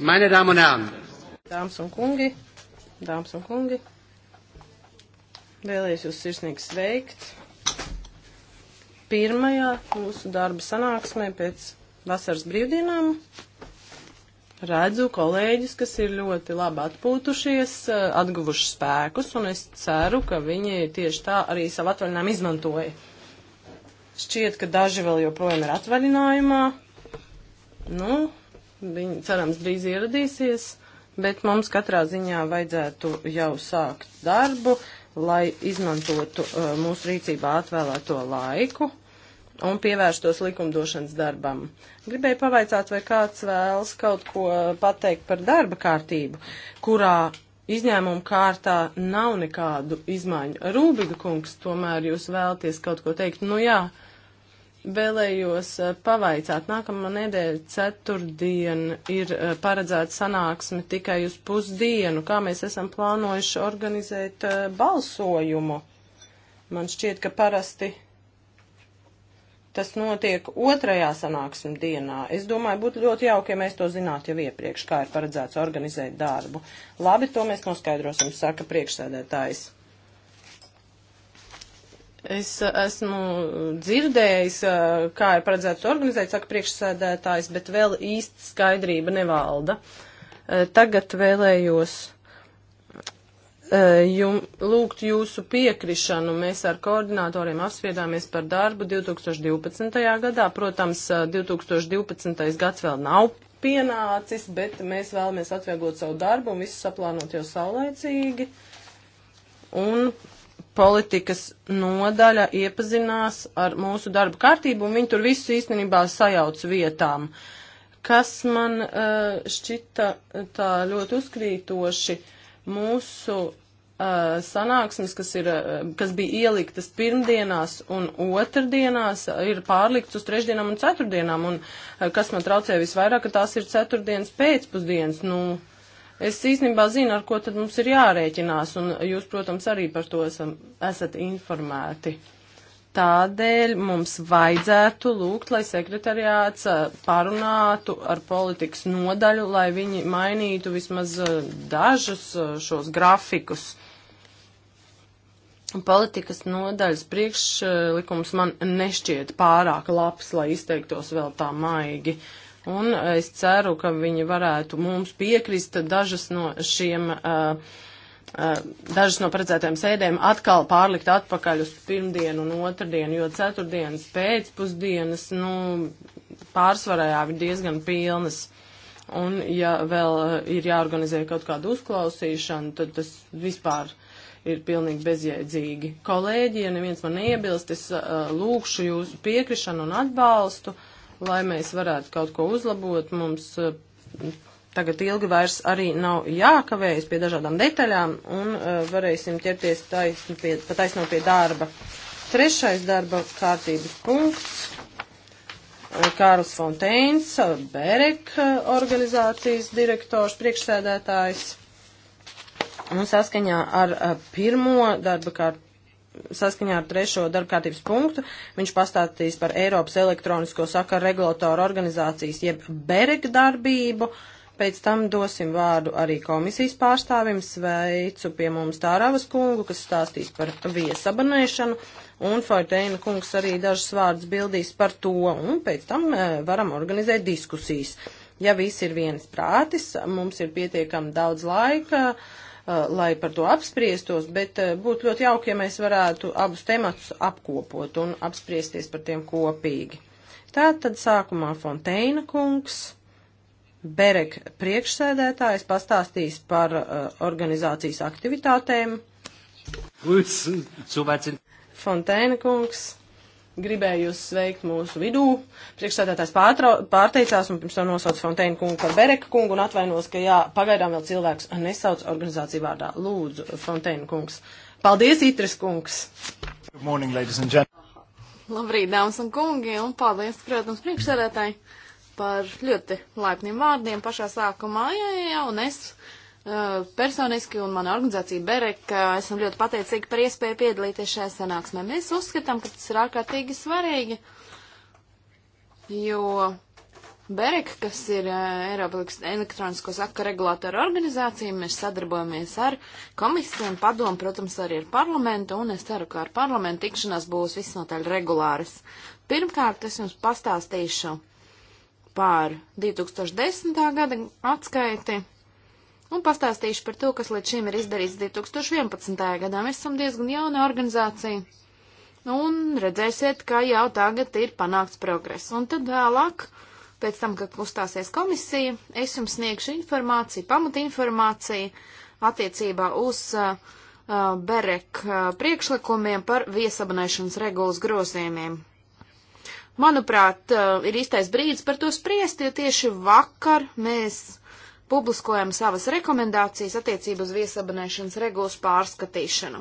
Meine Damen un Herren. Dāmas un kungi, dāmas un kungi, vēlējos jūs sirsnīgi sveikt. Pirmajā mūsu darba sanāksmē pēc vasaras brīvdienām redzu kolēģis, kas ir ļoti labi atpūtušies, atguvuši spēkus, un es ceru, ka viņi tieši tā arī savu atvaļinājumu izmantoja. Šķiet, ka daži vēl joprojām ir atvaļinājumā. Nu, Viņi cerams drīz ieradīsies, bet mums katrā ziņā vajadzētu jau sākt darbu, lai izmantotu uh, mūsu rīcībā atvēlēto laiku un pievērstos likumdošanas darbam. Gribēju pavaicāt, vai kāds vēlas kaut ko pateikt par darba kārtību, kurā izņēmuma kārtā nav nekādu izmaiņu. Rūbiga kungs, tomēr jūs vēlties kaut ko teikt. Nu jā, uh, Vēlējos eh, pavaicāt, nākamā nedēļa ceturtdiena ir eh, paredzēta sanāksme tikai uz pusdienu. Kā mēs esam plānojuši organizēt eh, balsojumu? Man šķiet, ka parasti tas notiek otrajā sanāksme dienā. Es domāju, būtu ļoti jauki, ja mēs to zinātu jau iepriekš, kā ir paredzēts organizēt darbu. Labi, to mēs noskaidrosim, saka priekšsēdētājs. Es uh, esmu dzirdējis, uh, kā ir paredzēts organizēt, saka priekšsēdētājs, bet vēl īsti skaidrība nevalda. Uh, tagad vēlējos jum, lūgt jūsu piekrišanu. Mēs ar koordinatoriem apspriedāmies par darbu 2012. gadā. Protams, 2012. gads vēl nav pienācis, bet mēs vēlamies atvieglot savu darbu un visu saplānot jau saulēcīgi. Un politikas nodaļa iepazinās ar mūsu darba kārtību, un viņi tur visu īstenībā sajauc vietām. Kas man uh, šķita eh, tā ļoti uzkrītoši, mūsu eh, sanāksmes, kas, ir, kas bija ieliktas pirmdienās un otrdienās, ir pārlikts uz trešdienām un ceturtdienām. Un kas man traucēja visvairāk, ka tās ir ceturtdienas pēcpusdienas. Nu, Es īstenībā zinu, ar ko tad mums ir jārēķinās, un jūs, protams, arī par to esam, esat informēti. Tādēļ mums vajadzētu lūgt, lai sekretariāts parunātu ar politikas nodaļu, lai viņi mainītu vismaz dažus šos grafikus. Politikas nodaļas priekšlikums man nešķiet pārāk labs, lai izteiktos vēl tā maigi. Uh, un es ceru, ka viņi varētu mums piekrist dažas no šiem. Uh, dažas no paredzētajām sēdēm atkal pārlikt atpakaļ uz pirmdienu un otrdienu, jo ceturtdienas pēcpusdienas, nu, pārsvarējā ir diezgan pilnas. Un ja vēl eh, ir jāorganizē kaut kāda uzklausīšana, tad tas vispār ir pilnīgi bezjēdzīgi. Kolēģi, ja neviens man neiebilst, es lūkšu jūsu piekrišanu un atbalstu. Uh, lai mēs varētu kaut ko uzlabot, mums eh, tagad ilgi vairs arī nav jākavējas pie dažādām detaļām un eh, varēsim ķerties taisnu pie, pa taisno pie darba. Trešais darba kārtības punkts. Eh, Kārls Fonteins, Berek organizācijas direktors, priekšsēdētājs. Un saskaņā ar pirmo darba kārt, saskaņā ar trešo darbkārtības punktu viņš pastāstīs par Eiropas elektronisko sakaru regulatoru organizācijas jeb BEREG darbību. Pēc tam dosim vārdu arī komisijas pārstāvim. Sveicu pie mums Tārāvas kungu, kas stāstīs par viesabanēšanu, un Forteina kungs arī dažas vārdas bildīs par to, un pēc tam e, varam organizēt diskusijas. Ja viss ir viens prātis, mums ir pietiekami daudz laika. Uh, Uh, lai par to apspriestos, bet uh, būtu ļoti jauki, ja mēs varētu abus tematus apkopot un apspriesties par tiem kopīgi. Tā tad sākumā Fonteina kungs. Berek priekšsēdētājs pastāstīs par uh, organizācijas aktivitātēm. Fontēna kungs gribēju jūs sveikt mūsu vidū. Priekšstādātājs pārteicās un pirms tam nosauca Fonteinu kungu par Bereka kungu un atvainos, ka jā, pagaidām vēl cilvēks nesauc organizāciju vārdā. Lūdzu, Fonteinu kungs. Paldies, Itris kungs! Good morning, ladies and gentlemen! Labrīt, dāmas un kungi, un paldies, protams, priekšsēdētāji par ļoti laipniem vārdiem pašā sākumā, jā, jā, jā, un es Eh, personiski un mana organizācija Berek eh, esam ļoti pateicīgi par iespēju piedalīties šajā sanāksmē. Mēs uzskatām, ka tas ir ārkārtīgi svarīgi, jo Berek, kas ir eh, Eiropas elektronisko saka regulātora organizācija, mēs sadarbojamies ar komisiju un padomu, protams, arī ar parlamentu, un es ceru, ka ar parlamentu tikšanās būs visnotaļ regulāras. Pirmkārt, es jums pastāstīšu par 2010. gada atskaiti un pastāstīšu par to, kas līdz šim ir izdarīts 2011. gadā. Mēs esam diezgan jauna organizācija, un redzēsiet, ka jau tagad ir panākts progress. Un tad vēlāk, pēc tam, kad uzstāsies komisija, es jums sniegšu informāciju, pamatinformāciju attiecībā uz uh, uh Berek uh, priekšlikumiem par viesabonēšanas regulas grozījumiem. Manuprāt, uh, ir īstais brīdis par to spriest, jo tieši vakar mēs publiskojam savas rekomendācijas attiecību uz viesabonēšanas regulas pārskatīšanu.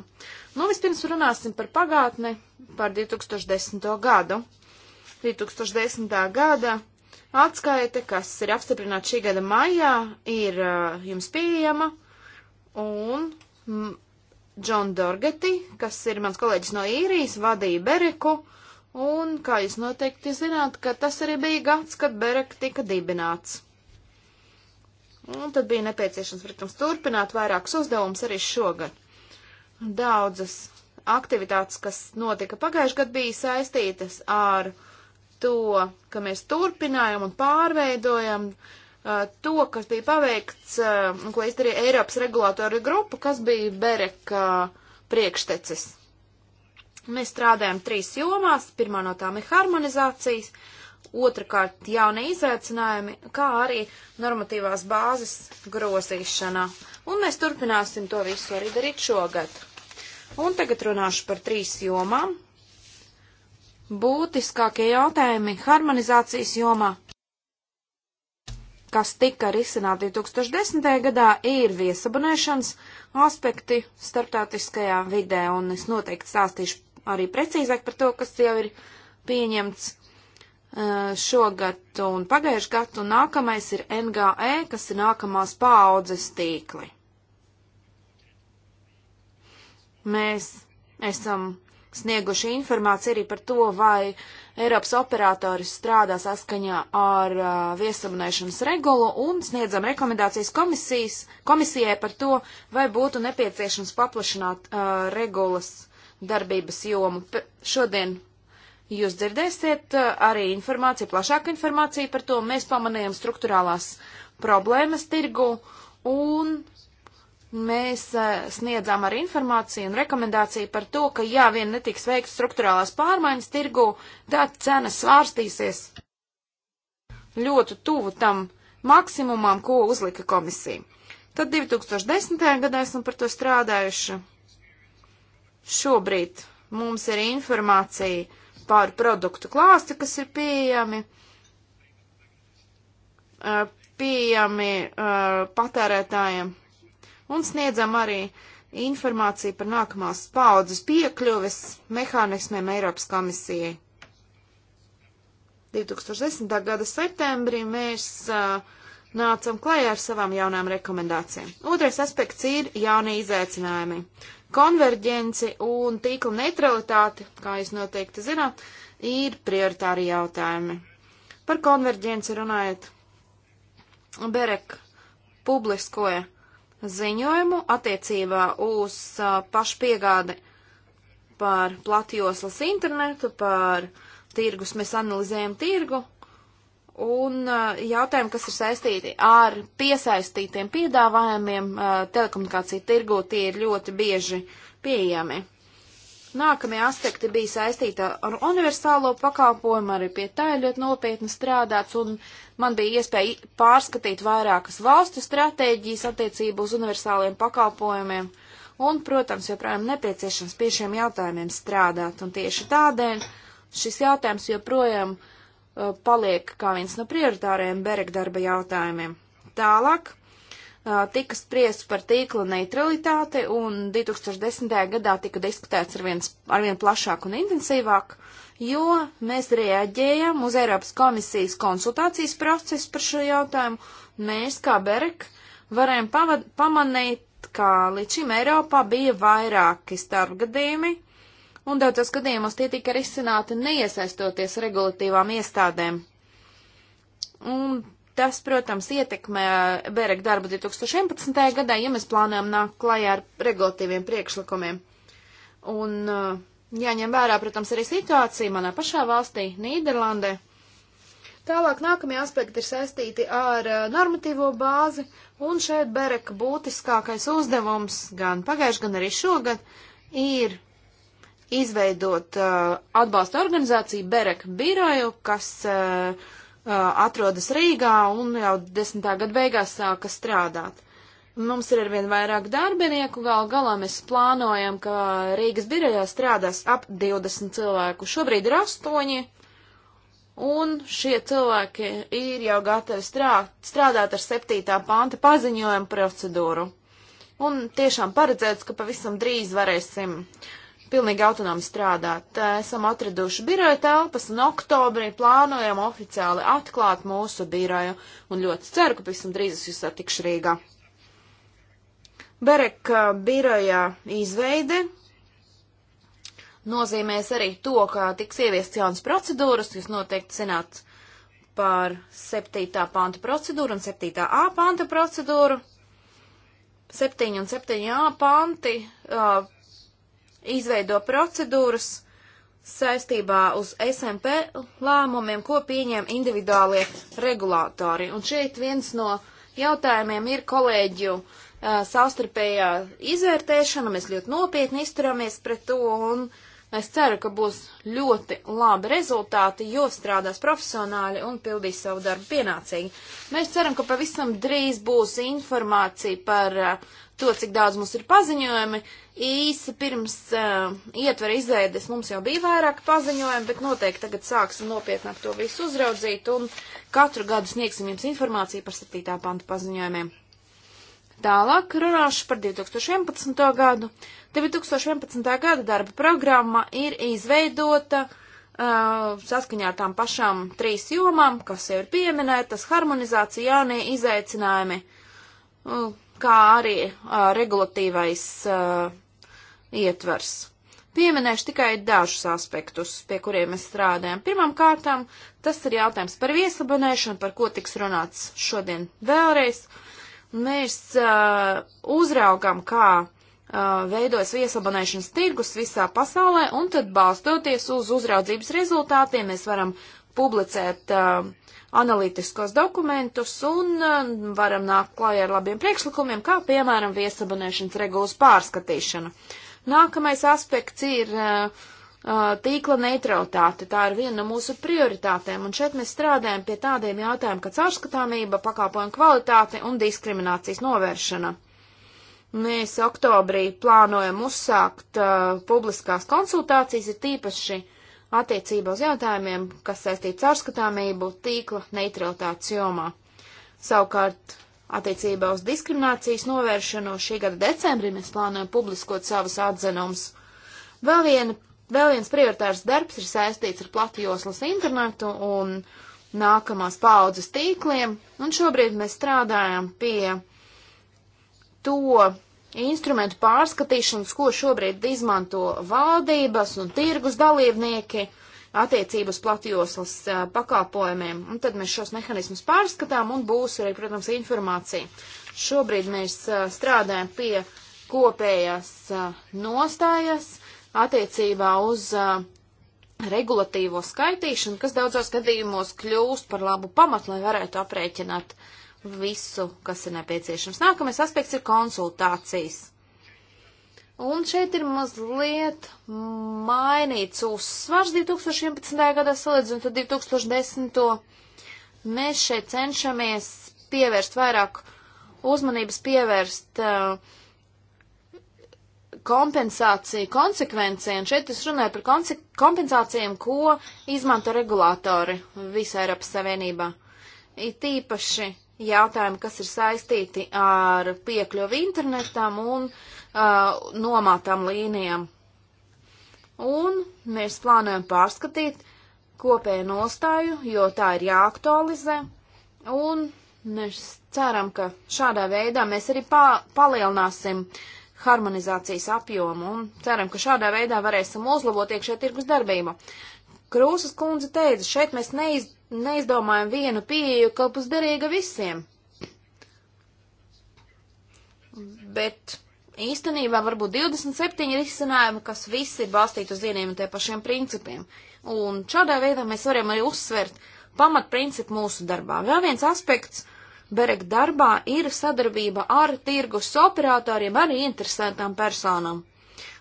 Nu, vispirms runāsim par pagātni, par 2010. gadu. 2010. gada atskaite, kas ir apstiprināta šī gada maijā, ir uh, jums pieejama. Un Džon Dorgeti, kas ir mans kolēģis no īrijas, vadīja Bereku. Un, kā jūs noteikti zināt, ka tas arī bija gads, kad Berek tika dibināts. Un tad bija nepieciešams, protams, turpināt vairākus uzdevumus arī šogad. Daudzas aktivitātes, kas notika pagājušajā gadā, bija saistītas ar to, ka mēs turpinājam un pārveidojam uh, to, kas bija paveikts uh, un ko izdarīja Eiropas regulātori grupa, kas bija Bereka priekštecis. Mēs strādājam trīs jomās. Pirmā no tām ir harmonizācijas. Uh, otrkārt jaunie izaicinājumi, kā arī normatīvās bāzes grozīšana. Un mēs turpināsim to visu arī darīt šogad. Un tagad runāšu par trīs jomām. Būtiskākie jautājumi harmonizācijas jomā, kas tika risināti 2010. gadā, ir viesabunēšanas aspekti starptautiskajā vidē, un es noteikti stāstīšu arī precīzāk par to, kas jau ir pieņemts Eh, šogad un pagājušajā gadā, un nākamais ir NGE, kas ir nākamās paaudzes tīkli. Mēs esam snieguši informāciju arī par to, vai Eiropas operatoris strādā saskaņā ar uh, eh, viesamunēšanas regulu un sniedzam rekomendācijas komisijas, komisijai par to, vai būtu nepieciešams paplašināt uh, regulas darbības jomu. P šodien Jūs dzirdēsiet uh, arī informāciju, plašāku informāciju par to. Mēs pamanījām struktūrālās problēmas tirgu un mēs uh, sniedzām arī informāciju un rekomendāciju par to, ka ja vien netiks veikts struktūrālās pārmaiņas tirgu, tad cenas svārstīsies ļoti tuvu tam maksimumam, ko uzlika komisija. Tad 2010. gadā esam par to strādājuši. Šobrīd mums ir informācija pār produktu klāsti, kas ir pieejami, pieejami patērētājiem, un sniedzam arī informāciju par nākamās paudzes piekļuves mehānismiem Eiropas komisijai. 2010. gada septembrī mēs uh, nācam klajā ar savām jaunām rekomendācijām. Otrais aspekts ir jaunie izaicinājumi. Konverģenci un tīkla neutralitāte, kā jūs noteikti zināt, ir prioritāri jautājumi. Par konverģenci runājot, Berek publiskoja ziņojumu attiecībā uz uh, pašpiegādi par platjoslas internetu, par tirgus, mēs analizējam tirgu, Un eh, jautājumi, kas ir saistīti ar piesaistītiem piedāvājumiem eh, telekomunikāciju tirgū, tie ir ļoti bieži pieejami. Nākamie aspekti bija saistīti ar universālo pakalpojumu, arī pie tā ir ļoti nopietni strādāts, un man bija iespēja pārskatīt vairākas valstu stratēģijas attiecību uz universāliem pakalpojumiem, un, protams, joprojām nepieciešams pie šiem jautājumiem strādāt, un tieši tādēļ šis jautājums joprojām ir Uh, paliek kā viens no prioritāriem Berek darba jautājumiem. Tālāk uh, tika spriests par tīkla neutralitāti un 2010. gadā tika diskutēts ar, viens, ar vien plašāk un intensīvāk, jo mēs reaģējam uz Eiropas komisijas konsultācijas procesu par šo jautājumu. Mēs, kā Berek, varējām pavad, pamanīt, ka līdz šim Eiropā bija vairāki starpgadījumi, un daudzos gadījumos tie tika risināti neiesaistoties regulatīvām iestādēm. Un tas, protams, ietekmē Bērek darbu 2011. gadā, ja mēs plānojam nākt klajā ar regulatīviem priekšlikumiem. Un uh, jāņem vērā, protams, arī situācija manā pašā valstī, Nīderlandē. Tālāk nākamie aspekti ir saistīti ar uh, normatīvo bāzi, un šeit Bereka būtiskākais uzdevums gan pagājuši, gan arī šogad ir izveidot uh, atbalsta organizāciju Bereka biroju, kas uh, uh, atrodas Rīgā un jau desmitā gada beigās sāka strādāt. Mums ir arvien vairāk darbinieku, gal galā mēs plānojam, ka Rīgas birojā strādās ap 20 cilvēku. Šobrīd ir 8, un šie cilvēki ir jau gatavi strādāt, strādāt ar 7. panta paziņojumu procedūru. Un tiešām paredzēts, ka pavisam drīz varēsim uh, pilnīgi autonomi strādāt. Esam atraduši biroja telpas un oktobrī plānojam oficiāli atklāt mūsu biroju un ļoti ceru, ka pavisam drīz es jūs satikšu Rīgā. Berek eh, biroja izveide nozīmēs arī to, ka tiks ieviests jaunas procedūras, jūs noteikti zināt par 7. panta procedūru un 7. a panta procedūru. 7 un 7 a panti uh, izveido procedūras saistībā uz SMP lēmumiem, ko pieņem individuālie regulātori. Un šeit viens no jautājumiem ir kolēģu uh, savstarpējā izvērtēšana. Mēs ļoti nopietni izturamies pret to un es ceru, ka būs ļoti labi rezultāti, jo strādās profesionāļi un pildīs savu darbu pienācīgi. Mēs ceram, ka pavisam drīz būs informācija par uh, to, cik daudz mums ir paziņojumi. Uh, Īsi pirms uh, ietvera izēdes mums jau bija vairāk paziņojumi, bet noteikti tagad sāksim nopietnāk to visu uzraudzīt un katru gadu sniegsim jums informāciju par 7. pantu paziņojumiem. Tālāk runāšu par 2011. gadu. 2011. gada darba programma ir izveidota uh, saskaņā ar tām pašām trīs jomām, kas jau ir pieminētas - harmonizācija, jaunie izaicinājumi, uh, kā arī uh, regulatīvais uh, ietvers. Pieminēšu tikai dažus aspektus, pie kuriem mēs strādājam. Pirmām kārtām tas ir jautājums par viesabonēšanu, par ko tiks runāts šodien vēlreiz. Mēs uh, uzraugam, kā uh, veidojas viesabonēšanas tirgus visā pasaulē, un tad balstoties uz uzraudzības rezultātiem mēs varam publicēt uh, analītiskos dokumentus un uh, varam nākt klājā ar labiem priekšlikumiem, kā piemēram viesabonēšanas regulas pārskatīšana. Uh, Nākamais aspekts ir uh, tīkla neutralitāte. Tā ir viena no mūsu prioritātēm, un šeit mēs strādājam pie tādiem jautājumiem, kā caurskatāmība, pakāpojuma kvalitāte un diskriminācijas novēršana. Mēs oktobrī plānojam uzsākt uh, publiskās konsultācijas, ir tīpaši attiecībā uz jautājumiem, kas saistīts ar skatāmību tīkla neutralitātes jomā. Savukārt Attiecībā uz diskriminācijas novēršanu šī gada decembrī mēs plānojam publiskot savus atzinumus. Vēl, vien, vēl viens prioritārs darbs ir saistīts ar platjoslas internetu un nākamās paudzes tīkliem, un šobrīd mēs strādājam pie to instrumentu pārskatīšanas, ko šobrīd izmanto valdības un tirgus dalībnieki. Uh, attiecības platjoslas uh, pakalpojumiem. Un tad mēs šos mehānismus pārskatām un būs arī, protams, informācija. Šobrīd mēs uh, strādājam pie kopējās uh, nostājas attiecībā uz regulatīvo skaitīšanu, kas daudzos gadījumos kļūst par labu pamatu, lai varētu aprēķināt visu, kas ir nepieciešams. Nākamais aspekts ir konsultācijas. Un šeit ir mazliet mainīts uzsvars 2011. gadā salīdzinot ar 2010. Mēs šeit cenšamies pievērst vairāk uzmanības, pievērst uh, kompensāciju konsekvencijām. Šeit es runāju par kompensācijām, ko izmanto regulātori visā Eiropas Savienībā. It īpaši jautājumi, kas ir saistīti ar piekļuvi internetam un uh, uh, nomātām līnijām. Un mēs plānojam pārskatīt kopēju nostāju, jo tā ir jāaktualizē. Un mēs ceram, ka šādā veidā mēs arī pā, palielināsim harmonizācijas apjomu un ceram, ka šādā veidā varēsim uzlabot iekšē tirgus darbību. Krūzes kundze teica, šeit mēs neiz, neizdomājam vienu pieeju, ka būs derīga visiem. Bet īstenībā varbūt 27 risinājumi, kas visi ir balstīti uz vieniem un tie pašiem principiem. Un šādā veidā mēs varam arī uzsvert pamatprincipu mūsu darbā. Vēl viens aspekts Berek darbā ir sadarbība ar tirgus operatoriem, arī interesētām personām.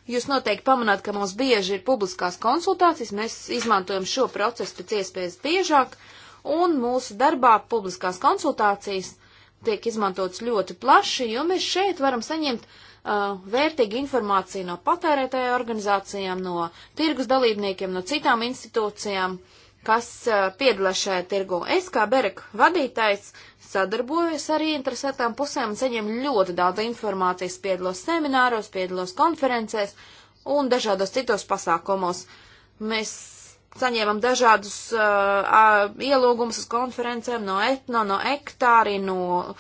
Jūs noteikti pamanāt, ka mums bieži ir publiskās konsultācijas, mēs izmantojam šo procesu pēc iespējas biežāk, un mūsu darbā publiskās konsultācijas tiek izmantotas ļoti plaši, jo mēs šeit varam saņemt uh, uh, vērtīga informācija no patērētāja organizācijām, no tirgus dalībniekiem, no citām institūcijām, kas uh, piedalās šajā tirgu. Es kā Berek vadītājs sadarbojos ar interesētām pusēm un saņem ļoti daudz informācijas, piedalos semināros, piedalos konferencēs un dažādos citos pasākumos. Mēs saņēmām dažādus uh, uh, ielūgumus uz konferencēm no etno, no ektāri, no uh,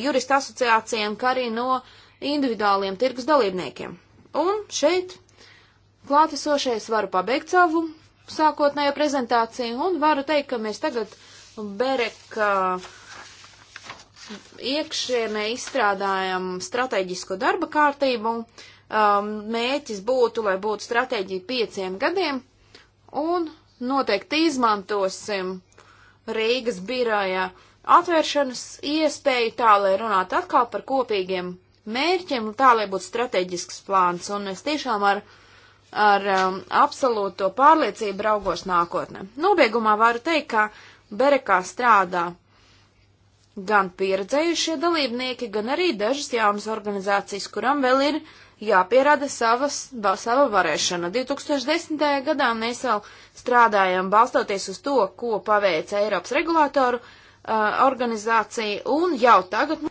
jurista asociācijām, kā arī no uh, individuāliem tirgus dalībniekiem. Un šeit klātesošais varu pabeigt savu sākotnējo prezentāciju un varu teikt, ka mēs tagad Bereka iekšienē izstrādājam strateģisko darba kārtību. Um, mēķis būtu, lai būtu stratēģija pieciem gadiem, un noteikti izmantosim Rīgas birojā atvēršanas iespēju tā, lai runātu atkal par kopīgiem mērķiem, tā lai būtu strateģisks plāns, un es tiešām ar, ar um, absolūto pārliecību raugos nākotnē. Nobeigumā varu teikt, ka Berekā strādā gan pieredzējušie dalībnieki, gan arī dažas jaunas organizācijas, kuram vēl ir jāpierāda savas, sava varēšana. 2010. gadā mēs vēl strādājam balstoties uz to, ko paveica Eiropas regulātoru uh, organizācija, un jau tagad.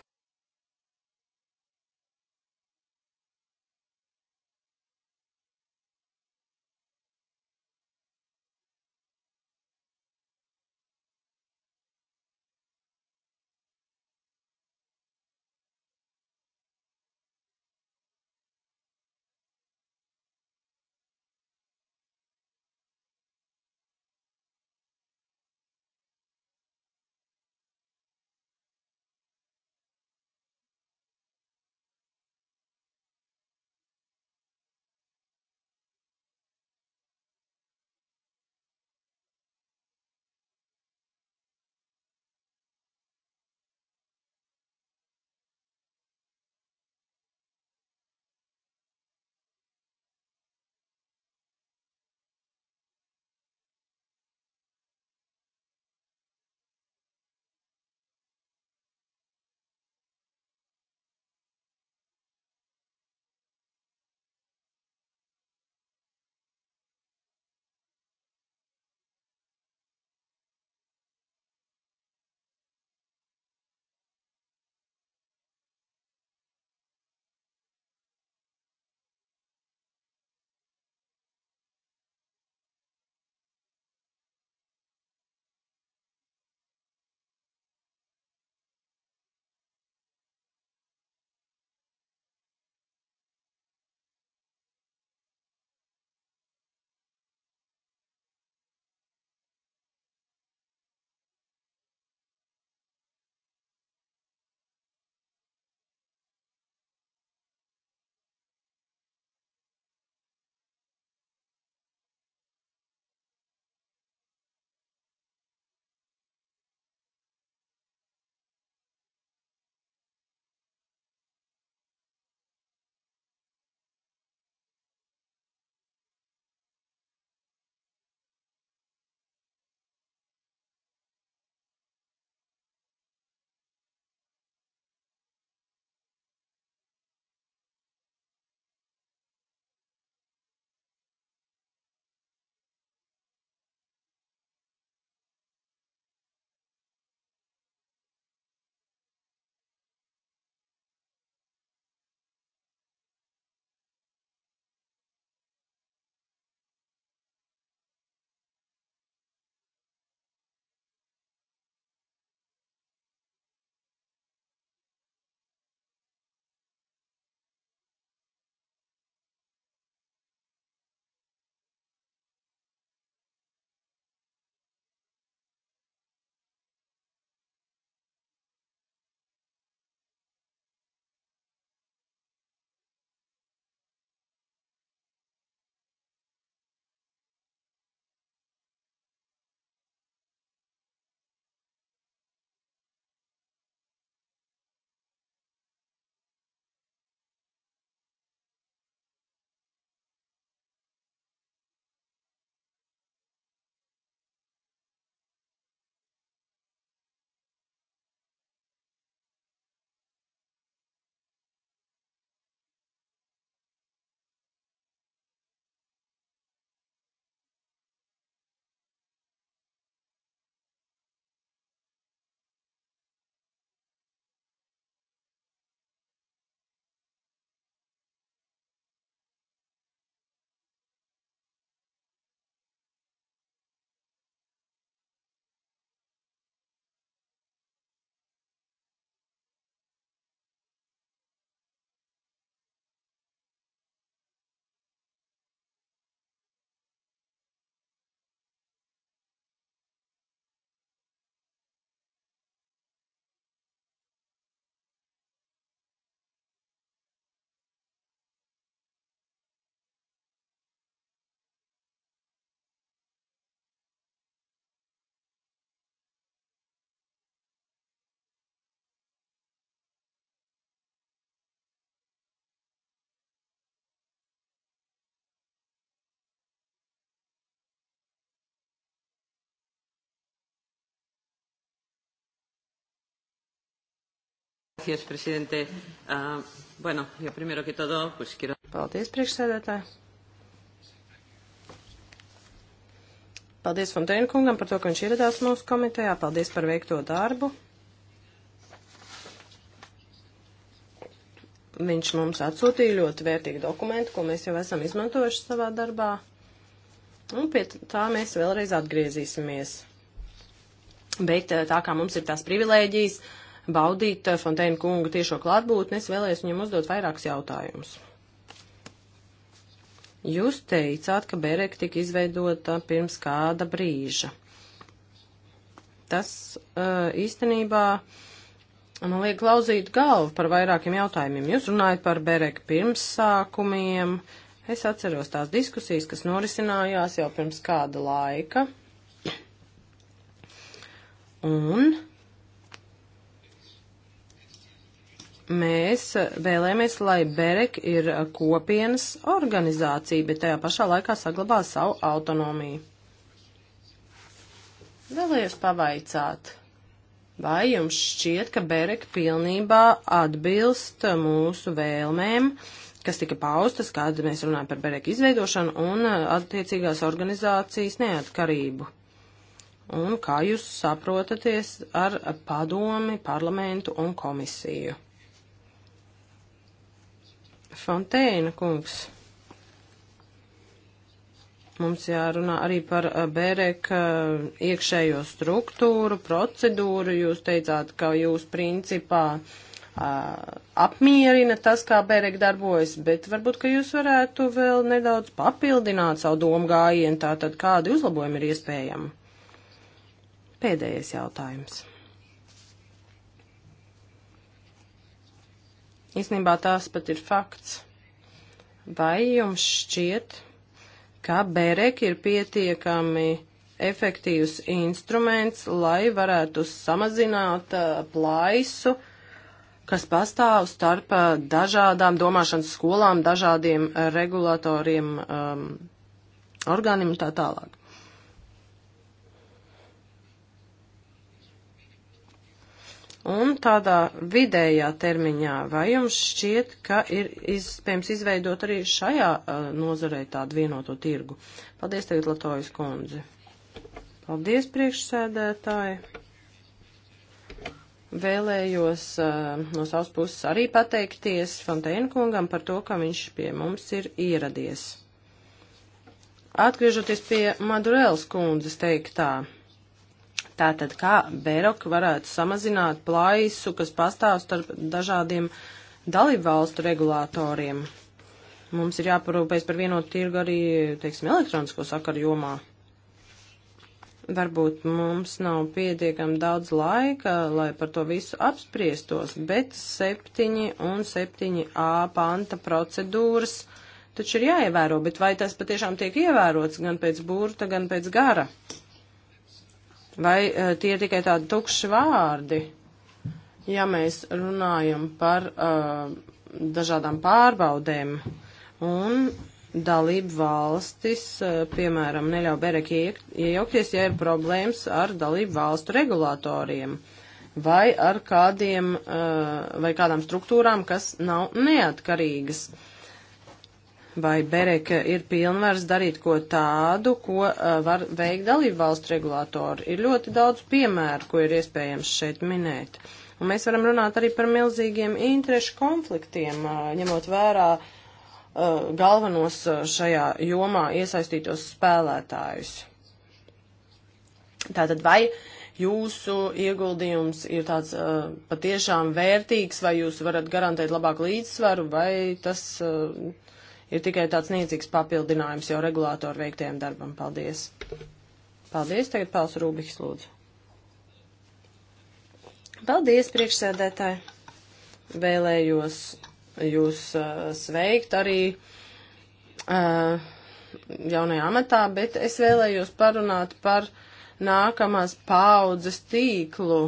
Gracias, presidente. Uh, bueno, yo primero que todo, pues quiero. Paldies, priekšsēdētāji. Paldies Fontēna kungam par to, ka viņš ieradās mūsu komitejā. Paldies par veikto darbu. Viņš mums atsūtīja ļoti vērtīgu dokumentu, ko mēs jau esam izmantojuši savā darbā. Un pie tā mēs vēlreiz atgriezīsimies. Bet eh, tā kā mums ir tās privilēģijas, uh, baudīt eh, Fonteina kunga tiešo klātbūtni, es vēlējos viņam uzdot vairākus jautājumus. Jūs teicāt, ka Bereka tika izveidota pirms kāda brīža. Tas uh, īstenībā man liek klauzīt galvu par vairākiem jautājumiem. Jūs runājat par Bereka pirmsākumiem. Es atceros tās diskusijas, kas norisinājās jau pirms kāda laika. Un Mēs vēlēmies, lai Berek ir kopienas organizācija, bet tajā pašā laikā saglabā savu autonomiju. Vēlējos pavaicāt, vai jums šķiet, ka Berek pilnībā atbilst mūsu vēlmēm, kas tika paustas, kad mēs runājam par Berek izveidošanu un uh, attiecīgās organizācijas neatkarību? Un kā jūs saprotaties ar padomi, parlamentu un komisiju? Fontēna kungs. Mums jārunā arī par eh, Bēreka eh, iekšējo struktūru, procedūru. Jūs teicāt, ka jūs principā eh, apmierina tas, kā Bēreka darbojas, bet varbūt, ka jūs varētu vēl nedaudz papildināt savu domu gājienu, tātad kādi uzlabojumi ir iespējami? Pēdējais jautājums. Īsnībā tās pat ir fakts. Vai jums šķiet, ka bērek ir pietiekami efektīvs instruments, lai varētu samazināt uh, plaisu, kas pastāv starp uh, dažādām domāšanas skolām, dažādiem uh, regulatoriem, um, orgāniem un tā tālāk. un tādā vidējā termiņā, vai jums šķiet, ka ir iespējams izveidot arī šajā uh, nozarē tādu vienoto tirgu? Paldies, tagad Latojas kundze. Paldies, priekšsēdētāji. Vēlējos uh, no savas puses arī pateikties Fonteina kungam par to, ka viņš pie mums ir ieradies. Atgriežoties pie Madurēlas kundzes teiktā, Tātad, kā Bēroka varētu samazināt plaisu, kas pastāv starp dažādiem dalībvalstu regulātoriem? Mums ir jāparūpēs par vienotu tirgu arī, teiksim, elektronisko sakaru jomā. Varbūt mums nav pietiekami daudz laika, lai par to visu apspriestos, bet 7 un 7a panta procedūras taču ir jāievēro, bet vai tas patiešām tiek ievērots gan pēc burta, gan pēc gara? Vai uh, tie ir tikai tādi tukši vārdi, ja mēs runājam par uh, dažādām pārbaudēm un dalību valstis, uh, piemēram, neļauj Berek iejaukties, ja ir problēmas ar dalību valstu regulātoriem vai ar kādiem uh, vai kādām struktūrām, kas nav neatkarīgas. Uh, vai Bereka ir pilnvars darīt ko tādu, ko uh, var veikt dalību valstu regulātori. Ir ļoti daudz piemēru, ko ir iespējams šeit minēt. Un mēs varam runāt arī par milzīgiem interešu konfliktiem, uh, ņemot vērā uh, galvenos uh, šajā jomā iesaistītos spēlētājus. Tātad vai jūsu ieguldījums ir tāds uh, patiešām vērtīgs, vai jūs varat garantēt labāku līdzsvaru, vai tas uh, ir tikai tāds niecīgs papildinājums jau regulātoru veiktajam darbam. Paldies! Paldies! Tagad Pāls Rūbiks lūdzu. Paldies, priekšsēdētāji! Vēlējos jūs uh, sveikt arī uh, jaunajā amatā, bet es vēlējos parunāt par nākamās paudzes tīklu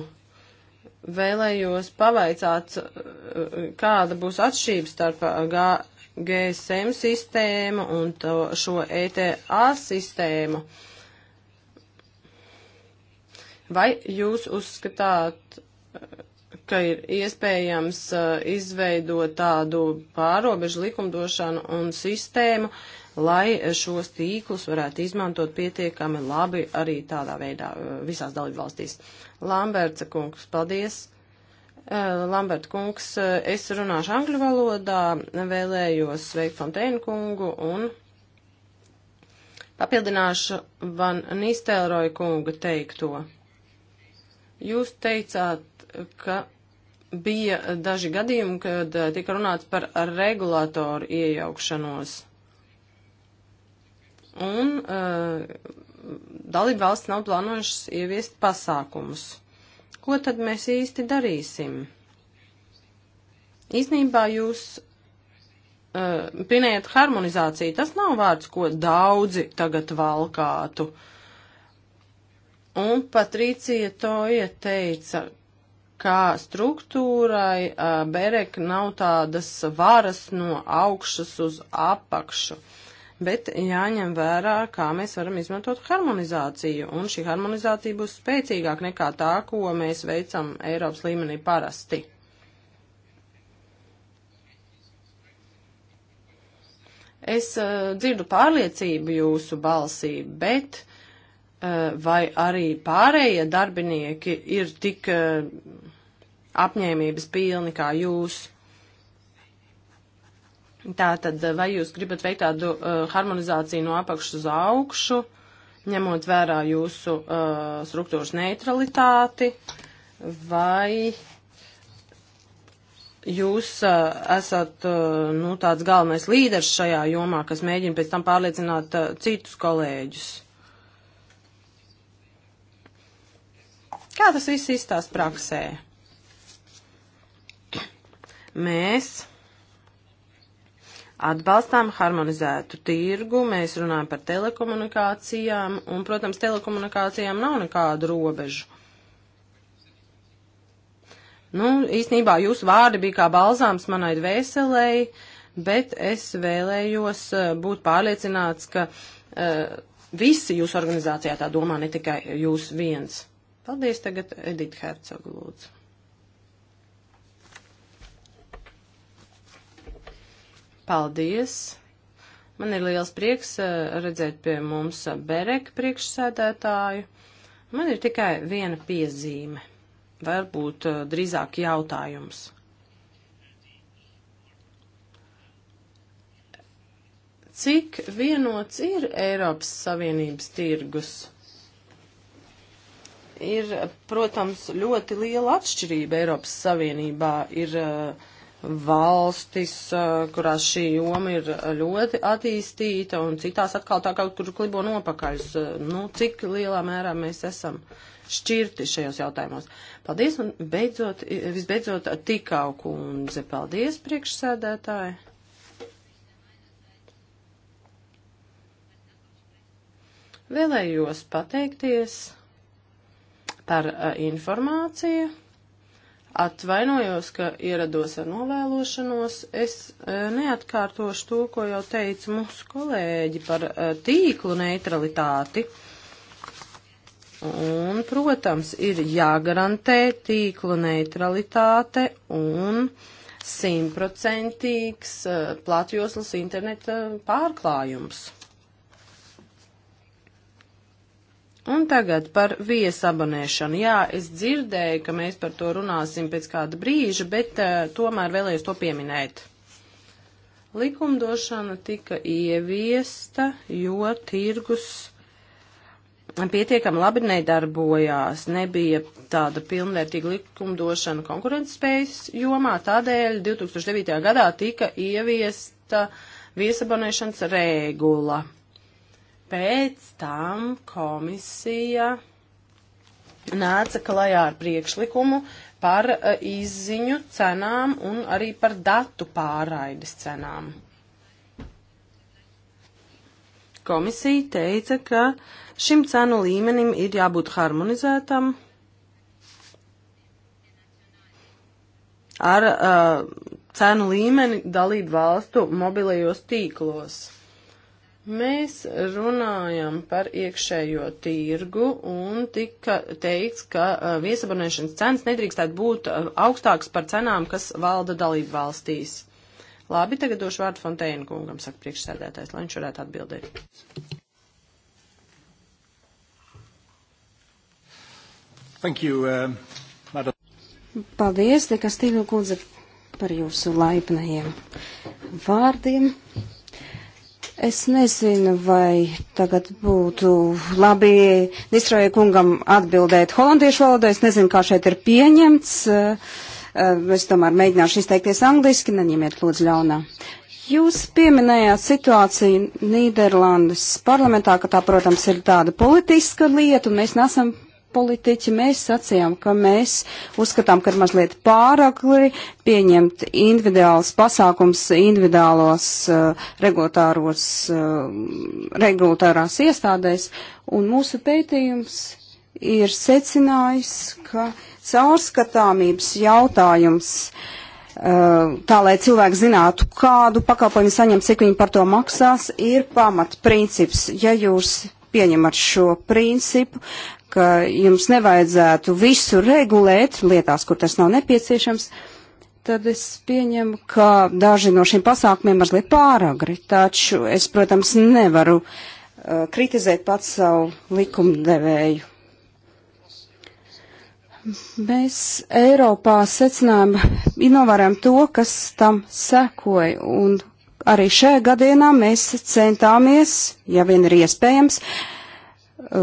vēlējos pavaicāt, uh, kāda būs atšķības starp uh, GSM sistēmu un to, šo ETA sistēmu. Vai jūs uzskatāt, ka ir iespējams uh, izveidot tādu pārobežu likumdošanu un sistēmu, lai šos tīklus varētu izmantot pietiekami labi arī tādā veidā uh, visās dalībvalstīs? Lamberts kungs, paldies! Eh, Lambert kungs, eh, es runāšu angļu valodā, vēlējos sveikt Fonteinu kungu un papildināšu Van Nistelroja kunga teikto. Jūs teicāt, ka bija daži gadījumi, kad eh, tika runāts par regulātoru iejaukšanos. Un uh, dalība valsts nav plānojušas ieviest pasākumus. Ko tad mēs īsti darīsim? Īsnībā jūs uh, pinējat harmonizāciju. Tas nav vārds, ko daudzi tagad valkātu. Un Patricija Toja teica, kā struktūrai uh, Berek nav tādas varas no augšas uz apakšu. Uh, bet jāņem vērā, kā mēs varam izmantot harmonizāciju, un šī harmonizācija būs spēcīgāk nekā tā, ko mēs veicam Eiropas līmenī parasti. Es uh, dzirdu pārliecību jūsu balsī, bet uh, vai arī pārējie darbinieki ir tik uh, apņēmības pilni kā jūs? Tātad, vai jūs gribat veikt tādu uh, harmonizāciju no apakšas uz augšu, ņemot vērā jūsu uh, struktūras neutralitāti, vai jūs uh, esat uh, nu, tāds galvenais līderis šajā jomā, kas mēģina pēc tam pārliecināt uh, citus kolēģus? Kā tas viss izstās praksē? Mēs atbalstām harmonizētu tirgu, mēs runājam par telekomunikācijām, un, protams, telekomunikācijām nav nekādu robežu. Nu, īsnībā jūsu vārdi bija kā balzāms manai dvēselēji, bet es vēlējos eh, būt pārliecināts, ka uh, visi jūsu organizācijā tā domā, ne tikai jūs viens. Paldies tagad, Edita Hercog, lūdzu. Paldies! Man ir liels prieks eh, redzēt pie mums eh, Bereka priekšsēdētāju. Man ir tikai viena piezīme, varbūt eh, drīzāk jautājums. Cik vienots ir Eiropas Savienības tirgus? ir, protams, ļoti liela atšķirība Eiropas Savienībā. Ir uh, valstis, kurās šī joma ir ļoti attīstīta, un citās atkal tā kaut kur klibo nopakaļs. Nu, cik lielā mērā mēs esam šķirti šajos jautājumos. Paldies, un beidzot, visbeidzot, tikau kundze. Paldies, priekšsēdētāji. Vēlējos pateikties par informāciju. Atvainojos, ka ierados ar novēlošanos. Es e, neatkārtošu to, ko jau teica mūsu kolēģi par e, tīklu neutralitāti. Un, protams, ir jāgarantē tīklu neutralitāte un simtprocentīgs e, platjoslas interneta pārklājums. Un tagad par viesabonēšanu. Jā, es dzirdēju, ka mēs par to runāsim pēc kāda brīža, bet uh, tomēr vēlējos to pieminēt. Likumdošana tika ieviesta, jo tirgus pietiekami labi nedarbojās, nebija tāda pilnvērtīga likumdošana konkurencespējas jomā, tādēļ 2009. gadā tika ieviesta viesabonēšanas regula. Pēc tam komisija nāca klajā ar priekšlikumu par e, izziņu cenām un arī par datu pārraides cenām. Komisija teica, ka šim cenu līmenim ir jābūt harmonizētam ar uh, cenu līmeni dalību valstu mobilajos tīklos. Mēs runājam par iekšējo tirgu un tika teikts, ka uh, viesabonēšanas cenas nedrīkstētu būt uh, augstākas par cenām, kas valda dalību valstīs. Labi, tagad došu vārdu Fonteina kungam, saka priekšsēdētājs, lai viņš varētu atbildēt. Thank you, uh, madam. Paldies, Dekastīnu kundze, par jūsu laipnajiem vārdiem. Es nezinu, vai tagad būtu labi Nisroja kungam atbildēt holandiešu valodā. Es nezinu, kā šeit ir pieņemts. Eh, es tomēr mēģināšu izteikties angliski, neņemiet lūdzu ļaunā. Jūs pieminējāt situāciju Nīderlandes parlamentā, ka tā, protams, ir tāda politiska lieta, un mēs nesam politiķi, mēs sacījām, ka mēs uzskatām, ka ir mazliet pāragli pieņemt individuāls pasākums, individuālos uh, regulatāros, uh, regulatārās iestādēs, un mūsu pētījums ir secinājis, ka caurskatāmības jautājums uh, tā lai cilvēki zinātu, kādu pakalpojumu saņem, cik viņi par to maksās, ir pamatprincips. Ja jūs pieņemat šo principu, ka jums nevajadzētu visu regulēt lietās, kur tas nav nepieciešams, tad es pieņemu, ka daži no šiem pasākumiem mazliet pāragri, taču es, protams, nevaru uh, kritizēt pats savu likumdevēju. Mēs Eiropā secinām, novērojam to, kas tam sekoja, un arī šajā gadienā mēs centāmies, ja vien ir iespējams, uh,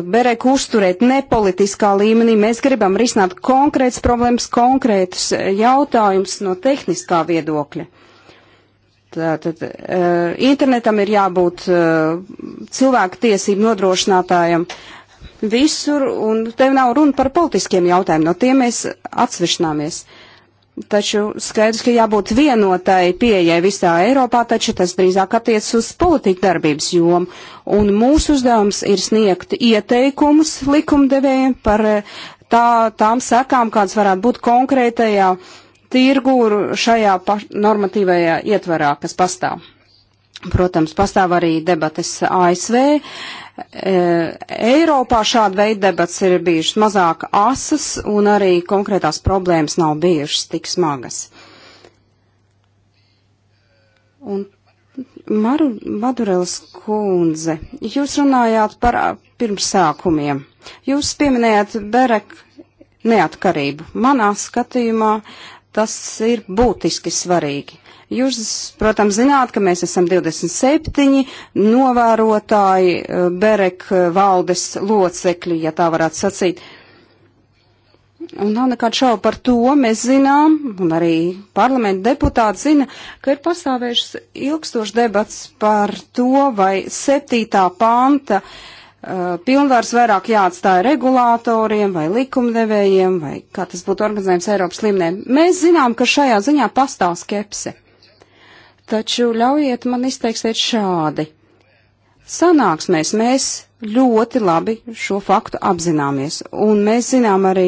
Bereku uzturēt nepolitiskā līmenī. Mēs gribam risināt konkrētas problēmas, konkrētus eh, jautājumus no tehniskā viedokļa. Tātad eh, internetam ir jābūt eh, cilvēku tiesību nodrošinātājam visur, un te nav runa par politiskiem jautājumiem, no tiem mēs atsvišināmies. Uh, Taču skaidrs, ka jābūt vienotai pieejai visā Eiropā, taču tas drīzāk attiec uz politiku darbības jomu. Un mūsu uzdevums ir sniegt ieteikumus likumdevējiem par eh, tā, tām sekām, kāds varētu būt konkrētajā tirgū šajā normatīvajā ietvarā, kas pastāv. Protams, pastāv arī debates ASV E, Eiropā šāda veida debats ir bijušas mazāk asas un arī konkrētās problēmas nav bijušas tik smagas. Un Maru Madurelas kundze, jūs runājāt par pirmsākumiem. Jūs pieminējāt Berek neatkarību. Manā skatījumā tas ir būtiski svarīgi. Jūs, protams, zināt, ka mēs esam 27 novērotāji eh, Berek eh, valdes locekļi, ja tā varētu sacīt. Un nav nekāda šauba par to, mēs zinām, un arī parlamenta deputāti zina, ka ir pastāvējušas ilgstošs debats par to, vai septītā panta uh, pilnvars vairāk jāatstāja regulātoriem vai likumdevējiem, vai kā tas būtu organizējums Eiropas līmenī. Mēs zinām, ka šajā ziņā pastāv skepse taču ļaujiet man izteiksiet šādi. Sanāksmēs mēs ļoti labi šo faktu apzināmies, un mēs zinām arī,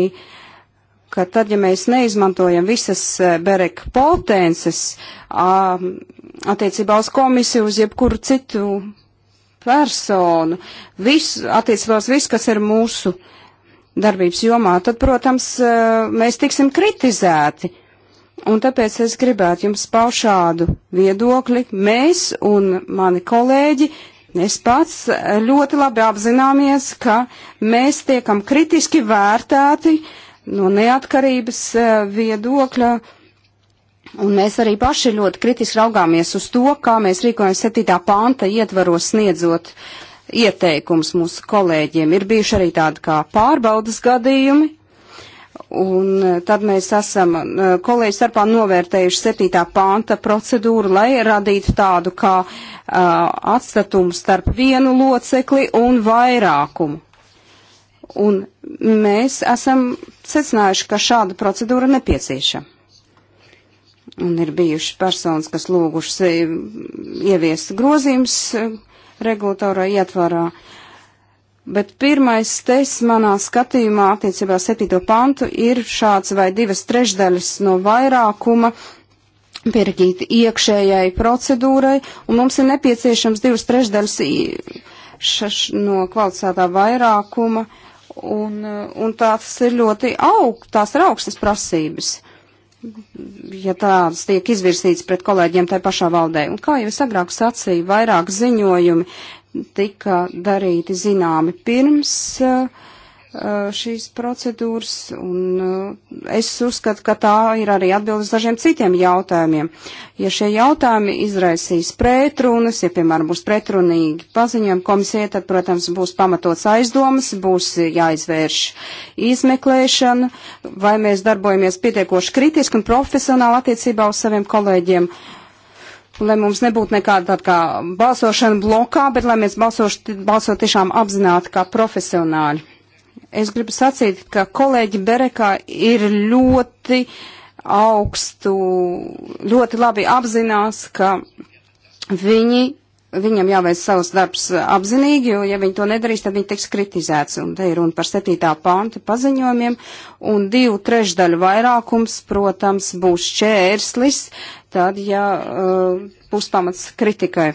ka tad, ja mēs neizmantojam visas eh, bereka potences attiecībā uz komisiju, uz jebkuru citu personu, visu, attiecībā uz visu, kas ir mūsu darbības jomā, tad, protams, eh, mēs tiksim kritizēti. Un tāpēc es gribētu jums paust šādu viedokli. Mēs un mani kolēģi, es pats ļoti labi apzināmies, ka mēs tiekam kritiski vērtēti no neatkarības e, viedokļa. Un mēs arī paši ļoti kritiski raugāmies uz to, kā mēs rīkojamies 7. panta ietvaros sniedzot ieteikums mūsu kolēģiem. Ir bijuši arī tādi kā pārbaudas gadījumi, Un e, tad mēs esam e, kolēģi starpā novērtējuši 7. panta procedūru, lai radītu tādu kā uh, atstatumu starp vienu locekli un vairākumu. Un mēs esam secinājuši, ka šāda procedūra nepieciešama. Un ir bijuši personas, kas lūgušas ieviest grozījums regulatorai ietvarā. Uh, Bet pirmais tests manā skatījumā attiecībā 7. pantu ir šāds vai divas trešdaļas no vairākuma pierakīt iekšējai procedūrai, un mums ir nepieciešams divas trešdaļas šaš, no kvalitātā vairākuma, un, un tās ir ļoti aug, tās ir augstas prasības, ja tādas tiek izvirsītas pret kolēģiem tai pašā valdē. Un kā jau es agrāk sacīju, vairāk ziņojumi tika darīti zināmi pirms uh, uh, šīs procedūras, un uh, es uzskatu, ka tā ir arī atbildes dažiem citiem jautājumiem. Ja šie jautājumi izraisīs pretrunas, ja, piemēram, būs pretrunīgi paziņojumi komisija, tad, protams, būs pamatots aizdomas, būs jāizvērš izmeklēšana, vai mēs darbojamies pietiekoši kritiski un profesionāli attiecībā uz saviem kolēģiem. Uh, lai mums nebūtu nekāda tāda kā balsošana blokā, bet lai mēs balsošu, balsot tiešām apzināti kā profesionāļi. Es gribu sacīt, ka kolēģi Berekā ir ļoti augstu, ļoti labi apzinās, ka viņi viņam jāveic savs darbs apzinīgi, jo, ja viņi to nedarīs, tad viņi tiks kritizēts. Un te ir runa par 7. pānta paziņojumiem, un divu trešdaļu vairākums, protams, būs čērslis, tad, ja uh, būs pamats kritikai.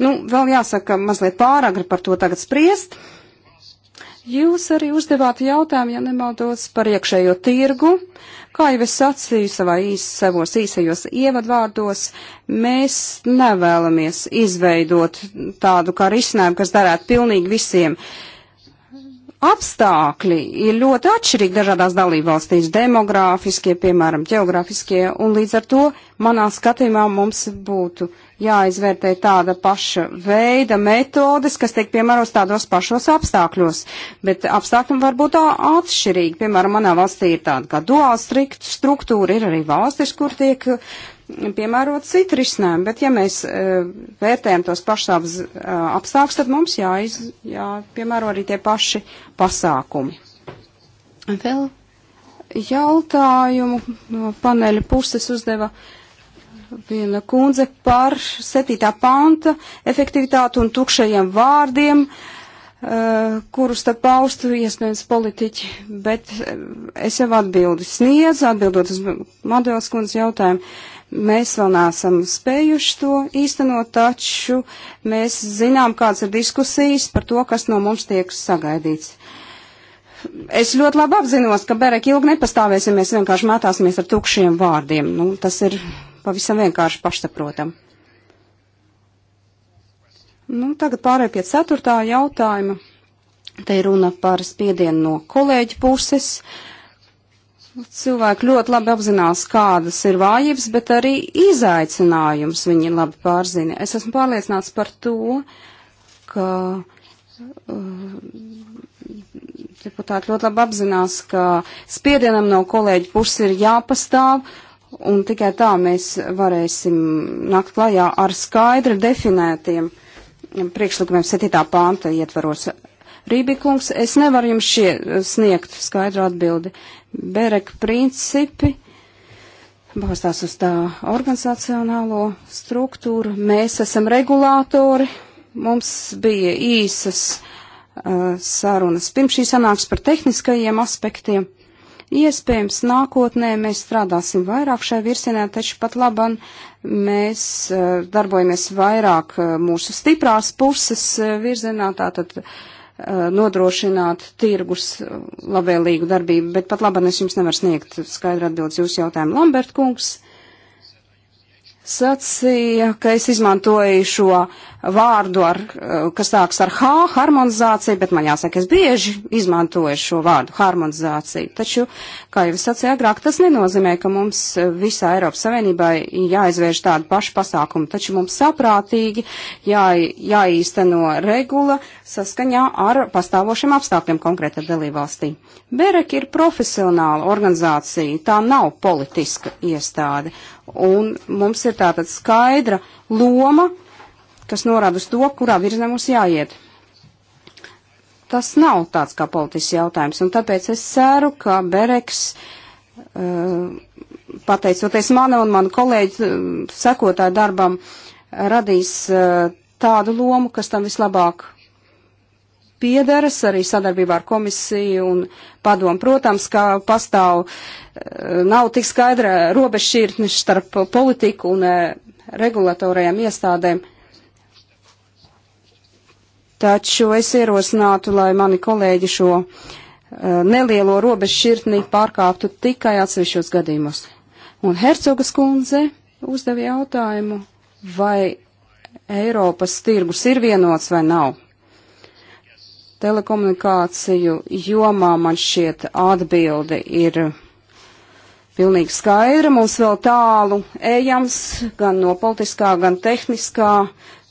Nu, vēl jāsaka, mazliet pāragri par to tagad spriest. Jūs arī uzdevāt jautājumu, ja nemaldos, par iekšējo tirgu. Uh, Kā jau es sacīju savā īs, savos īsajos ievadvārdos, mēs nevēlamies izveidot tādu kā risinājumu, kas darētu pilnīgi visiem. Uh, apstākļi ir ļoti atšķirīgi dažādās dalībvalstīs, demogrāfiskie, piemēram, geogrāfiskie, un līdz ar to manā skatījumā mums būtu jāizvērtē tāda paša veida metodes, kas tiek piemēros tādos pašos apstākļos, bet apstākļi var būt atšķirīgi. Piemēram, manā valstī ir tāda kā duāla struktūra, ir arī valstis, kur tiek piemērot citu risinājumu, bet ja mēs uh, vērtējam tos pašus uh, e, apstākļus, tad mums jāiz, jāpiemēro arī tie paši pasākumi. Vēl jautājumu no paneļa puses uzdeva viena kundze par 7. panta efektivitātu un tukšajiem vārdiem. Uh, kurus tad paustu iespējams politiķi, bet es jau atbildi sniedzu, atbildot uz Madelas kundzes jautājumu. Mēs vēl neesam spējuši to īstenot, taču mēs zinām, kāds ir diskusijas par to, kas no mums tiek sagaidīts. Es ļoti labi apzinos, ka Berek ilgi nepastāvēs, ja mēs vienkārši mētāsimies ar tukšiem vārdiem. Nu, tas ir pavisam vienkārši pašsaprotam. Nu, tagad pārēj pie ceturtā jautājuma. Te ir runa par spiedienu no kolēģa puses. Uh, Cilvēki ļoti labi apzinās, kādas ir vājības, bet arī izaicinājums viņi labi pārzina. Es esmu pārliecināts par to, ka uh, deputāti ļoti labi apzinās, ka spiedienam no kolēģi puses ir jāpastāv, un tikai tā mēs varēsim nākt klajā ar skaidri definētiem priekšlikumiem 7. pānta ietvaros. Rībikungs, es nevaru jums šie sniegt skaidru atbildi, Bereka principi balstās uz tā organizacionālo struktūru. Mēs esam regulātori. Mums bija īsas uh, sarunas pirms šī sanāks par tehniskajiem aspektiem. Iespējams, nākotnē mēs strādāsim vairāk šai virsienē, taču pat laban mēs uh, darbojamies vairāk uh, mūsu stiprās puses uh, virzienā, tātad uh, Eh, nodrošināt tirgus eh, labvēlīgu darbību, bet pat labam es jums nevaru sniegt skaidru atbildes jūsu jautājumu. Lambert kungs sacīja, ka es izmantoju šo vārdu, ar, eh, kas sāks ar H, harmonizācija, bet man jāsaka, es bieži izmantoju šo vārdu harmonizācija. Taču, kā jau es sacīju agrāk, tas nenozīmē, ka mums visā Eiropas Savienībā jāizvērš tādu pašu pasākumu, taču mums saprātīgi jā, jāīsteno regula saskaņā ar pastāvošiem apstākļiem konkrēta dalībvalstī. Berek ir profesionāla organizācija, tā nav politiska iestāde, un mums ir tātad skaidra loma, kas norāda uz to, kurā virzienā mums jāiet. Tas nav tāds kā politisks jautājums, un tāpēc es ceru, ka Bereks, eh, pateicoties mana un manu kolēģu eh, sekotāju darbam, radīs eh, tādu lomu, kas tam vislabāk piederas arī sadarbībā ar komisiju un padomu. Protams, ka pastāv, nav tik skaidra robežšķirtne starp politiku un regulatorajām iestādēm. Taču es ierosinātu, lai mani kolēģi šo uh, nelielo robežu šķirtni pārkāptu tikai atsevišķos gadījumos. Un Hercogas kundze uzdeva jautājumu, vai Eiropas tirgus ir vienots vai nav. Telekomunikāciju jomā man šķiet atbildi ir pilnīgi skaidra. Mums vēl tālu ejams gan no politiskā, gan tehniskā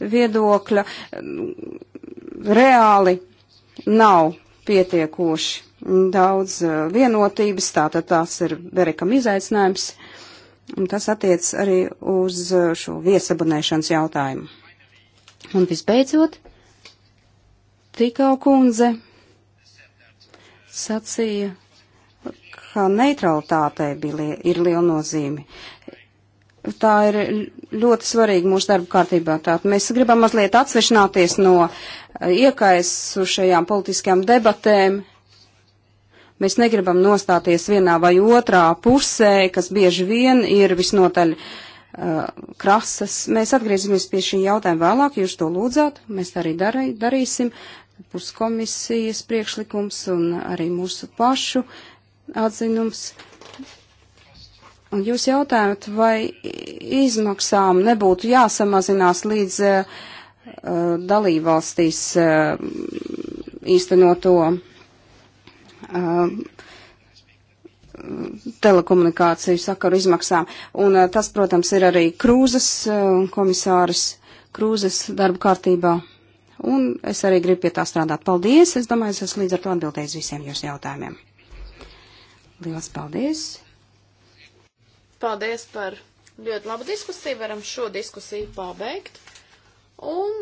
viedokļa reāli nav pietiekoši daudz eh, vienotības, tātad tās ir Berekam izaicinājums, un tas attiec arī uz eh, šo viesabunēšanas jautājumu. Un visbeidzot, tikau kundze sacīja, ka neutralitātei bija, ir liela nozīme tā ir ļoti svarīga mūsu darba kārtībā. Tātad mēs gribam mazliet atsvešināties no eh, iekaisušajām politiskajām debatēm. Mēs negribam nostāties vienā vai otrā pusē, kas bieži vien ir visnotaļ uh, krasas. Mēs atgriezīsimies pie šī jautājuma vēlāk, jūs to lūdzāt, mēs tā arī darī, darīsim. Puskomisijas priekšlikums un arī mūsu pašu atzinums. Uh, Un jūs jautājat, vai izmaksām nebūtu jāsamazinās līdz uh, dalībvalstīs uh, īstenoto uh, telekomunikāciju sakaru izmaksām. Un uh, tas, protams, ir arī krūzes uh, komisāras krūzes darba kārtībā. Un es arī gribu pie tā strādāt. Paldies! Es domāju, es esmu līdz ar to atbildējis visiem jūsu jautājumiem. Lielas paldies! Paldies par ļoti labu diskusiju. Varam šo diskusiju pabeigt. Un,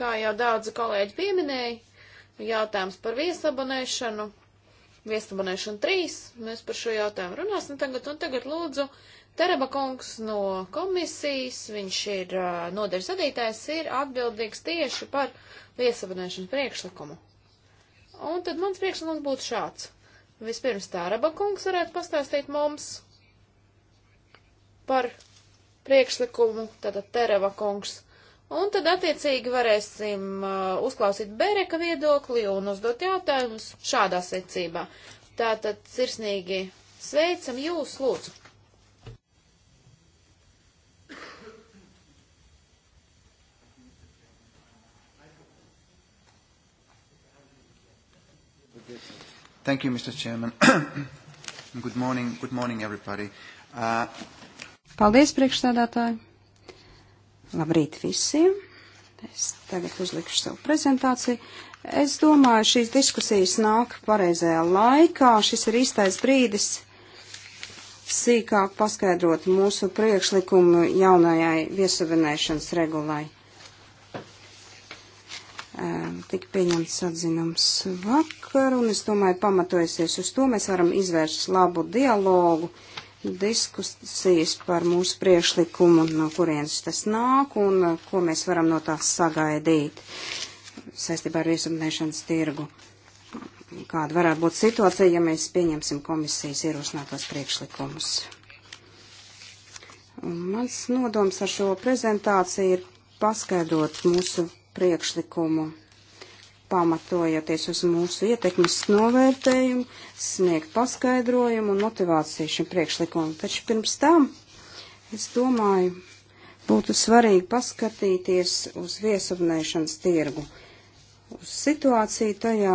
kā jau daudzi kolēģi pieminēja, jautājums par viesabonēšanu. Viesabonēšana 3. Mēs par šo jautājumu runāsim tagad. Un tagad lūdzu Tereba kungs no komisijas, viņš ir nodeļas vadītājs, ir atbildīgs tieši par viesabonēšanas priekšlikumu. Un tad mans priekšlikums būtu šāds. Vispirms Tāraba kungs varētu pastāstīt mums par priekšlikumu, tātad Tereva kungs. Un tad attiecīgi varēsim uh, uzklausīt Bereka viedokli un uzdot jautājumus šādā secībā. Tātad sirsnīgi sveicam jūs, lūdzu. Thank you, Mr. Chairman. good morning, good morning, everybody. Uh, Paldies, priekšstādātāji! Labrīt visiem! Es tagad uzlikšu savu prezentāciju. Es domāju, šīs diskusijas nāk pareizajā laikā. Šis ir īstais brīdis sīkāk paskaidrot mūsu priekšlikumu jaunajai viesuvinēšanas regulai. Ehm, tik pieņemts atzinums vakar, un es domāju, pamatojusies uz to, mēs varam izvērst labu dialogu diskusijas par mūsu priekšlikumu, no kurienes tas nāk un uh, ko mēs varam no tā sagaidīt saistībā ar iesapnēšanas tirgu. Kāda varētu būt situācija, ja mēs pieņemsim komisijas ierosinātos priekšlikumus? Un mans nodoms ar šo prezentāciju ir paskaidrot mūsu priekšlikumu pamatojoties uz mūsu ietekmes novērtējumu, sniegt paskaidrojumu un motivāciju šim priekšlikumam. Taču pirms tam, es domāju, būtu svarīgi paskatīties uz viesavnēšanas tirgu, uz situāciju tajā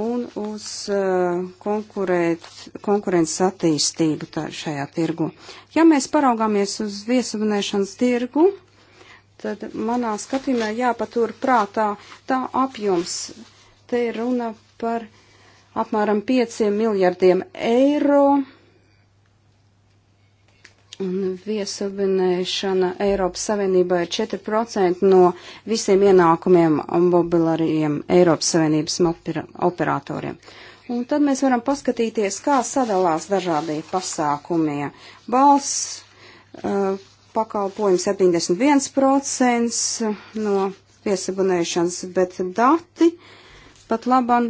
un uz uh, konkurēt, konkurences attīstību tā, šajā tirgu. Ja mēs paraugāmies uz viesavnēšanas tirgu, tad manā skatījumā jāpatur prātā tā apjoms. Te ir runa par apmēram 5 miljardiem eiro. Un viesabinēšana Eiropas Savienībā ir 4% no visiem ienākumiem mobilāriem Eiropas Savienības operatoriem. Un tad mēs varam paskatīties, kā sadalās dažādie pasākumie. Balss, uh, pakalpojumu 71% no piesabunēšanas, bet dati pat laban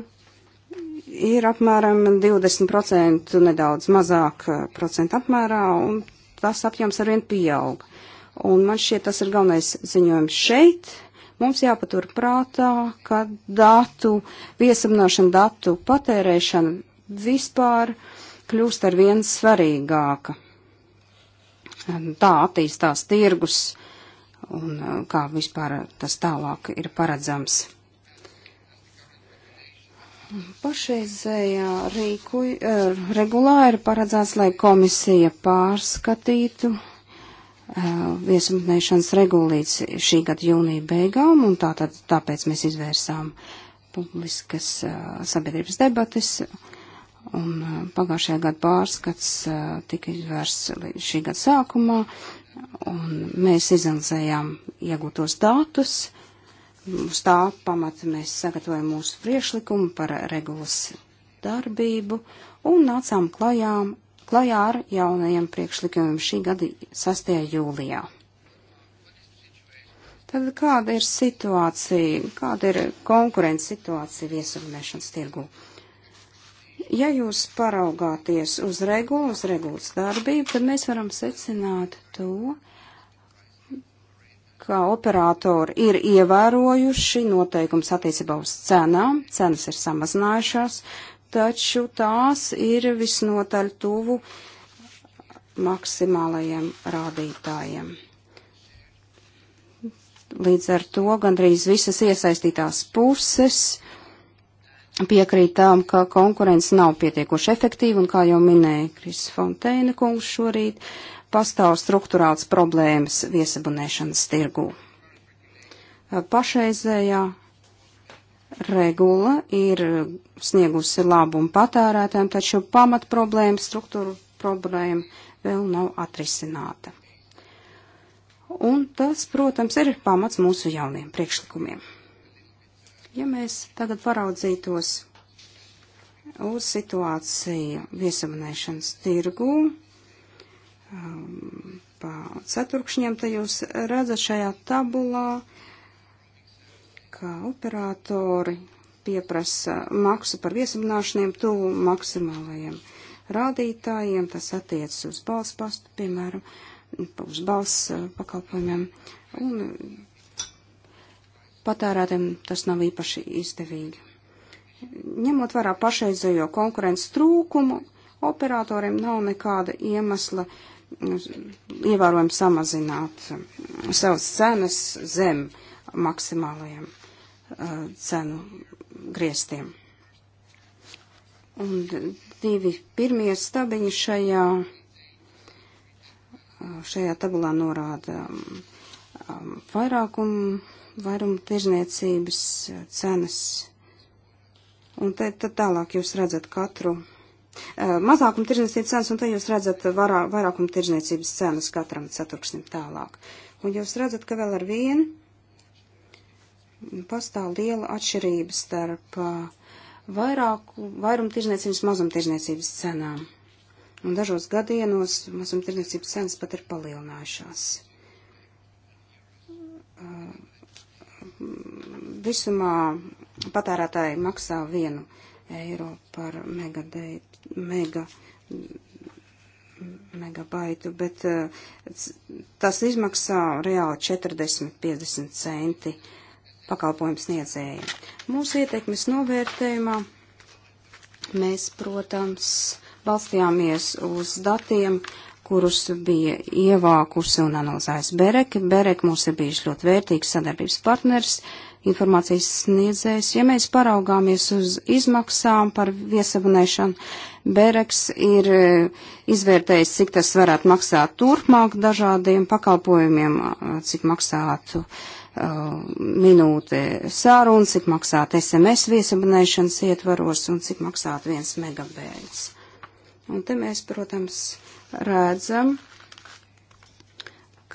ir apmēram 20% nedaudz mazāk eh, procentu apmērā, un tas apjoms arvien pieaug. Un man šķiet, tas ir galvenais ziņojums šeit. Mums jāpatur prātā, ka datu viesabunāšana, datu patērēšana vispār kļūst ar vien svarīgāka tā attīstās tirgus un uh, kā vispār tas tālāk ir paredzams. Pašreizējā rīku uh, regulā ir paredzēts, lai komisija pārskatītu uh, viesmutnēšanas regulu līdz šī gada jūnija beigām, un tātad tāpēc mēs izvērsām publiskas sabiedrības debatas Un uh, pagājušajā gada pārskats uh, tika izvērsts šī gada sākumā, un mēs izanalizējām iegūtos datus. Uz tā pamata mēs sagatavojam mūsu priekšlikumu par regulas darbību un nācām klajām, klajā ar jaunajiem priekšlikumiem šī gada 6. jūlijā. Tad kāda ir situācija, kāda ir konkurence situācija viesabunēšanas tirgū? Ja jūs paraugāties uz regulu, uz regulas darbību, tad mēs varam secināt to, ka operatori ir ievērojuši noteikums attiecībā uz cenām, cenas ir samazinājušās, taču tās ir visnotaļ tuvu maksimālajiem rādītājiem. Līdz ar to gandrīz visas iesaistītās puses piekrīt tām, ka konkurence nav pietiekoši efektīva, un kā jau minēja Kris Fonteina kungs šorīt, pastāv struktūrāls problēmas viesabunēšanas tirgū. Pašreizējā regula ir sniegusi labumu patērētājiem, taču pamat problēma, struktūra problēma vēl nav atrisināta. Un tas, protams, ir pamats mūsu jauniem priekšlikumiem. Ja mēs tagad paraudzītos uz situāciju viesamanēšanas tirgū, um, pa ceturkšņiem, tad jūs redzat šajā tabulā, ka operatori pieprasa maksu par viesamināšaniem tuvu maksimālajiem rādītājiem, tas attiec uz balss pastu, piemēram, uz balss uh, pakalpojumiem, un patērētiem tas nav īpaši izdevīgi. Ņemot vērā pašreizējo konkurences trūkumu, operatoriem nav nekāda iemesla mm, ievērojami samazināt mm, savas cenas zem maksimālajiem uh, cenu griestiem. Un divi pirmie stabiņi šajā, šajā tabulā norāda um, vairākumu vairuma tirzniecības eh, cenas. Un te, tad tālāk jūs redzat katru eh, mazākuma tirzniecības cenas, un te jūs redzat varā, vairākuma tirzniecības cenas katram ceturksnim tālāk. Un jūs redzat, ka vēl ar vienu pastāv liela atšķirība starp eh, vairāku, vairumu tirzniecības, mazumu tirzniecības cenām. Un dažos gadienos mazumtirdzniecības cenas pat ir palielinājušās. Visumā patērētāji maksā vienu eiro par megadeitu, mega, megabaitu, bet eh, tas izmaksā reāli 40-50 centi pakalpojums sniedzējiem. Mūsu ietekmes novērtējumā mēs, protams, balstījāmies uz datiem, kurus bija ievākusi un analizējusi Bereka. Bereka mums ir bijuši ļoti vērtīgs sadarbības partners. Uh, informācijas sniedzējs. Ja mēs paraugāmies uz izmaksām par viesabunēšanu, Bereks ir e, izvērtējis, cik tas varētu maksāt turpmāk dažādiem pakalpojumiem, cik maksātu uh, minūte sāruna, cik maksātu SMS viesabunēšanas ietvaros un cik maksātu viens megabaits. Un te mēs, protams, redzam,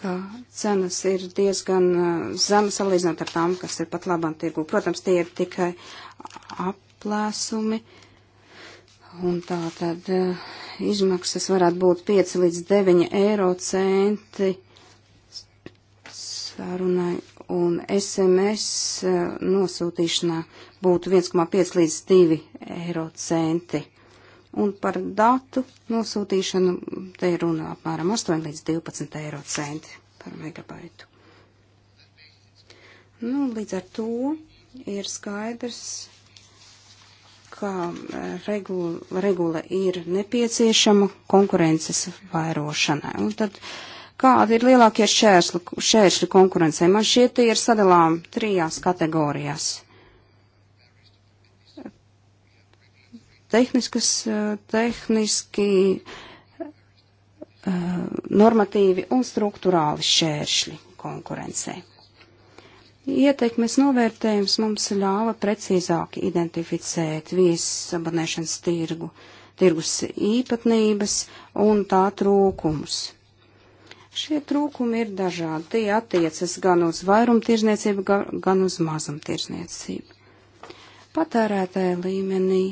ka cenas ir diezgan uh, zemas salīdzinot ar tām, kas ir pat labam tirgu. Protams, tie ir tikai aplēsumi. Un tā tad uh, izmaksas varētu būt 5 līdz 9 eiro centi sarunai un SMS uh, nosūtīšanā būtu 1,5 līdz 2 eiro centi un par datu nosūtīšanu te ir runa apmēram 8 līdz 12 eiro centi par megabaitu. Nu, līdz ar to ir skaidrs, ka e, regula, regula ir nepieciešama konkurences vairošanai. Un tad kādi ir lielākie šēršļi, šēršļi konkurencei? Man šie tie ir sadalām trijās kategorijās. tehniskas, eh, tehniski eh, normatīvi un struktūrāli šēršļi konkurencei. Ieteikmes novērtējums mums ļāva precīzāk identificēt viesabonēšanas tirgu, tirgus īpatnības un tā trūkumus. Šie trūkumi ir dažādi. Tie attiecas gan uz vairumtirzniecību, gan uz mazumtirzniecību. Patērētāja līmenī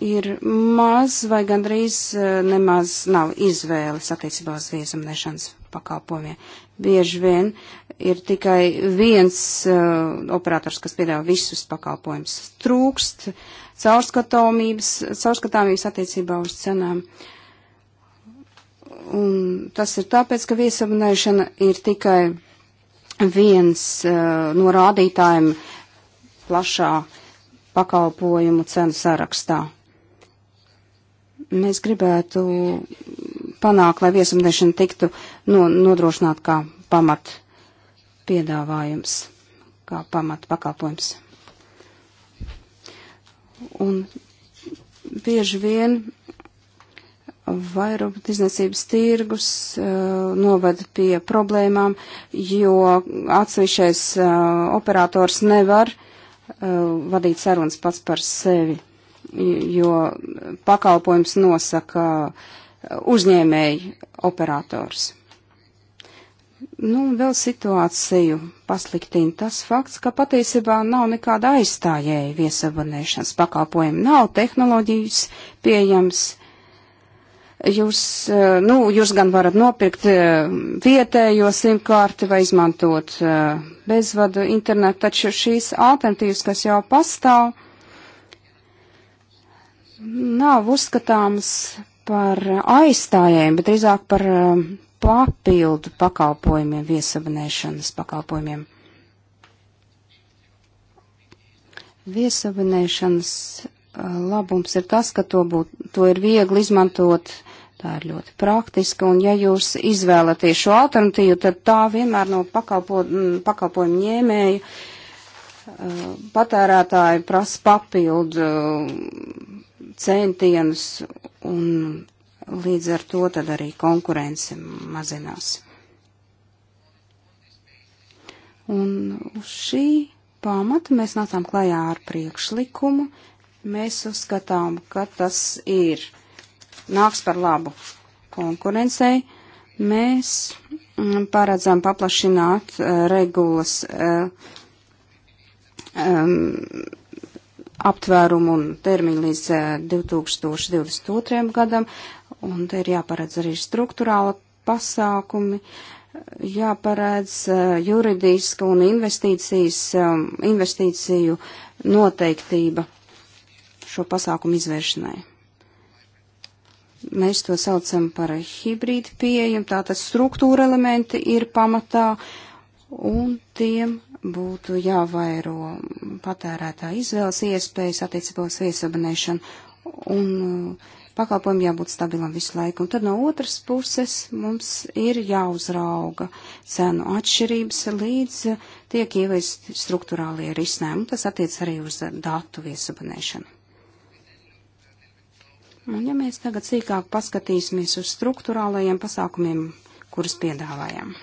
ir maz vai gandrīz eh, nemaz nav izvēles attiecībā uz viesumnešanas pakalpojumiem. Bieži vien ir tikai viens uh, operators, kas piedāvā visus pakalpojumus. Trūkst caurskatāmības attiecībā uz cenām. Un tas ir tāpēc, ka viesabunēšana ir tikai viens uh, no rādītājiem plašā pakalpojumu cenu sarakstā mēs gribētu panākt, lai viesumdešana tiktu no, nodrošināt kā pamat piedāvājums, kā pamat pakalpojums. Un bieži vien vairuma tirdzniecības tirgus uh, eh, novada pie problēmām, jo atsevišķais uh, operators nevar uh, vadīt sarunas pats par sevi jo pakalpojums nosaka uzņēmēji operators. Nu, vēl situāciju pasliktina tas fakts, ka patiesībā nav nekāda aizstājēja viesabonēšanas pakalpojuma, nav tehnoloģijas pieejams. Jūs, eh, nu, jūs gan varat nopirkt eh, vietējo simkārti vai izmantot eh, bezvadu internetu, taču šīs alternatīvas, kas jau pastāv, nav uzskatāms par aizstājējiem, bet drīzāk par um, papildu pakalpojumiem, viesabunēšanas pakalpojumiem. Viesabunēšanas uh, labums ir tas, ka to, būt, to ir viegli izmantot, tā ir ļoti praktiska, un ja jūs izvēlaties šo alternatīvu, tad tā vienmēr no pakalpo, mm, pakalpojumu ņēmēju uh, patērētāji prasa papildu centienus un līdz ar to tad arī konkurence mazinās. Un uz šī pamata mēs nācām klajā ar priekšlikumu. Mēs uzskatām, ka tas ir nāks par labu konkurencei. Mēs mm, paredzam paplašināt uh, regulas uh, um, aptvērumu un termiņu līdz 2022. Eh, gadam, un te ir jāparedz arī struktūrāla pasākumi, jāparedz eh, juridiska un investīcijas, eh, investīciju noteiktība šo pasākumu izvēršanai. Mēs to saucam par hibrīdu pieejumu, tātad struktūra elementi ir pamatā, un tiem būtu jāvairo patērētā izvēles iespējas attiecībā uz viesabonēšanu un uh, pakalpojumu jābūt stabilam visu laiku. Un tad no otras puses mums ir jāuzrauga cenu atšķirības līdz uh, tiek ieviest struktūrālie risinājumi. Tas attiec arī uz datu viesabonēšanu. Un ja mēs tagad sīkāk paskatīsimies uz struktūrālajiem pasākumiem, kurus piedāvājam.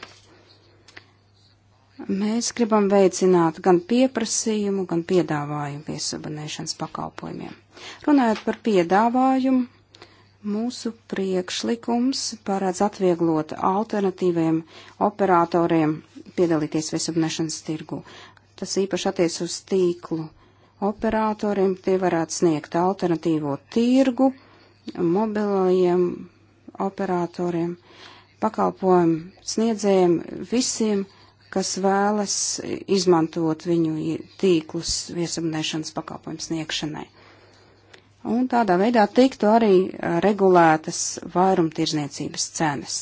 Mēs gribam veicināt gan pieprasījumu, gan piedāvājumu viesabonēšanas pakalpojumiem. Runājot par piedāvājumu, mūsu priekšlikums parāds atvieglot alternatīviem operatoriem piedalīties viesabonēšanas tirgu. Tas īpaši attiec uz tīklu operatoriem, tie varētu sniegt alternatīvo tirgu mobilajiem operatoriem, pakalpojumu sniedzējiem, visiem kas vēlas izmantot viņu tīklus viesabunēšanas pakalpojumu sniegšanai. Un tādā veidā tiktu arī regulētas vairumtirzniecības cenas.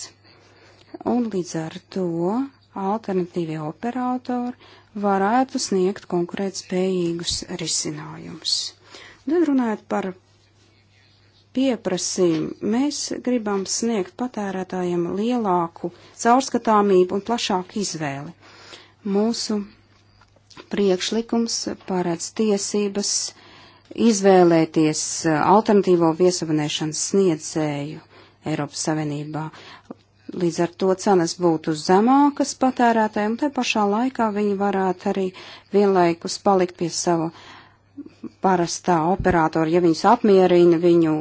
Un līdz ar to alternatīvie operatori varētu sniegt konkurēt spējīgus risinājumus. Tad nu, runājot par pieprasījumu, mēs gribam sniegt patērētājiem lielāku caurskatāmību un plašāku izvēli. Mūsu priekšlikums pārēc tiesības izvēlēties uh, alternatīvo viesavanēšanas sniedzēju Eiropas Savienībā. Līdz ar to cenas būtu zemākas patērētājiem, te pašā laikā viņi varētu arī vienlaikus palikt pie sava parastā operatora, ja viņus apmierina viņu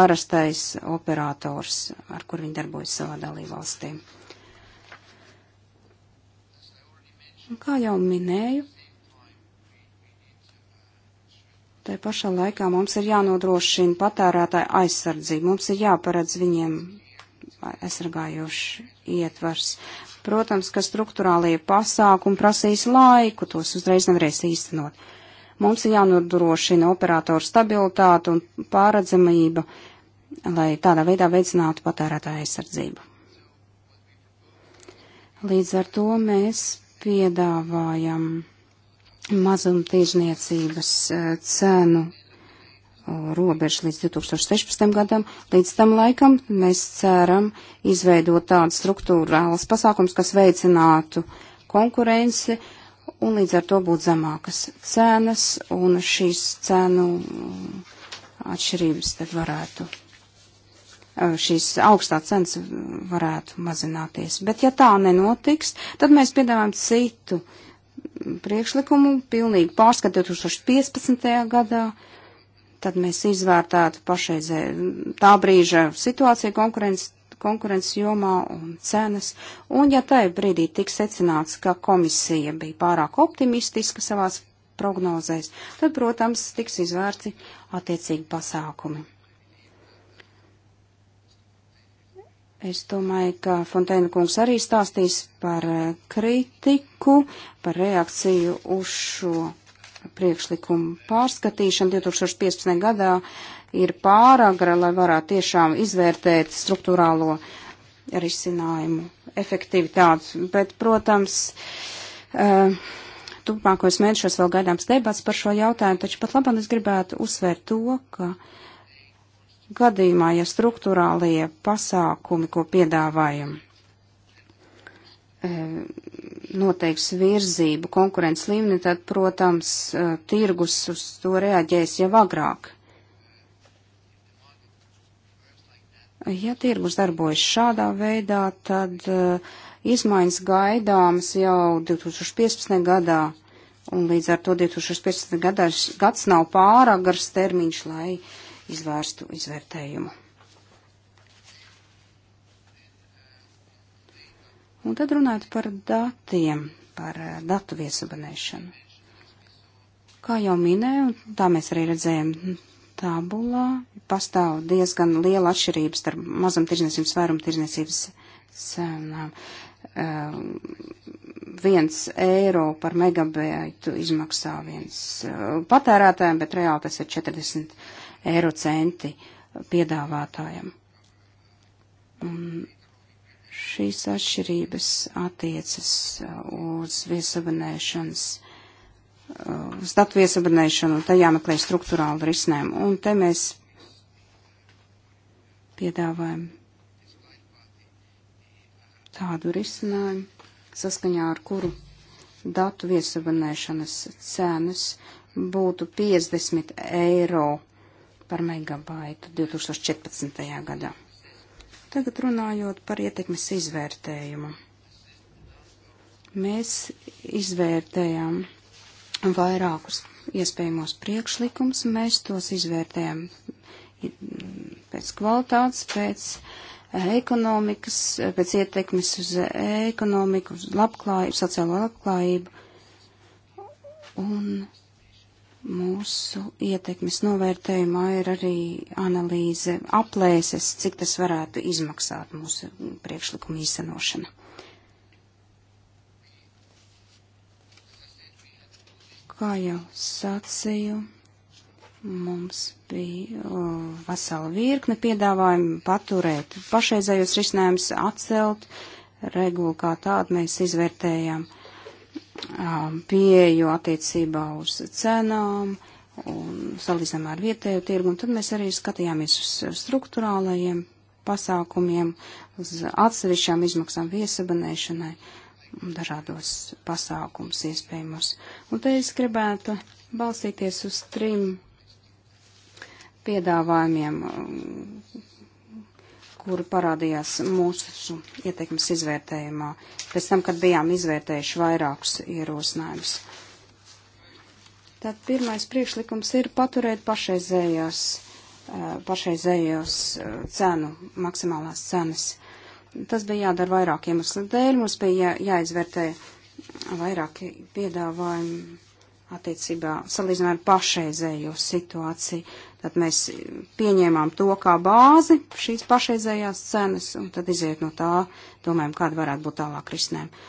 parastais operators, ar kur viņi darbojas savā dalībvalstī. Un kā jau minēju, tai pašā laikā mums ir jānodrošina patērētāja aizsardzība, mums ir jāparedz viņiem aizsargājoši ietvars. Protams, ka struktūrālie pasākumi prasīs laiku, tos uzreiz nevarēs īstenot. Mums ir jānodrošina operātoru stabilitāte un pāredzamība, lai tādā veidā veicinātu patērētāju aizsardzību. Līdz ar to mēs piedāvājam mazumtirdzniecības eh, cenu eh, robežu līdz 2016. gadam. Līdz tam laikam mēs ceram izveidot tādu struktūrālas pasākums, kas veicinātu konkurenci un līdz ar to būtu zemākas cenas un šīs cenu mm, atšķirības tad varētu Eh, šīs augstā cenas varētu mazināties. Bet ja tā nenotiks, tad mēs piedāvājam citu priekšlikumu, pilnīgi pārskatu 2015. gadā, tad mēs izvērtētu pašreizē tā brīža situāciju konkurences konkurences jomā un cenas, un ja tai brīdī tiks secināts, ka komisija bija pārāk optimistiska savās prognozēs, tad, protams, tiks izvērti attiecīgi pasākumi. Es domāju, ka Fonteina kungs arī stāstīs par eh, kritiku, par reakciju uz šo priekšlikumu pārskatīšanu 2015. gadā ir pāragra, lai varētu tiešām izvērtēt struktūrālo risinājumu efektivitāti. Bet, protams, eh, turpmākos mēnešos vēl gaidāms debats par šo jautājumu, taču pat labāk es gribētu uzsvērt to, ka gadījumā, ja struktūrālie pasākumi, ko piedāvājam, eh, noteiks virzību konkurences līmenī, tad, protams, eh, tirgus uz to reaģēs jau agrāk. Ja tirgus darbojas šādā veidā, tad eh, izmaiņas gaidāmas jau 2015. gadā, un līdz ar to 2015. gadā gads nav pārāk gars termiņš, lai uh, izvērstu izvērtējumu. Un tad runājot par datiem, par eh, datu viesubanēšanu. Kā jau minēju, un tā mēs arī redzējām tabulā, pastāv diezgan liela atšķirības starp mazumtirdzniecības vairumtirdzniecības cenām. Uh, viens eiro par megabaitu izmaksā viens uh, patērētājiem, bet reāli tas ir 40 eiro centi piedāvātājam. Un šīs atšķirības attiecas uh, uz viesabinēšanas, uh, uz datu viesabinēšanu, un te jāmeklē struktūrāli risinājumu. Un te mēs piedāvājam tādu risinājumu, saskaņā ar kuru datu viesabinēšanas cenas būtu 50 eiro par megabaitu 2014. gadā. Tagad runājot par ietekmes izvērtējumu. Mēs izvērtējām vairākus iespējamos priekšlikums, mēs tos izvērtējam pēc kvalitātes, pēc eh, ekonomikas, pēc ietekmes uz eh, ekonomiku, uz labklājību, sociālo labklājību. Un Mūsu ietekmes novērtējumā ir arī analīze aplēses, cik tas varētu izmaksāt mūsu priekšlikumu īstenošana. Kā jau sacīju, mums bija vesela virkne piedāvājumu paturēt pašreizējos risinājumus, atcelt regulu kā tādu mēs izvērtējām. Uh, Um, pieeju attiecībā uz cenām un salīdzinām ar vietējo tirgu, un tad mēs arī skatījāmies uz struktūrālajiem pasākumiem, uz atsevišķām izmaksām viesabanēšanai un dažādos pasākums iespējamos. Un te es gribētu balstīties uz trim piedāvājumiem, kuri parādījās mūsu ieteikums izvērtējumā, pēc tam, kad bijām izvērtējuši vairākus ierosinājumus. Tad pirmais priekšlikums ir paturēt pašreizējās, eh, pašreizējos eh, cenu, maksimālās cenas. Tas bija jādara vairākiem iemeslu dēļ, mums bija jā, jāizvērtē vairāki piedāvājumi attiecībā salīdzinājumā ar pašreizējo situāciju. Tad mēs pieņēmām to kā bāzi šīs pašreizējās cenas, un tad iziet no tā, domājam, kāda varētu būt tālāk risinājuma.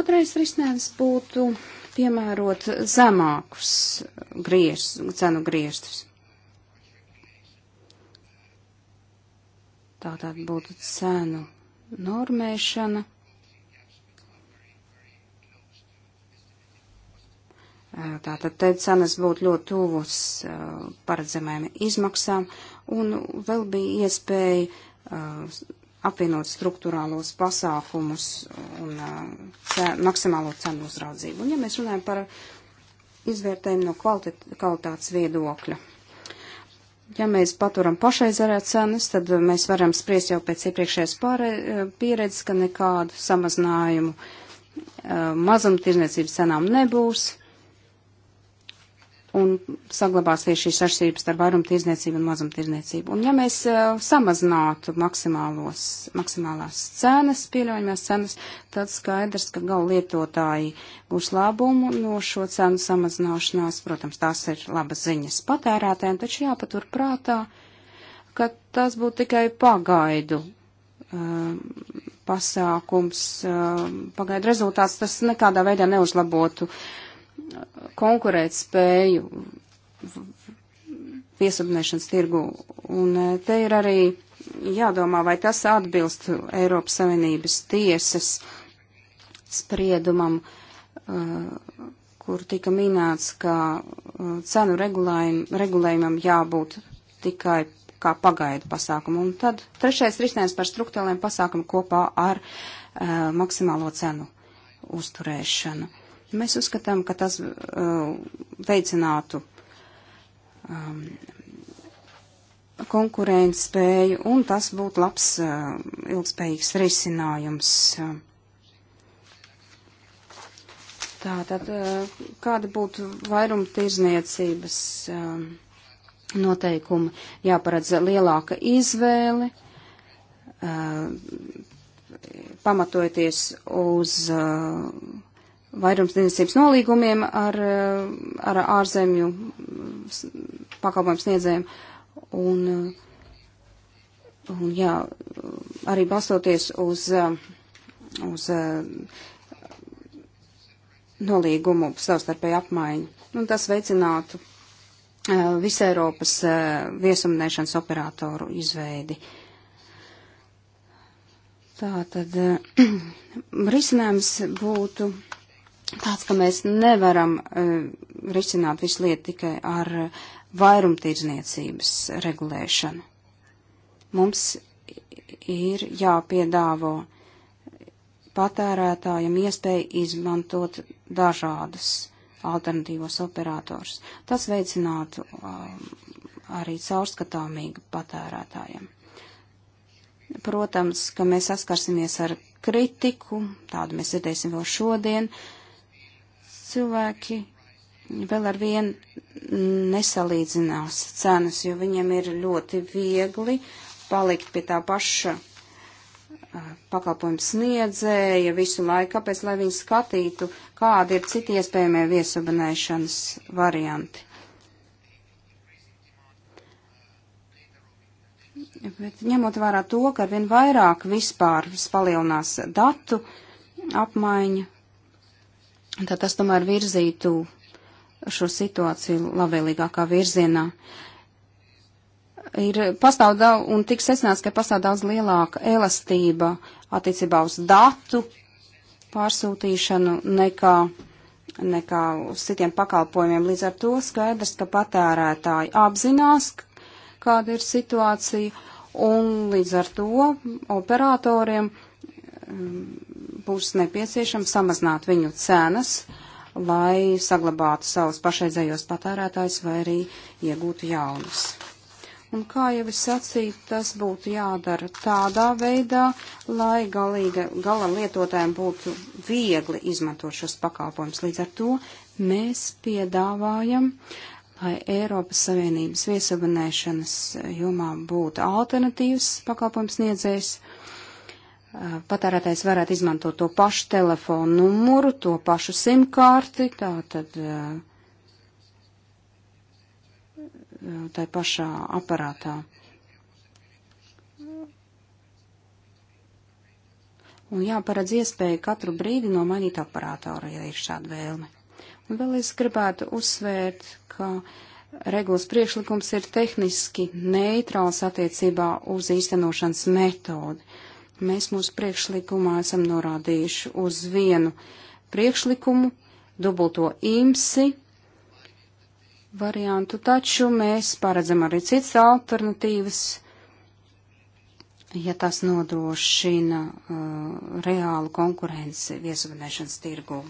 Otrais risinājums būtu piemērot zemākus griez, cenu griestus. Tātad būtu cenu normēšana Tātad te cenas būtu ļoti tuvus paredzamajām izmaksām, un vēl bija iespēja apvienot struktūrālos pasākumus un maksimālo cenu uzraudzību. Un ja mēs runājam par izvērtējumu no kvalitātes viedokļa, ja mēs paturam pašreizējā cenas, tad mēs varam spriest jau pēc iepriekšējās pieredzes, ka nekādu samazinājumu mazumtirdzniecības cenām nebūs un saglabāsies šīs atšķirības starp vairumtirdzniecību un mazumtirdzniecību. Un ja mēs uh, samazinātu maksimālās cenas, pieļaujamās cenas, tad skaidrs, ka gal lietotāji būs labumu no šo cenu samazināšanās. Protams, tās ir labas ziņas patērētēm, taču jāpatur prātā, ka tas būtu tikai pagaidu uh, pasākums, uh, pagaidu rezultāts, tas nekādā veidā neuzlabotu uh, konkurēt spēju piesubnēšanas tirgu. Un e, te ir arī jādomā, vai tas atbilst Eiropas Savienības tiesas spriedumam, e, kur tika minēts, ka e, cenu regulējumam jābūt tikai kā pagaidu pasākumu. Un tad trešais risinājums par struktūrāliem pasākumu kopā ar uh, maksimālo cenu uzturēšanu. Uh, Mēs uzskatām, ka tas uh, veicinātu um, konkurēņu spēju, un tas būtu labs, uh, ilgspējīgs risinājums. Tā tad, uh, kāda būtu vairuma tirzniecības uh, um, noteikumi? Jāparedz lielāka izvēle, uh, pamatojoties uz. Uh, vairums tirdzniecības nolīgumiem ar, eh, ar ārzemju pakalpojumu sniedzējiem. Un, eh, un jā, arī balstoties uz, eh, uz nolīgumu savstarpēju apmaiņu. Un tas veicinātu visu Eiropas viesumnēšanas operatoru izveidi. Tā tad risinājums būtu tāds, ka mēs nevaram uh, risināt visu lietu tikai ar uh, vairumtirdzniecības regulēšanu. Mums ir jāpiedāvo patērētājiem iespēja izmantot dažādas alternatīvos operators. Tas veicinātu um, arī caurskatāmīgu patērētājiem. Protams, ka mēs saskarsimies ar kritiku, tādu mēs dzirdēsim vēl šodien, uh, cilvēki vēl ar vienu nesalīdzinās cenas, jo viņiem ir ļoti viegli palikt pie tā paša uh, pakalpojumu sniedzēja visu laiku, kāpēc lai viņi skatītu, kādi ir citi iespējamie viesabunēšanas varianti. Bet ņemot vērā to, ka arvien vairāk vispār palielinās datu apmaiņa, tad tas tomēr virzītu šo situāciju labvēlīgākā virzienā. Ir pastāv daudz, un tik secināts, ka pastāv daudz lielāka elastība attiecībā uz datu pārsūtīšanu nekā, nekā uz citiem pakalpojumiem. Līdz ar to skaidrs, ka patērētāji apzinās, kāda ir situācija, un līdz ar to operatoriem uh, būs nepieciešams samazināt viņu cenas, lai saglabātu savus pašreizējos patērētājus vai arī iegūtu jaunus. Un kā jau es sacīju, tas būtu jādara tādā veidā, lai galīga, gala lietotājiem būtu viegli izmantot šos pakalpojumus. Līdz ar to mēs piedāvājam, lai Eiropas Savienības viesabunēšanas jomā būtu alternatīvs pakalpojums sniedzējs patērētājs varētu izmantot to pašu telefonu numuru, to pašu simkārti, tā tad eh, tai pašā aparātā. Un jāparedz iespēja katru brīdi nomainīt aparātoru, ja ir šāda vēlme. Un vēl es gribētu uzsvērt, ka regulas priekšlikums ir tehniski neitrāls attiecībā uz īstenošanas metodi. Uh, Mēs mūsu priekšlikumā esam norādījuši uz vienu priekšlikumu, dubulto imsi variantu, taču mēs paredzam arī citas alternatīvas, ja tas nodrošina uh, reālu konkurenci viesavadēšanas tirgū.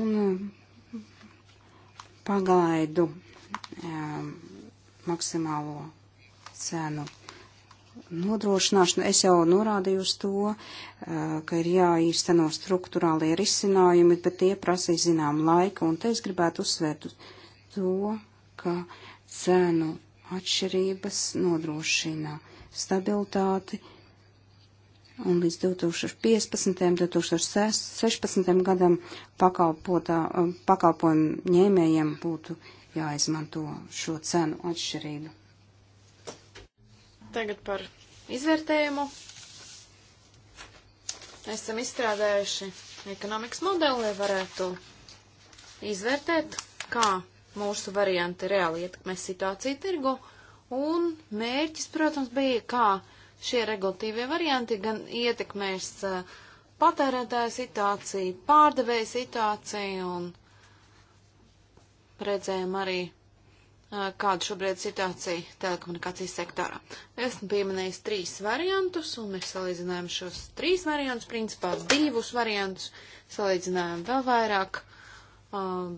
Un uh, pagaidu uh, maksimālo cenu nodrošināšanu. Es jau norādīju uz to, eh, ka ir jāīsteno struktūrālie risinājumi, bet tie prasīs zinām laika, un te es gribētu uzsvērt to, ka cenu atšķirības nodrošina stabilitāti. Un līdz 2015. un 2016. gadam pakalpojumu ņēmējiem būtu jāizmanto šo cenu atšķirību. Tagad par izvērtējumu. Esam izstrādājuši ekonomikas modeli, lai varētu izvērtēt, kā mūsu varianti reāli ietekmē situāciju tirgu. Un mērķis, protams, bija, kā šie regulatīvie varianti gan ietekmēs uh, patērētāja situāciju, pārdevēja situāciju un redzējām arī Eh, kāda šobrīd ir situācija telekomunikācijas sektorā. Esmu pieminējis trīs variantus, un mēs salīdzinājām šos trīs variantus, principā divus variantus, salīdzinājām vēl vairāk uh,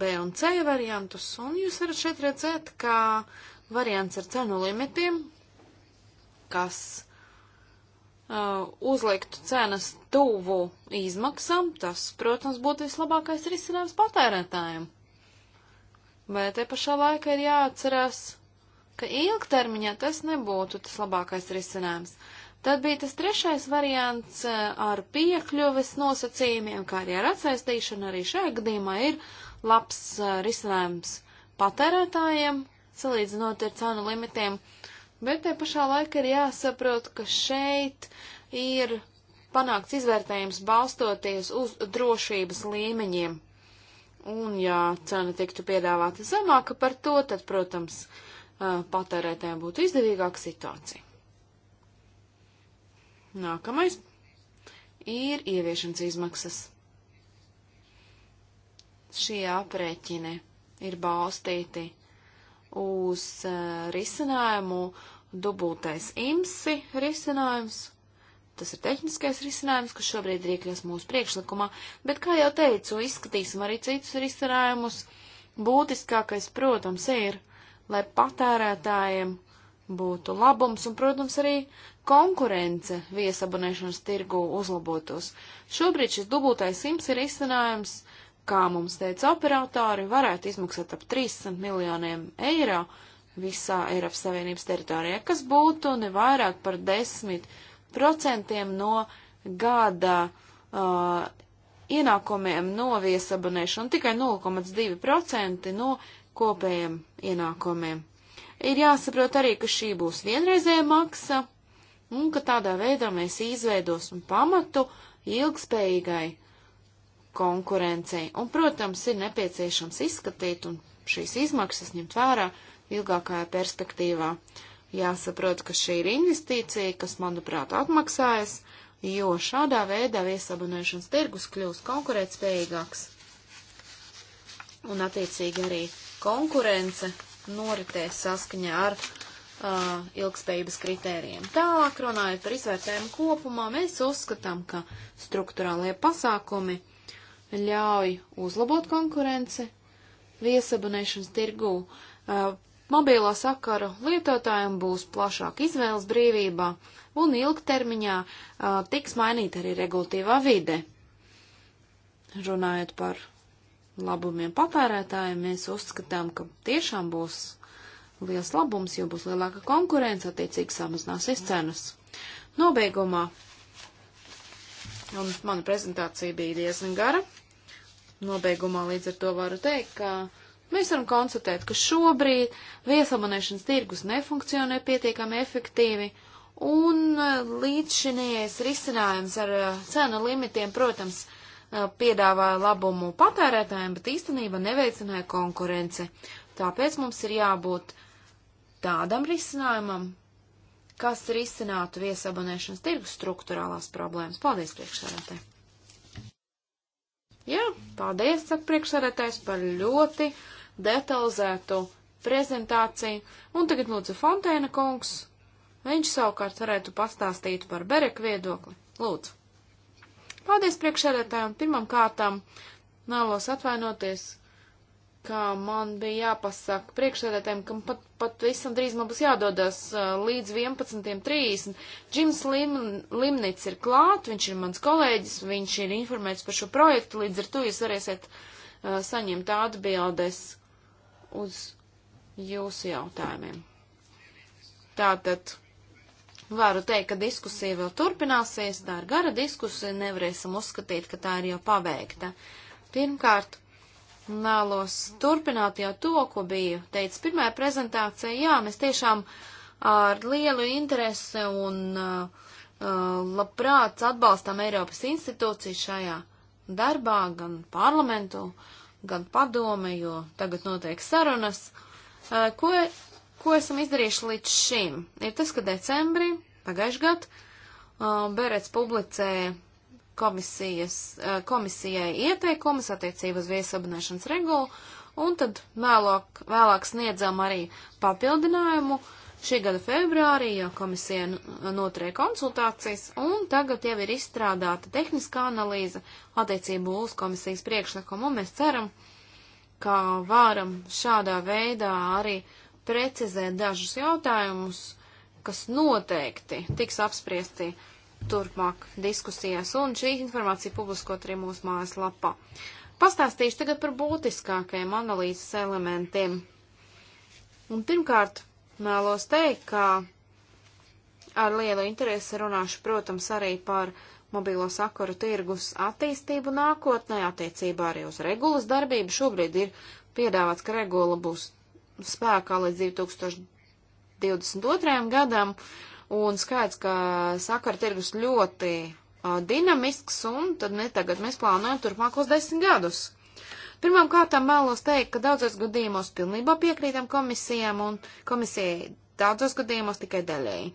B un C variantus, un jūs varat šeit redzēt, ka variants ar cenu limitiem, kas uh, uzliktu cenas tuvu izmaksām, tas, protams, būtu vislabākais risinājums patērētājiem. Bet te pašā laikā ir jāatcerās, ka ilgtermiņā tas nebūtu tas labākais risinājums. Tad bija tas trešais variants eh, ar piekļuves nosacījumiem, kā arī ar atsaistīšanu. Arī šajā gadījumā ir labs eh, risinājums patērētājiem, salīdzinot ar cenu limitiem. Bet te pašā laikā ir jāsaprot, ka šeit ir panākts izvērtējums balstoties uz drošības līmeņiem. Un, ja cena tiktu piedāvāta zemāka par to, tad, protams, patērētājiem būtu izdevīgāka situācija. Nākamais ir ieviešanas izmaksas. Šie aprēķini ir balstīti uz risinājumu dubultais imsi risinājums Tas ir tehniskais risinājums, kas šobrīd ir iekļauts mūsu priekšlikumā, bet, kā jau teicu, izskatīsim arī citus risinājumus. Būtiskākais, protams, ir, lai patērētājiem būtu labums un, protams, arī konkurence viesabonēšanas tirgu uzlabotos. Šobrīd šis dubultais simts ir risinājums, kā mums teica operatori, varētu izmaksāt ap 300 miljoniem eiro visā Eiropas Savienības teritorijā, kas būtu ne vairāk par desmit 10% no gada uh, ienākumiem no viesabonēšana, tikai 0,2% no kopējiem ienākumiem. Ir jāsaprot arī, ka šī būs vienreizēja maksa un ka tādā veidā mēs izveidosim pamatu ilgspējīgai konkurencei. Un, protams, ir nepieciešams izskatīt un šīs izmaksas ņemt vērā ilgākajā perspektīvā. Uh, Jāsaprot, ka šī ir investīcija, kas, manuprāt, atmaksājas, jo šādā veidā viesabonēšanas tirgus kļūst konkurētspējīgāks. Un, attiecīgi, arī konkurence noritēs saskaņā ar uh, ilgspējības kritērijiem. Tālāk runājot par izvērtējumu kopumā, mēs uzskatām, ka struktūrālie pasākumi ļauj uzlabot konkurenci viesabunēšanas tirgū, uh, Mobīlā sakaru lietotājiem būs plašāka izvēles brīvībā un ilgtermiņā uh, tiks mainīta arī regulatīvā vide. Runājot par labumiem patērētājiem, mēs uzskatām, ka tiešām būs liels labums, jo būs lielāka konkurence, attiecīgi samazināsies cenas. Nobeigumā, un mana prezentācija bija diezgan gara, nobeigumā līdz ar to varu teikt, ka Mēs varam konstatēt, ka šobrīd viesamanēšanas tirgus nefunkcionē pietiekami efektīvi, un eh, līdz šinies risinājums ar eh, cenu limitiem, protams, eh, piedāvāja labumu patērētājiem, bet īstenībā neveicināja konkurenci. Tāpēc mums ir jābūt tādam risinājumam, kas risinātu viesabonēšanas tirgus struktūrālās problēmas. Paldies, priekšsēdētāji! Jā, paldies, saka priekšsēdētājs, par ļoti detalizētu prezentāciju. Un tagad lūdzu Fontēna kungs. Viņš savukārt varētu pastāstīt par Bereku viedokli. Lūdzu. Paldies priekšsēdētājiem. Pirmam kārtām nālos atvainoties, ka man bija jāpasaka priekšsēdētājiem, ka pat, pat visam drīz man būs jādodas uh, līdz 11.30. Džims Lim, Limnits ir klāt, viņš ir mans kolēģis, viņš ir informēts par šo projektu, līdz ar to jūs varēsiet uh, saņemt atbildes uz jūsu jautājumiem. Tātad varu teikt, ka diskusija vēl turpināsies, tā ir gara diskusija, nevarēsim uzskatīt, ka tā ir jau pabeigta. Pirmkārt, nālos turpināt jau to, ko biju teicis pirmajā prezentācijā. Jā, mēs tiešām ar lielu interesi un uh, uh labprāt atbalstam Eiropas institūciju šajā darbā, gan parlamentu. Uh, gan padome, jo tagad notiek sarunas. Ko, ko esam izdarījuši līdz šim? Ir tas, ka decembrī pagājušajā gadā Berets publicēja komisijas, komisijai ieteikumus attiecībā uz viesabunēšanas regulu, un tad vēlāk, vēlāk sniedzām arī papildinājumu uh, Šī gada februārī jau komisija noturēja konsultācijas, un tagad jau ir izstrādāta tehniskā analīze attiecībā uz komisijas priekšlikumu, un mēs ceram, ka varam šādā veidā arī precizēt dažus jautājumus, kas noteikti tiks apspriesti turpmāk diskusijās, un šī informācija publiskot arī mūsu mājaslapā. Pastāstīšu tagad par būtiskākajiem analīzes elementiem. Un pirmkārt, Mēlos teikt, ka ar lielu interesi runāšu, protams, arī par mobīlo sakaru tirgus attīstību nākotnē, attiecībā arī uz regulas darbību. Šobrīd ir piedāvāts, ka regula būs spēkā līdz 2022. gadam, un skaidrs, ka sakaru tirgus ļoti uh, dinamisks, un tad ne tagad mēs plānojam turpmākos desmit gadus. Pirmām kārtām vēlos teikt, ka daudzos gadījumos pilnībā piekrītam komisijām un komisijai daudzos gadījumos tikai daļēji.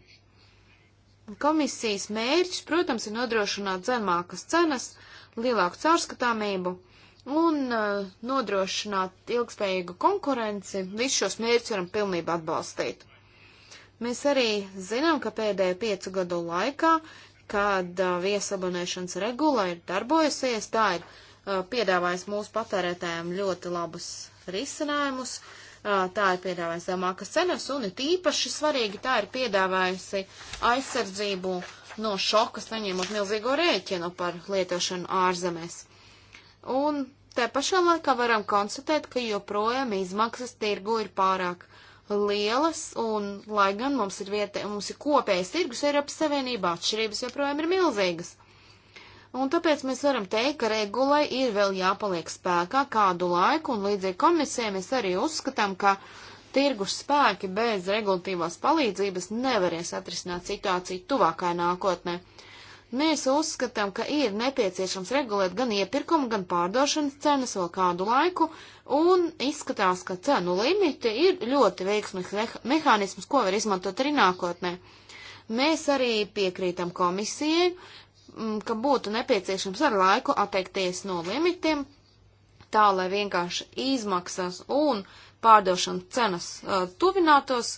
Komisijas mērķis, protams, ir nodrošināt zemākas cenas, lielāku caurskatāmību un uh, nodrošināt ilgspējīgu konkurenci. Visus šos mērķus varam pilnībā atbalstīt. Mēs arī zinām, ka pēdējo piecu gadu laikā, kad uh, viesabonēšanas regula ir darbojusies, tā ir piedāvājis mūsu patērētājiem ļoti labus risinājumus. Tā ir piedāvājusi zemākas cenas un it īpaši svarīgi tā ir piedāvājusi aizsardzību no šoka saņemot milzīgo rēķinu par lietošanu ārzemēs. Un te pašā laikā varam konstatēt, ka joprojām izmaksas tirgu ir pārāk lielas, un lai gan mums ir vieta, mums ir kopējs tirgus Eiropas Savienībā, atšķirības joprojām ir milzīgas. Un tāpēc mēs varam teikt, ka regulai ir vēl jāpaliek spēkā kādu laiku, un līdzīgi komisijai mēs arī uzskatām, ka tirgus spēki bez regulatīvās palīdzības nevarēs atrisināt situāciju tuvākā nākotnē. Mēs uzskatām, ka ir nepieciešams regulēt gan iepirkumu, gan pārdošanas cenas vēl kādu laiku, un izskatās, ka cenu limiti ir ļoti veiksmīgs mehānisms, ko var izmantot arī nākotnē. Mēs arī piekrītam komisijai, Mm, ka būtu nepieciešams ar laiku atteikties no limitiem, tā lai vienkārši izmaksas un pārdošanas cenas uh, tuvinātos,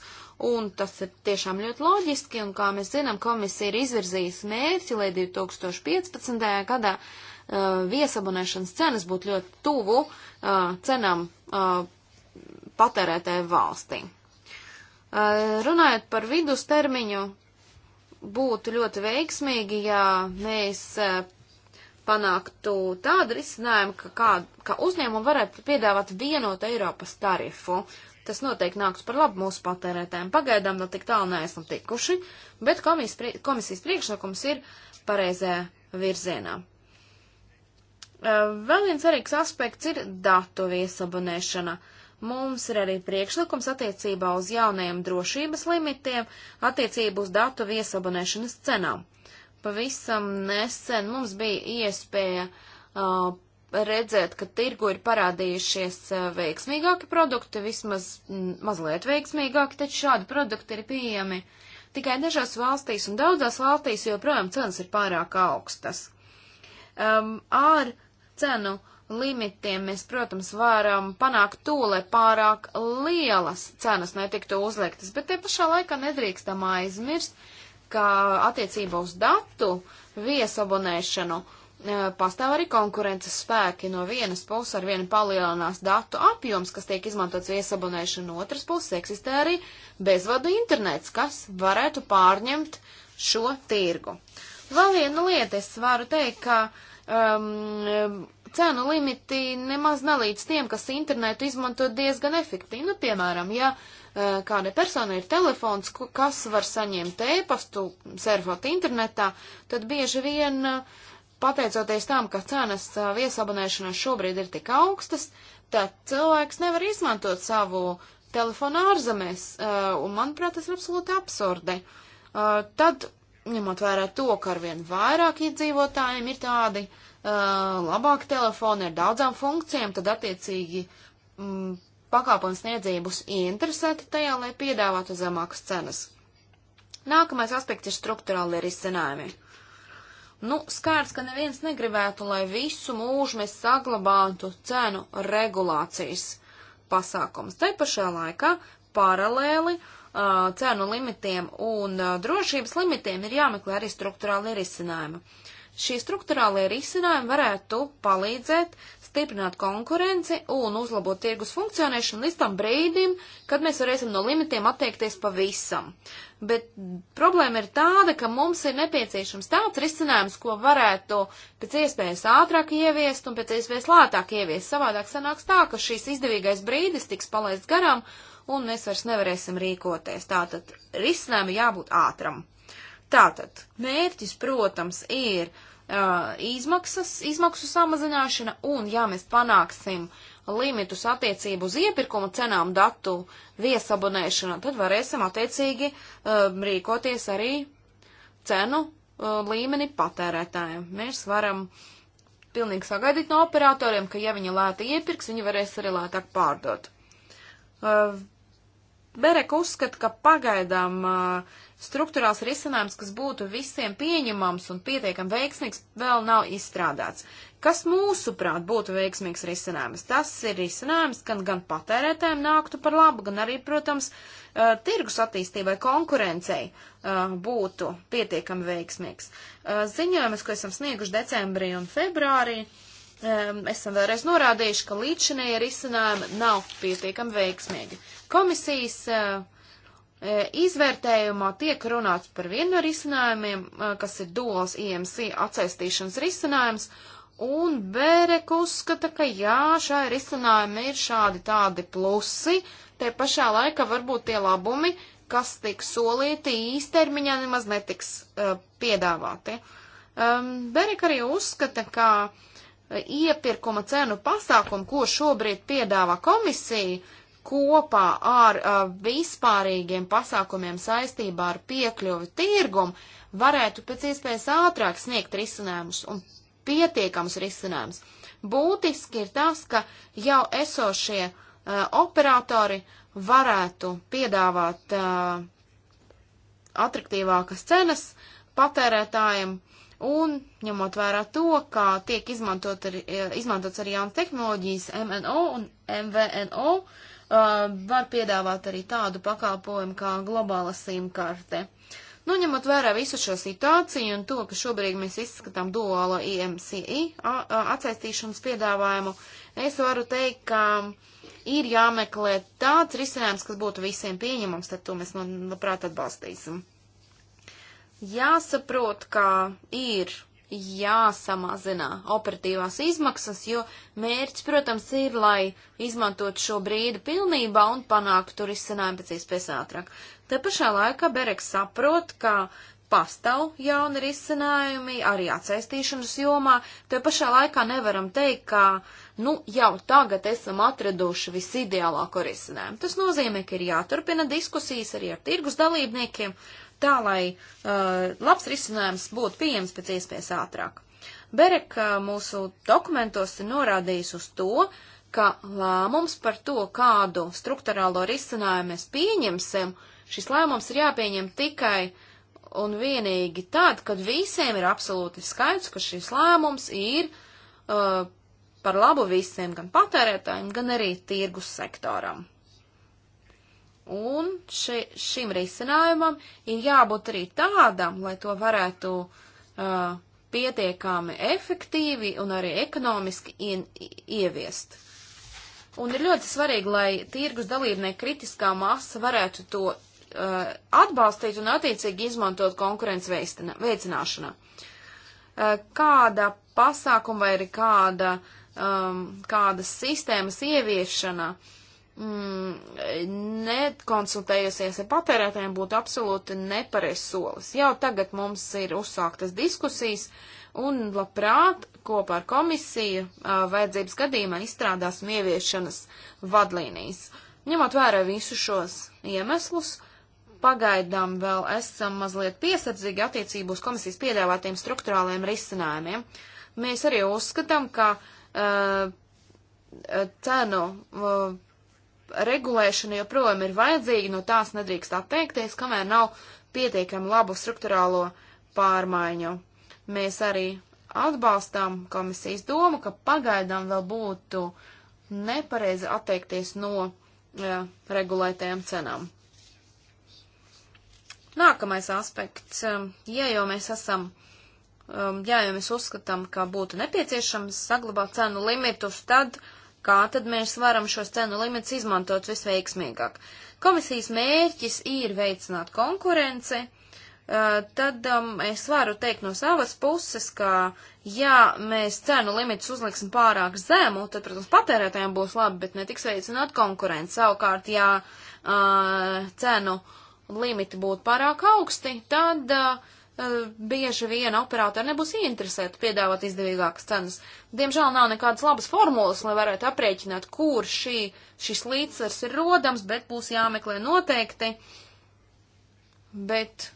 un tas ir tiešām ļoti loģiski, un kā mēs zinām, komisija ir izvirzījusi mērķi, lai 2015. gadā uh, viesabonēšanas cenas būtu ļoti tuvu uh, cenām uh, patērētāju valstīm. Uh, runājot par vidustermiņu, būtu ļoti veiksmīgi, ja mēs eh, panāktu tādu risinājumu, ka, kā, ka uzņēmumu varētu piedāvāt vienotu Eiropas tarifu. Tas noteikti nāks par labu mūsu patērētājiem. Pagaidām vēl tik tālu neesam tikuši, bet komisijas, komisijas priekšlikums ir pareizajā virzienā. Eh, vēl viens svarīgs aspekts ir datu viesabunēšana. Uh, Mums ir arī priekšlikums attiecībā uz jaunajiem drošības limitiem, attiecībā uz datu viesabonēšanas cenām. Pavisam nesen mums bija iespēja uh, redzēt, ka tirgu ir parādījušies uh, veiksmīgāki produkti, vismaz m, mm, mazliet veiksmīgāki, taču šādi produkti ir pieejami tikai dažās valstīs, un daudzās valstīs joprojām cenas ir pārāk augstas. Um, ar cenu uh, limitiem mēs, protams, varam panākt to, lai pārāk lielas cenas netiktu uzliktas, bet te pašā laikā nedrīkstam aizmirst, ka attiecībā uz datu viesabonēšanu e, pastāv arī konkurences spēki. No vienas puses ar vienu palielinās datu apjoms, kas tiek izmantots viesabonēšanu, no otras puses eksistē arī bezvadu internets, kas varētu pārņemt šo tirgu. Vēl viena lieta, es varu teikt, ka um, cenu limiti nemaz nelīdz tiem, kas internetu izmanto diezgan efektīvi. Nu, piemēram, ja eh, kādai personai ir telefons, kas var saņemt ēpastu, servot internetā, tad bieži vien, eh, pateicoties tam, ka cenas eh, viesabonēšanās šobrīd ir tik augstas, tad cilvēks nevar izmantot savu telefonu ārzemēs, un, manuprāt, tas ir absolūti absurdi. Tad, ņemot vērā to, ka arvien vairāk iedzīvotājiem ir tādi uh, Eh, labāki telefoni ar daudzām funkcijām, tad attiecīgi mm, pakāpojums sniedzēji būs interesēti tajā, lai piedāvātu zemākas cenas. Nākamais aspekts ir struktūrāli risinājumi. Nu, skārts, ka neviens negribētu, lai visu mūžu mēs saglabātu cenu regulācijas pasākums. Te pašā laikā paralēli uh, cenu limitiem un uh, drošības limitiem ir jāmeklē arī struktūrāli risinājumi. Uh, Šie struktūrālie risinājumi varētu palīdzēt stiprināt konkurenci un uzlabot tirgus funkcionēšanu līdz tam brīdim, kad mēs varēsim no limitiem atteikties pavisam. Bet problēma ir tāda, ka mums ir nepieciešams tāds risinājums, ko varētu pēc iespējas ātrāk ieviest un pēc iespējas lētāk ieviest. Savādāk sanāks tā, ka šīs izdevīgais brīdis tiks palaists garām un mēs vairs nevarēsim rīkoties. Tātad risinājumu jābūt ātram. Tātad mērķis, protams, ir uh, uh, izmaksas, izmaksu samazināšana, un ja mēs panāksim limitus attiecību uz iepirkuma cenām datu viesabonēšana, tad varēsim attiecīgi uh, rīkoties arī cenu uh, līmeni patērētājiem. Mēs varam pilnīgi sagaidīt no operatoriem, ka ja viņi lēti iepirks, viņi varēs arī lētāk pārdot. Uh, Bereka uzskata, ka pagaidām uh, struktūrāls risinājums, kas būtu visiem pieņemams un pietiekam veiksmīgs, vēl nav izstrādāts. Kas mūsuprāt būtu veiksmīgs risinājums? Tas ir risinājums, gan, gan patērētājiem nāktu par labu, gan arī, protams, uh, tirgus attīstībai, konkurencei uh, būtu pietiekam veiksmīgs. Uh, ziņojumus, ko esam snieguši decembrī un februārī, esam vēlreiz norādījuši, ka līdzinēja risinājumi nav pietiekami veiksmīgi. Komisijas uh, E, izvērtējumā tiek runāts par vienu no risinājumiem, e, kas ir duals IMC e atsaistīšanas risinājums, un Bērek uzskata, ka jā, šai risinājumi ir šādi tādi plusi, te pašā laikā varbūt tie labumi, kas tik solīti īstermiņā nemaz netiks uh, piedāvāti. Um, Berek arī uzskata, ka iepirkuma cenu pasākumu, ko šobrīd piedāvā komisija, uh, kopā ar uh, vispārīgiem pasākumiem saistībā ar piekļuvi tirgumu varētu pēc iespējas ātrāk sniegt risinājumus un pietiekams risinājums. Būtiski ir tas, ka jau esošie uh, operatori varētu piedāvāt uh, atraktīvākas cenas patērētājiem, un ņemot vērā to, ka tiek izmantot ar, uh, izmantots arī jaunas tehnoloģijas MNO un MVNO, uh, uh, var piedāvāt arī tādu pakalpojumu kā globāla simkarte. Nu, ņemot vērā visu šo situāciju un to, ka šobrīd mēs izskatām duālo IMCI atsaistīšanas piedāvājumu, es varu teikt, ka ir jāmeklē tāds risinājums, kas būtu visiem pieņemams, tad to mēs labprāt atbalstīsim. Jāsaprot, ka ir jāsamazina operatīvās izmaksas, jo mērķis, protams, ir, lai izmantot šo brīdi pilnībā un panāktu risinājumu pēc iespējas ātrāk. Te pašā laikā Bereks saprot, ka pastāv jauni risinājumi arī atsaistīšanas jomā. Te pašā laikā nevaram teikt, ka nu, jau tagad esam atraduši visideālāko risinājumu. Tas nozīmē, ka ir jāturpina diskusijas arī ar tirgus dalībniekiem tā, lai uh, labs risinājums būtu pieejams pēc iespējas ātrāk. Berek uh, mūsu dokumentos ir norādījis uz to, ka lēmums par to, kādu struktūrālo risinājumu mēs pieņemsim, šis lēmums ir jāpieņem tikai un vienīgi tad, kad visiem ir absolūti skaidrs, ka šis lēmums ir uh, par labu visiem, gan patērētājiem, gan arī tirgus sektoram. Un še, šim risinājumam ir jābūt arī tādam, lai to varētu uh, pietiekami efektīvi un arī ekonomiski ien, ieviest. Un ir ļoti svarīgi, lai tirgus dalībnieki kritiskā masa varētu to uh, atbalstīt un attiecīgi izmantot konkurences veicināšanā. Uh, kāda pasākuma vai kāda, um, kādas sistēmas ieviešana uh, mm, nekonsultējusies ar patērētājiem, būtu absolūti nepareizs solis. Jau tagad mums ir uzsāktas diskusijas, un labprāt kopā ar komisiju vajadzības gadījumā izstrādāsim ieviešanas vadlīnijas. Ņemot vērā visus šos iemeslus, pagaidām vēl esam mazliet piesardzīgi attiecību uz komisijas piedāvātiem struktūrāliem risinājumiem. Mēs arī uzskatām, ka uh, cenu uh, regulēšana joprojām ir vajadzīga, no tās nedrīkst atteikties, kamēr nav pietiekami labu struktūrālo pārmaiņu. Mēs arī atbalstām komisijas domu, ka pagaidām vēl būtu nepareizi atteikties no jā, regulētajām cenām. Nākamais aspekts, um, ja jau mēs esam, um, ja jau mēs uzskatām, ka būtu nepieciešams saglabāt cenu limitus, tad uh, kā tad mēs varam šos cenu limits izmantot visveiksmīgāk. Komisijas mērķis ir veicināt konkurenci, tad um, es varu teikt no savas puses, ka ja mēs cenu limitus uzliksim pārāk zemu, tad, protams, patērētājiem būs labi, bet netiks veicināt konkurenci. Savukārt, ja uh, cenu limiti būtu pārāk augsti, tad uh, Eh, bieži vien operātori nebūs ieinteresēti piedāvāt izdevīgākas cenas. Diemžēl nav nekādas labas formulas, lai varētu aprēķināt, kur šī, šis līdzsvars ir rodams, bet būs jāmeklē noteikti. Bet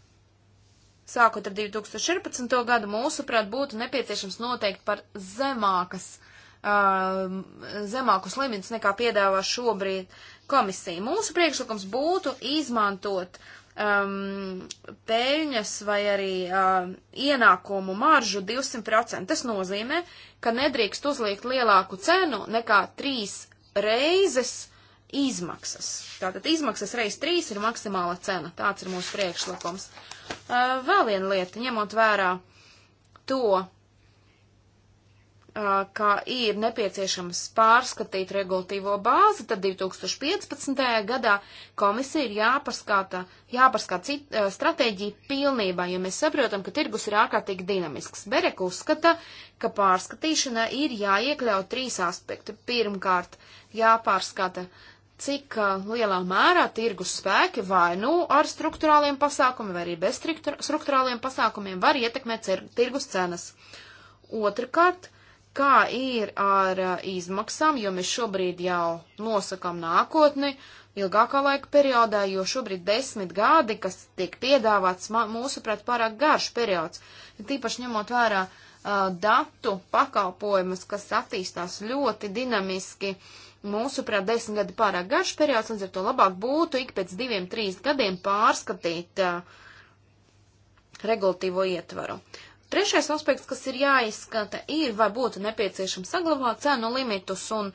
sākot ar 2014. gadu, mūsuprāt, būtu nepieciešams noteikt par zemākas, um, ehm, zemākus limitus nekā piedāvā šobrīd komisija. Mūsu priekšlikums būtu izmantot uh, um, peļņas vai arī um, ienākumu maržu 200%. Tas nozīmē, ka nedrīkst uzliekt lielāku cenu nekā trīs reizes izmaksas. Tātad izmaksas reiz trīs ir maksimāla cena. Tāds ir mūsu priekšlikums. Uh, vēl viena lieta, ņemot vērā to, ka ir nepieciešams pārskatīt regulatīvo bāzi, tad 2015. gadā komisija ir jāpaskata, jāpaskata cit, stratēģija pilnībā, jo mēs saprotam, ka tirgus ir ārkārtīgi dinamisks. Berek uzskata, ka pārskatīšanā ir jāiekļaut trīs aspekti. Pirmkārt, jāpārskata cik uh, lielā mērā tirgus spēki vai nu ar struktūrāliem pasākumiem, vai arī bez struktūrāliem pasākumiem var ietekmēt tirgus cenas. Otrakārt, kā ir ar uh, izmaksām, jo mēs šobrīd jau nosakām nākotni ilgākā laika periodā, jo šobrīd desmit gadi, kas tiek piedāvāts, mūsuprāt, pārāk garš periods, tīpaši ņemot vērā uh, datu pakalpojumus, kas attīstās ļoti dinamiski. Mūsuprāt, desmit gadi pārāk garš periods, līdz ar to labāk būtu ik pēc diviem, trīs gadiem pārskatīt uh, regulatīvo ietvaru. Trešais aspekts, kas ir jāizskata, ir, vai būtu nepieciešams saglabāt cenu limitus un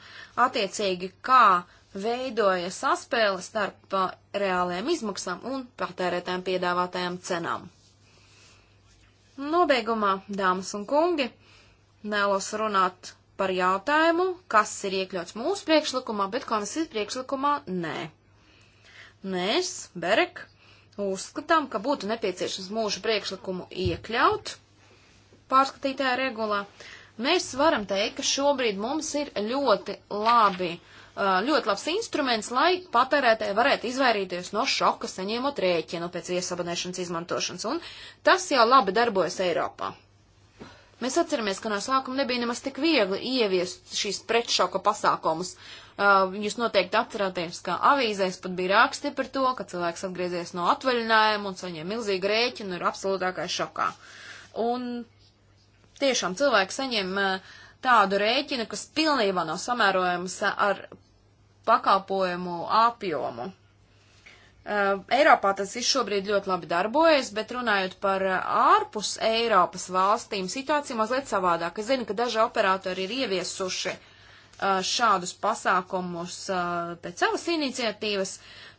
attiecīgi kā veidoja saspēle starp uh, reālajām izmaksām un patērētājiem piedāvātajām cenām. Nobeigumā, dāmas un kungi, vēlos runāt par jautājumu, kas ir iekļauts mūsu priekšlikumā, bet komisijas priekšlikumā nē. Mēs, Berek, uzskatām, ka būtu nepieciešams mūsu priekšlikumu iekļaut pārskatītajā regulā, mēs varam teikt, ka šobrīd mums ir ļoti labi, uh, ļoti labs instruments, lai patērētāji varētu izvairīties no šoka saņemot rēķinu pēc iesabonēšanas izmantošanas, un tas jau labi darbojas Eiropā. Mēs atceramies, ka no sākuma nebija nemaz tik viegli ieviest šīs pretšoka pasākumus. Uh, jūs noteikti atceraties, ka avīzēs pat bija raksti par to, ka cilvēks atgriezies no atvaļinājuma un saņem milzīgu rēķinu un ir absolūtākais šokā. Un Tiešām cilvēki saņem eh, tādu rēķinu, kas pilnībā nav samērojams eh, ar pakalpojumu apjomu. Eh, Eiropā tas viss šobrīd ļoti labi darbojas, bet runājot par ārpus Eiropas valstīm, situācija mazliet savādāk. Es zinu, ka daži operatori ir ieviesuši šādus pasākumus pēc savas iniciatīvas,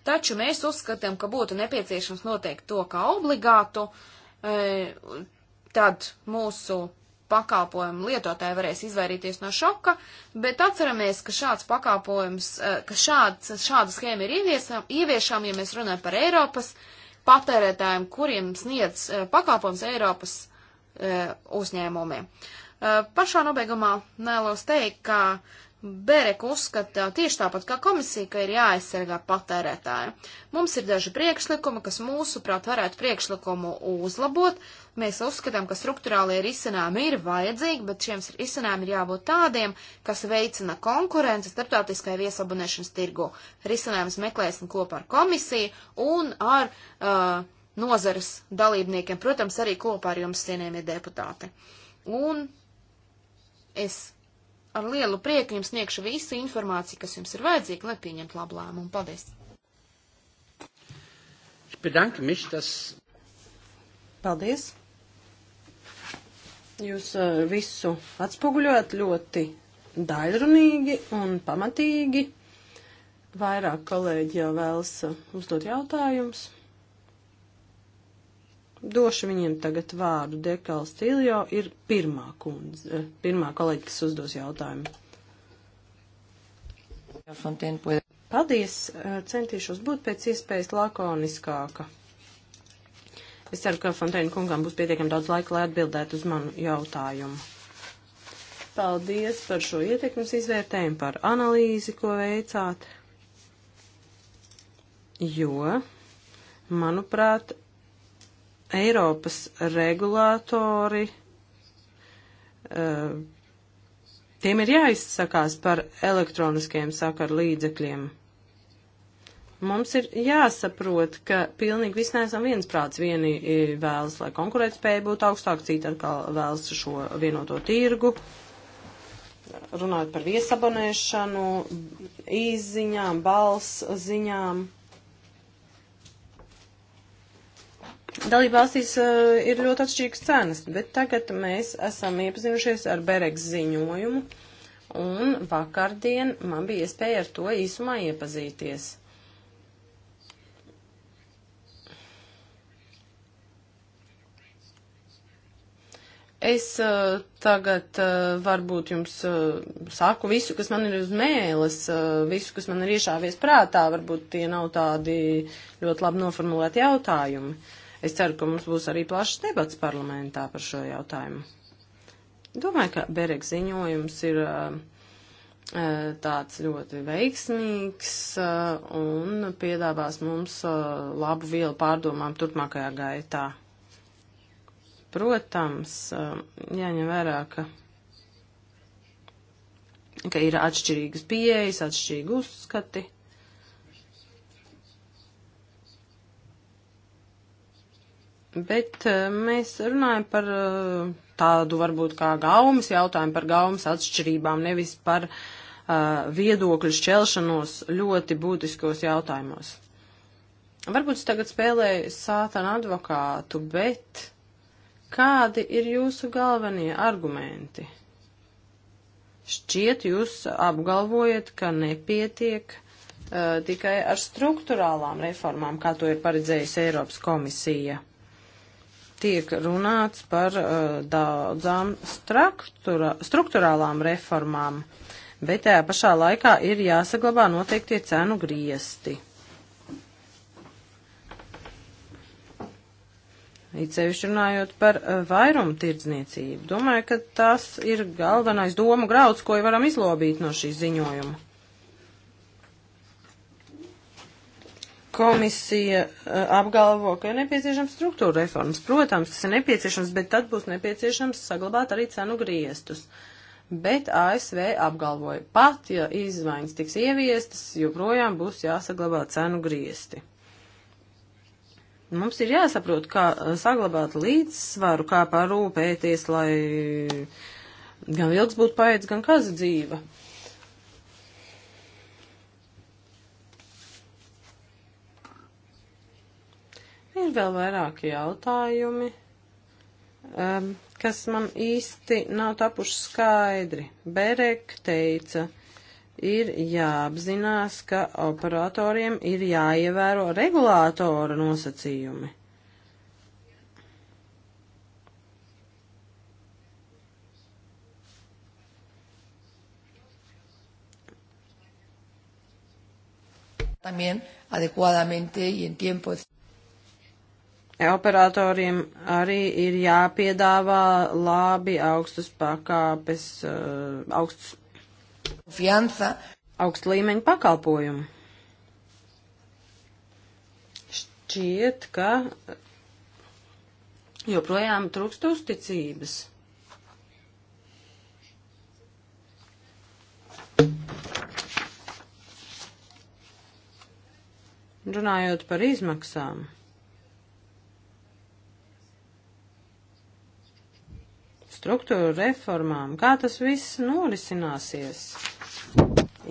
taču mēs uzskatām, ka būtu nepieciešams noteikt to kā obligātu, tad mūsu pakalpojumu lietotāji varēs izvairīties no šoka, bet atceramies, ka šāds pakalpojums, eh, ka šāds, šāda schēma ir ieviesam, ieviešām, ja mēs runājam par Eiropas patērētājiem, kuriem sniedz eh, pakalpojums Eiropas eh, uzņēmumiem. Pašā nobeigumā vēlos teikt, ka Berek uzskata tieši tāpat kā komisija, ka ir jāaizsargā patērētāja. Mums ir daži priekšlikumi, kas mūsuprāt varētu priekšlikumu uzlabot. Mēs uzskatām, ka struktūrālie risinājumi ir vajadzīgi, bet šiem risinājumiem ir jābūt tādiem, kas veicina konkurences starptautiskai viesabunēšanas tirgu. Risinājums meklēsim kopā ar komisiju un ar uh, nozares dalībniekiem, protams, arī kopā ar jums cienījamie deputāti. Un es ar lielu prieku jums sniegšu visu informāciju, kas jums ir vajadzīga, lai pieņemtu labu lēmumu. Paldies! Mich, dass... Paldies! Jūs visu atspoguļojat ļoti daļrunīgi un pamatīgi. Vairāk kolēģi jau vēlas uzdot jautājumus. Došu viņiem tagad vārdu. Dekals Tiljo ir pirmā kundze, eh, pirmā kolēģi, kas uzdos jautājumu. Paldies, eh, centīšos būt pēc iespējas lakoniskāka. Es ceru, ka Fonteina kungam būs pietiekami daudz laika, lai atbildētu uz manu jautājumu. Paldies par šo ietekmes izvērtējumu, par analīzi, ko veicāt. Jo, manuprāt, Eiropas regulātori, eh, tiem ir jāizsakās par elektroniskiem sakaru līdzekļiem. Mums ir jāsaprot, ka pilnīgi visi neesam viensprāts. Vieni eh, vēlas, lai konkurētspēja būtu augstāka, citi atkal vēlas šo vienoto tirgu runājot par viesabonēšanu, īziņām, balss ziņām. Dalībvalstīs uh, ir ļoti atšķirīgas cenas, bet tagad mēs esam iepazinušies ar Bereks ziņojumu, un vakardien man bija iespēja ar to īsumā iepazīties. Es uh, tagad uh, varbūt jums uh, saku visu, kas man ir uz mēles, uh, visu, kas man ir iešāvies prātā, varbūt tie nav tādi ļoti labi noformulēti jautājumi. Uh, Es ceru, ka mums būs arī plašs debats parlamentā par šo jautājumu. Domāju, ka Bereg ziņojums ir eh, eh, tāds ļoti veiksmīgs eh, un piedāvās mums labu vielu pārdomām turpmākajā gaitā. Protams, jāņem vērā, ka, ka ir atšķirīgas pieejas, atšķirīgi uzskati. Bet eh, mēs runājam par eh, tādu varbūt kā gaumas jautājumu, par gaumas atšķirībām, nevis par uh, viedokļu šķelšanos ļoti būtiskos jautājumos. Varbūt es tagad spēlēju sātana advokātu, bet kādi ir jūsu galvenie argumenti? Šķiet, jūs apgalvojat, ka nepietiek uh, tikai ar struktūrālām reformām, kā to ir paredzējusi Eiropas komisija tiek runāts par uh, daudzām struktura, struktūrālām reformām, bet tajā pašā laikā ir jāsaglabā noteiktie cenu griesti. Īcevišķi runājot par uh, vairumu tirdzniecību, domāju, ka tas ir galvenais domu grauds, ko varam izlobīt no šī ziņojuma. komisija eh, apgalvo, ka ir nepieciešams struktūra reformas. Protams, tas ir nepieciešams, bet tad būs nepieciešams saglabāt arī cenu griestus. Bet ASV apgalvoja, pat ja izmaiņas tiks ieviestas, joprojām būs jāsaglabā cenu griesti. Mums ir jāsaprot, kā eh, saglabāt līdzsvaru, kā parūpēties, lai gan vilks būtu paēdis, gan kaza dzīva. Uh, Ir vēl vairāki jautājumi, um, kas man īsti nav tapuši skaidri. Berek teica, ir jāapzinās, ka operatoriem ir jāievēro regulātora nosacījumi. también adecuadamente y en tiempo operatoriem arī ir jāpiedāvā labi augstas pakāpes, eh, augstas, Fianza. augst līmeņa pakalpojumu. Šķiet, ka joprojām trūkst uzticības. Runājot par izmaksām. struktūru reformām. Kā tas viss norisināsies?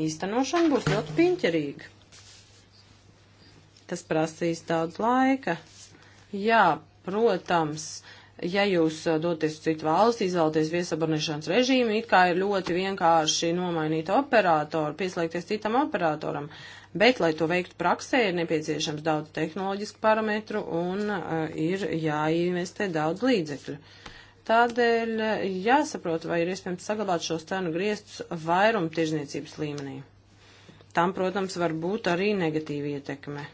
Īstenošana būs ļoti piņķerīga. Tas prasīs daudz laika. Jā, protams, ja jūs uh, doties uz citu valsti, izvēlaties viesabonēšanas režīmu, it kā ir ļoti vienkārši nomainīt operatoru, pieslēgties citam operatoram, bet, lai to veiktu praksē, ir nepieciešams daudz tehnoloģisku parametru un uh, ir jāinvestē daudz līdzekļu. Uh, Tādēļ eh, jāsaprot, vai ir iespējams saglabāt šo cenu griestus vairumu tirzniecības līmenī. Tam, protams, var būt arī negatīva ietekme.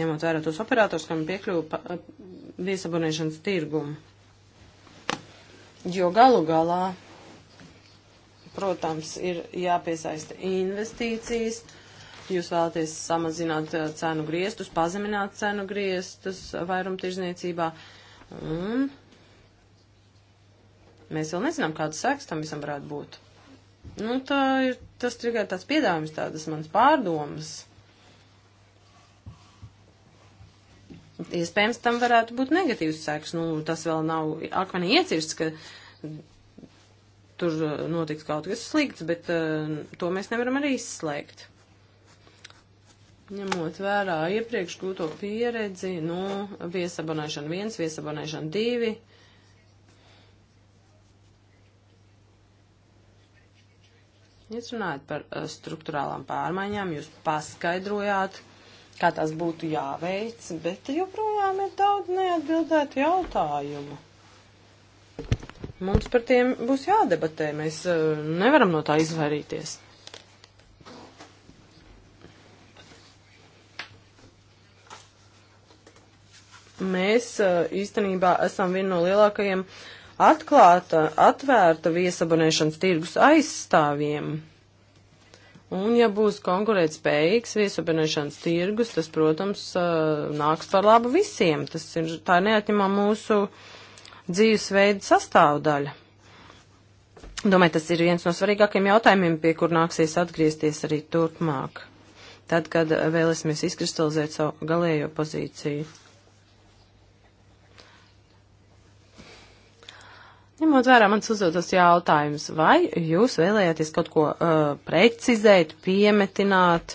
Ņemot vērā tos operators, kam piekļuva eh, viesabonēšanas tirgumu. Jo galu galā, protams, ir jāpiesaista investīcijas Jūs vēlaties samazināt uh, cenu griestus, pazemināt cenu griestus vairumtirzniecībā. Un mēs vēl nezinām, kāds seks tam visam varētu būt. Nu, tā ir, tas tikai tāds piedāvājums, tādas manas pārdomas. Iespējams, tam varētu būt negatīvs seks. Nu, tas vēl nav akmenī iecirsts, ka tur uh, notiks kaut kas slikts, bet uh, to mēs nevaram arī izslēgt. Ņemot vērā iepriekš gūto pieredzi, nu, viesabonēšana 1, viesabonēšana 2. Jūs runājat par eh, struktūrālām pārmaiņām, jūs paskaidrojāt, kā tās būtu jāveic, bet joprojām ir daudz neatbildētu jautājumu. Mums par tiem būs jādebatē, mēs eh, nevaram no tā izvairīties. mēs īstenībā esam viena no lielākajiem atklāta, atvērta viesabonēšanas tirgus aizstāvjiem. Un, ja būs konkurētspējīgs viesabonēšanas tirgus, tas, protams, nāks par labu visiem. Tas ir tā neatņemā mūsu dzīvesveida sastāvdaļa. Domāju, tas ir viens no svarīgākiem jautājumiem, pie kur nāksies atgriezties arī turpmāk, tad, kad vēlēsimies izkristalizēt savu galējo pozīciju. Ņemot vērā mans uzdotos jautājums, vai jūs vēlējāties kaut ko uh, precizēt, piemetināt?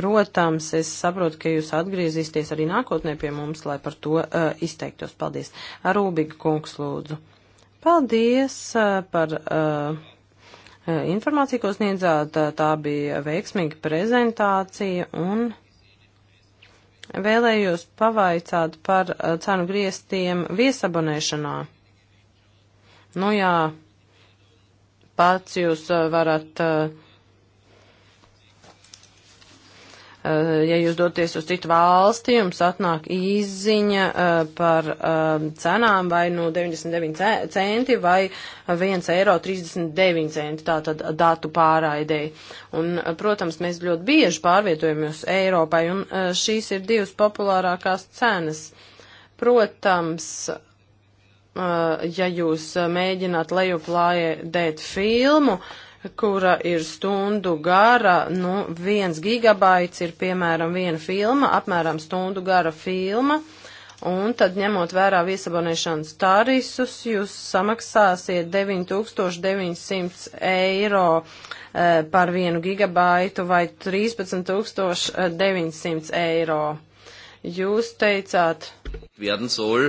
Protams, es saprotu, ka jūs atgriezīsieties arī nākotnē pie mums, lai par to uh, izteiktos. Paldies. Rūbīga kungs lūdzu. Paldies uh, par uh, uh informāciju, ko sniedzāt. Tā bija veiksmīga prezentācija un vēlējos pavaicāt par uh, cenu griestiem viesabonēšanā. Nu jā, pats jūs eh, varat, eh, eh, ja jūs doties uz citu valsti, jums atnāk izziņa par cenām vai no nu 99 centi vai 1 eiro 39 centi, tātad datu pārraidēji. Un, protams, mēs ļoti bieži pārvietojamies Eiropai, un šīs ir divas populārākās cenas. Protams, Eh, ja jūs eh, mēģināt lejuplādēt filmu, kura ir stundu gara, nu, viens gigabaits ir piemēram viena filma, apmēram stundu gara filma, un tad ņemot vērā viesabonēšanas tarisus, jūs samaksāsiet 9900 eiro e, par vienu gigabaitu vai 13900 eiro. Jūs teicāt. Werden soll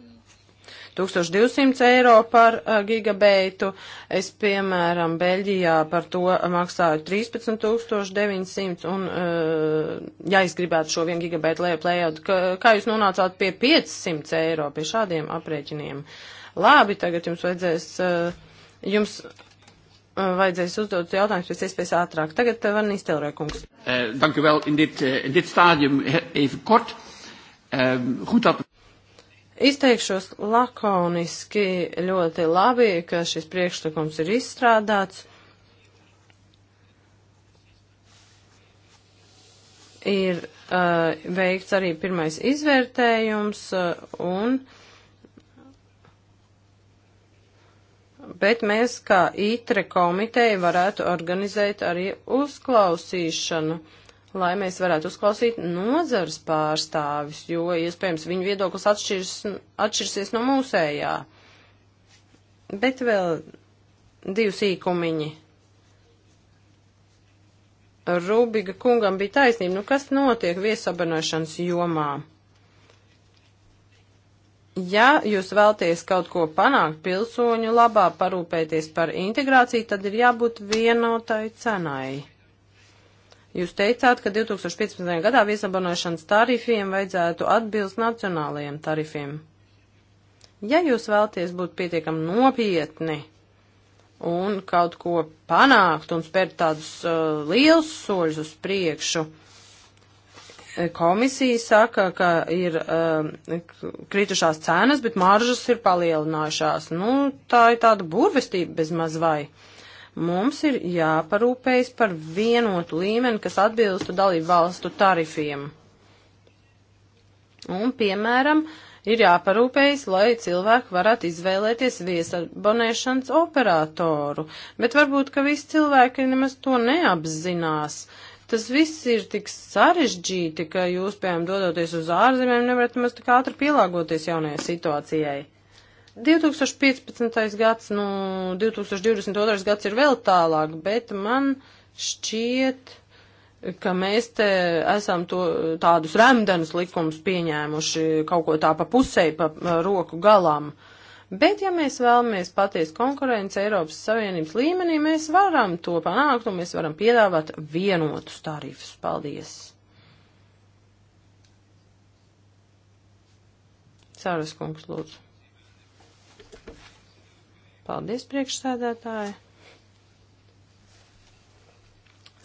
1200 eiro par uh, gigabaitu. Es, piemēram, Beļģijā par to maksāju 13900 un, uh, ja es gribētu šo 1 gigabaitu lēplējot, kā jūs nonācāt pie 500 eiro, pie šādiem aprēķiniem? Labi, tagad jums vajadzēs, uh, jums vajadzēs uzdot jautājumus pēc iespējas ātrāk. Tagad var Nistelrē kungs. Uh, dank u wel. In dit, uh, in dit stadium even kort. Uh, goed dat... Izteikšos lakoniski ļoti labi, ka šis priekšlikums ir izstrādāts. Ir uh, veikts arī pirmais izvērtējums uh, un. Bet mēs kā ITRE komiteja varētu organizēt arī uzklausīšanu. Uh, lai mēs varētu uzklausīt nozares pārstāvis, jo iespējams viņu viedoklis atšķirs, atšķirsies no mūsējā. Bet vēl divi sīkumiņi. Rūbiga kungam bija taisnība, nu kas notiek viesabanošanas jomā? Ja jūs vēlties kaut ko panākt pilsoņu labā, parūpēties par integrāciju, tad ir jābūt vienotai cenai. Jūs teicāt, ka 2015. gadā viesabonošanas tarifiem vajadzētu atbilst nacionālajiem tarifiem. Ja jūs vēlties būt pietiekami nopietni un kaut ko panākt un spērt tādus uh, liels soļus uz priekšu, eh, komisija saka, ka ir um, kritušās cenas, bet maržas ir palielinājušās. Nu, tā ir tāda burvestība bez maz vai. Uh, Mums ir jāparūpējas par vienotu līmeni, kas atbilstu dalību valstu tarifiem. Un, piemēram, ir jāparūpējas, lai cilvēki varētu izvēlēties viesabonēšanas operatoru, bet varbūt, ka visi cilvēki nemaz to neapzinās. Tas viss ir tik sarežģīti, ka jūs, piemēram, dodoties uz ārzemēm, nevarat nemaz tik ātri pielāgoties jaunajai situācijai. 2015. gads, nu, 2022. gads ir vēl tālāk, bet man šķiet, ka mēs te esam to, tādus remdenus likums pieņēmuši kaut ko tā pa pusē, pa roku galam. Bet, ja mēs vēlamies patiesu konkurenci Eiropas Savienības līmenī, mēs varam to panākt un mēs varam piedāvāt vienotus tarifus. Paldies! Sāras kungs, lūdzu. Paldies, priekšsēdētāji!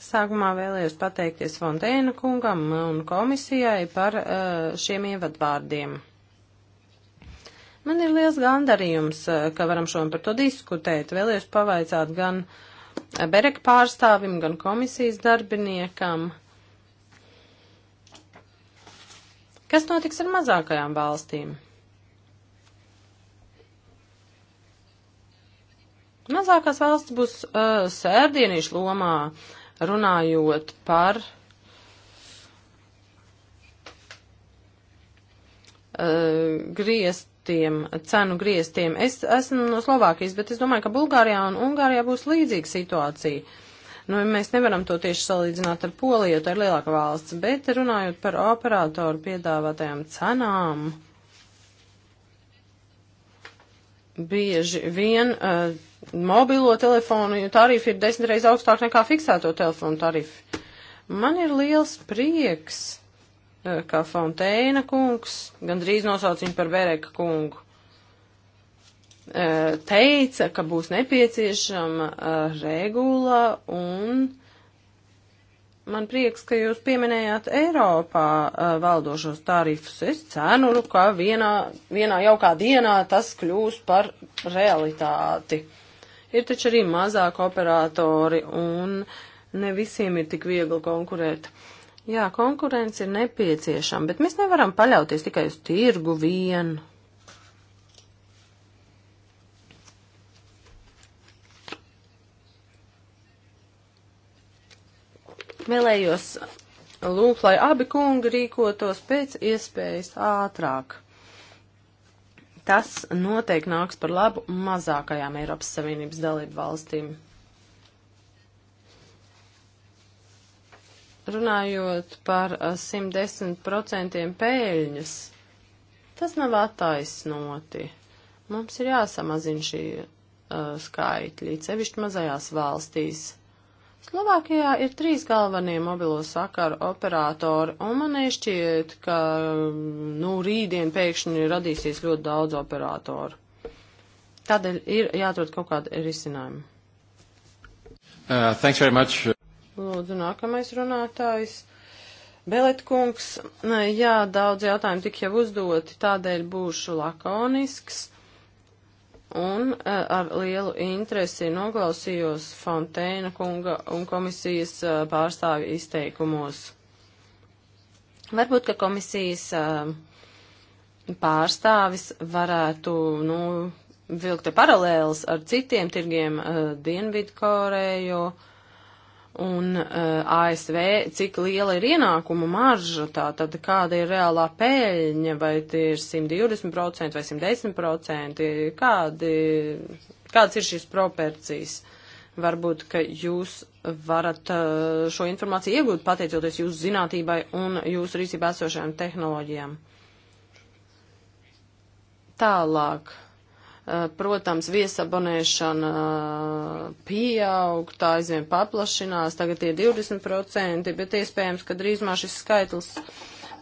Sākumā vēlējos pateikties Fontēna kungam un komisijai par eh, šiem ievadvārdiem. Man ir liels gandarījums, eh, ka varam šodien par to diskutēt. Vēlējos pavaicāt gan eh, Bereka pārstāvim, gan komisijas darbiniekam. Kas notiks ar mazākajām valstīm? Mazākās valsts būs uh, sērdienīšu lomā, runājot par uh, griestiem, cenu griestiem. Es esmu no Slovākijas, bet es domāju, ka Bulgārijā un Ungārijā būs līdzīga situācija. Nu, mēs nevaram to tieši salīdzināt ar Poliju, tā ir lielāka valsts, bet runājot par operatoru piedāvātajām cenām, bieži vien uh, mobilo telefonu tarifi ir desmitreiz augstāk nekā fiksēto telefonu tarifi. Man ir liels prieks, e, ka Fonteina kungs, gandrīz nosauc viņu par Bereka kungu, e, teica, ka būs nepieciešama e, regula un man prieks, ka jūs pieminējāt Eiropā uh, valdošos tarifus. Es cenu, ka vienā, vienā jaukā dienā tas kļūs par realitāti. Uh, Ir taču arī mazāk operatori un ne visiem ir tik viegli konkurēt. Jā, konkurence ir nepieciešama, bet mēs nevaram paļauties tikai uz tirgu vienu. Vēlējos lūgt, lai abi kungi rīkotos pēc iespējas ātrāk. Tas noteikti nāks par labu mazākajām Eiropas Savienības dalību valstīm. Runājot par 110% uh, pēļņas, tas nav attaisnoti. Mums ir jāsamazina šī uh, skaitļi, cevišķi mazajās valstīs. Slovākijā ir trīs galvenie mobilo sakaru operatori, un man nešķiet, ka nu, rītdien pēkšņi radīsies ļoti daudz operatoru. Tādēļ ir jāatrod kaut kāda risinājuma. Uh, thanks very much. Lūdzu, nākamais runātājs. Beletkungs, jā, daudz jautājumu tik jau uzdoti, tādēļ būšu lakonisks un uh, ar lielu interesi noklausījos Fonteina kunga un komisijas uh, eh, pārstāvi izteikumos. Varbūt, ka komisijas uh, pārstāvis varētu, nu, vilkt paralēlis ar citiem tirgiem uh, Dienvidu Koreju, uh, un uh, eh, ASV, cik liela ir ienākuma marža, tā tad kāda ir reālā pēļņa, vai tie ir 120% vai 110%, kādi, kādas ir šīs proporcijas. Varbūt, ka jūs varat uh, šo informāciju iegūt pateicoties jūsu zinātībai un jūsu rīcībā esošajām tehnoloģijām. Tālāk Eh, protams, viesabonēšana eh, pieaug, tā aizvien paplašinās, tagad ir 20%, bet iespējams, ka drīzumā šis skaitlis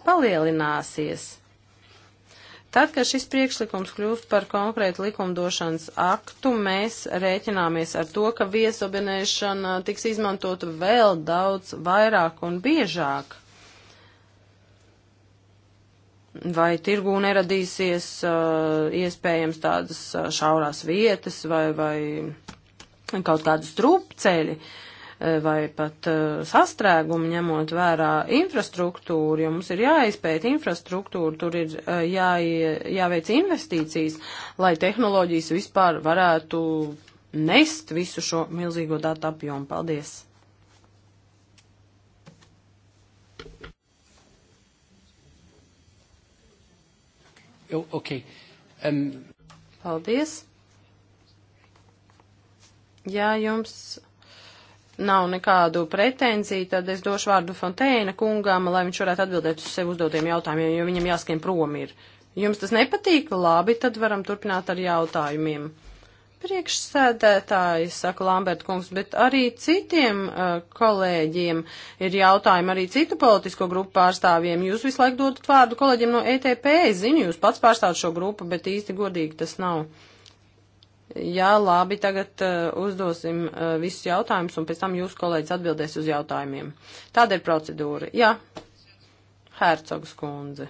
palielināsies. Tad, kad šis priekšlikums kļūst par konkrētu likumdošanas aktu, mēs rēķināmies ar to, ka viesabinēšana tiks izmantota vēl daudz vairāk un biežāk vai tirgū neradīsies uh, iespējams tādas uh, šaurās vietas vai, vai kaut kādas trūpceļi uh, vai pat uh, sastrēgumi ņemot vērā infrastruktūru, jo mums ir jāizpēta infrastruktūra, tur ir uh, jā, jāveic investīcijas, lai tehnoloģijas vispār varētu nest visu šo milzīgo datu apjomu. Paldies! Oh, okay. um... Paldies. Ja jums nav nekādu pretenziju, tad es došu vārdu Fontēna kungam, lai viņš varētu atbildēt uz sev uzdotiem jautājumiem, jo viņam jāskiem prom ir. Jums tas nepatīk? Labi, tad varam turpināt ar jautājumiem priekšsēdētāji, saka Lambert kungs, bet arī citiem uh, kolēģiem ir jautājumi, arī citu politisko grupu pārstāvjiem. Jūs visu laiku dodat vārdu kolēģiem no ETP, es zinu, jūs pats pārstāvat šo grupu, bet īsti godīgi tas nav. Jā, labi, tagad uh, uzdosim uh, visus jautājumus, un pēc tam jūsu kolēģis atbildēs uz jautājumiem. Tāda ir procedūra. Jā, Hercogs kundze.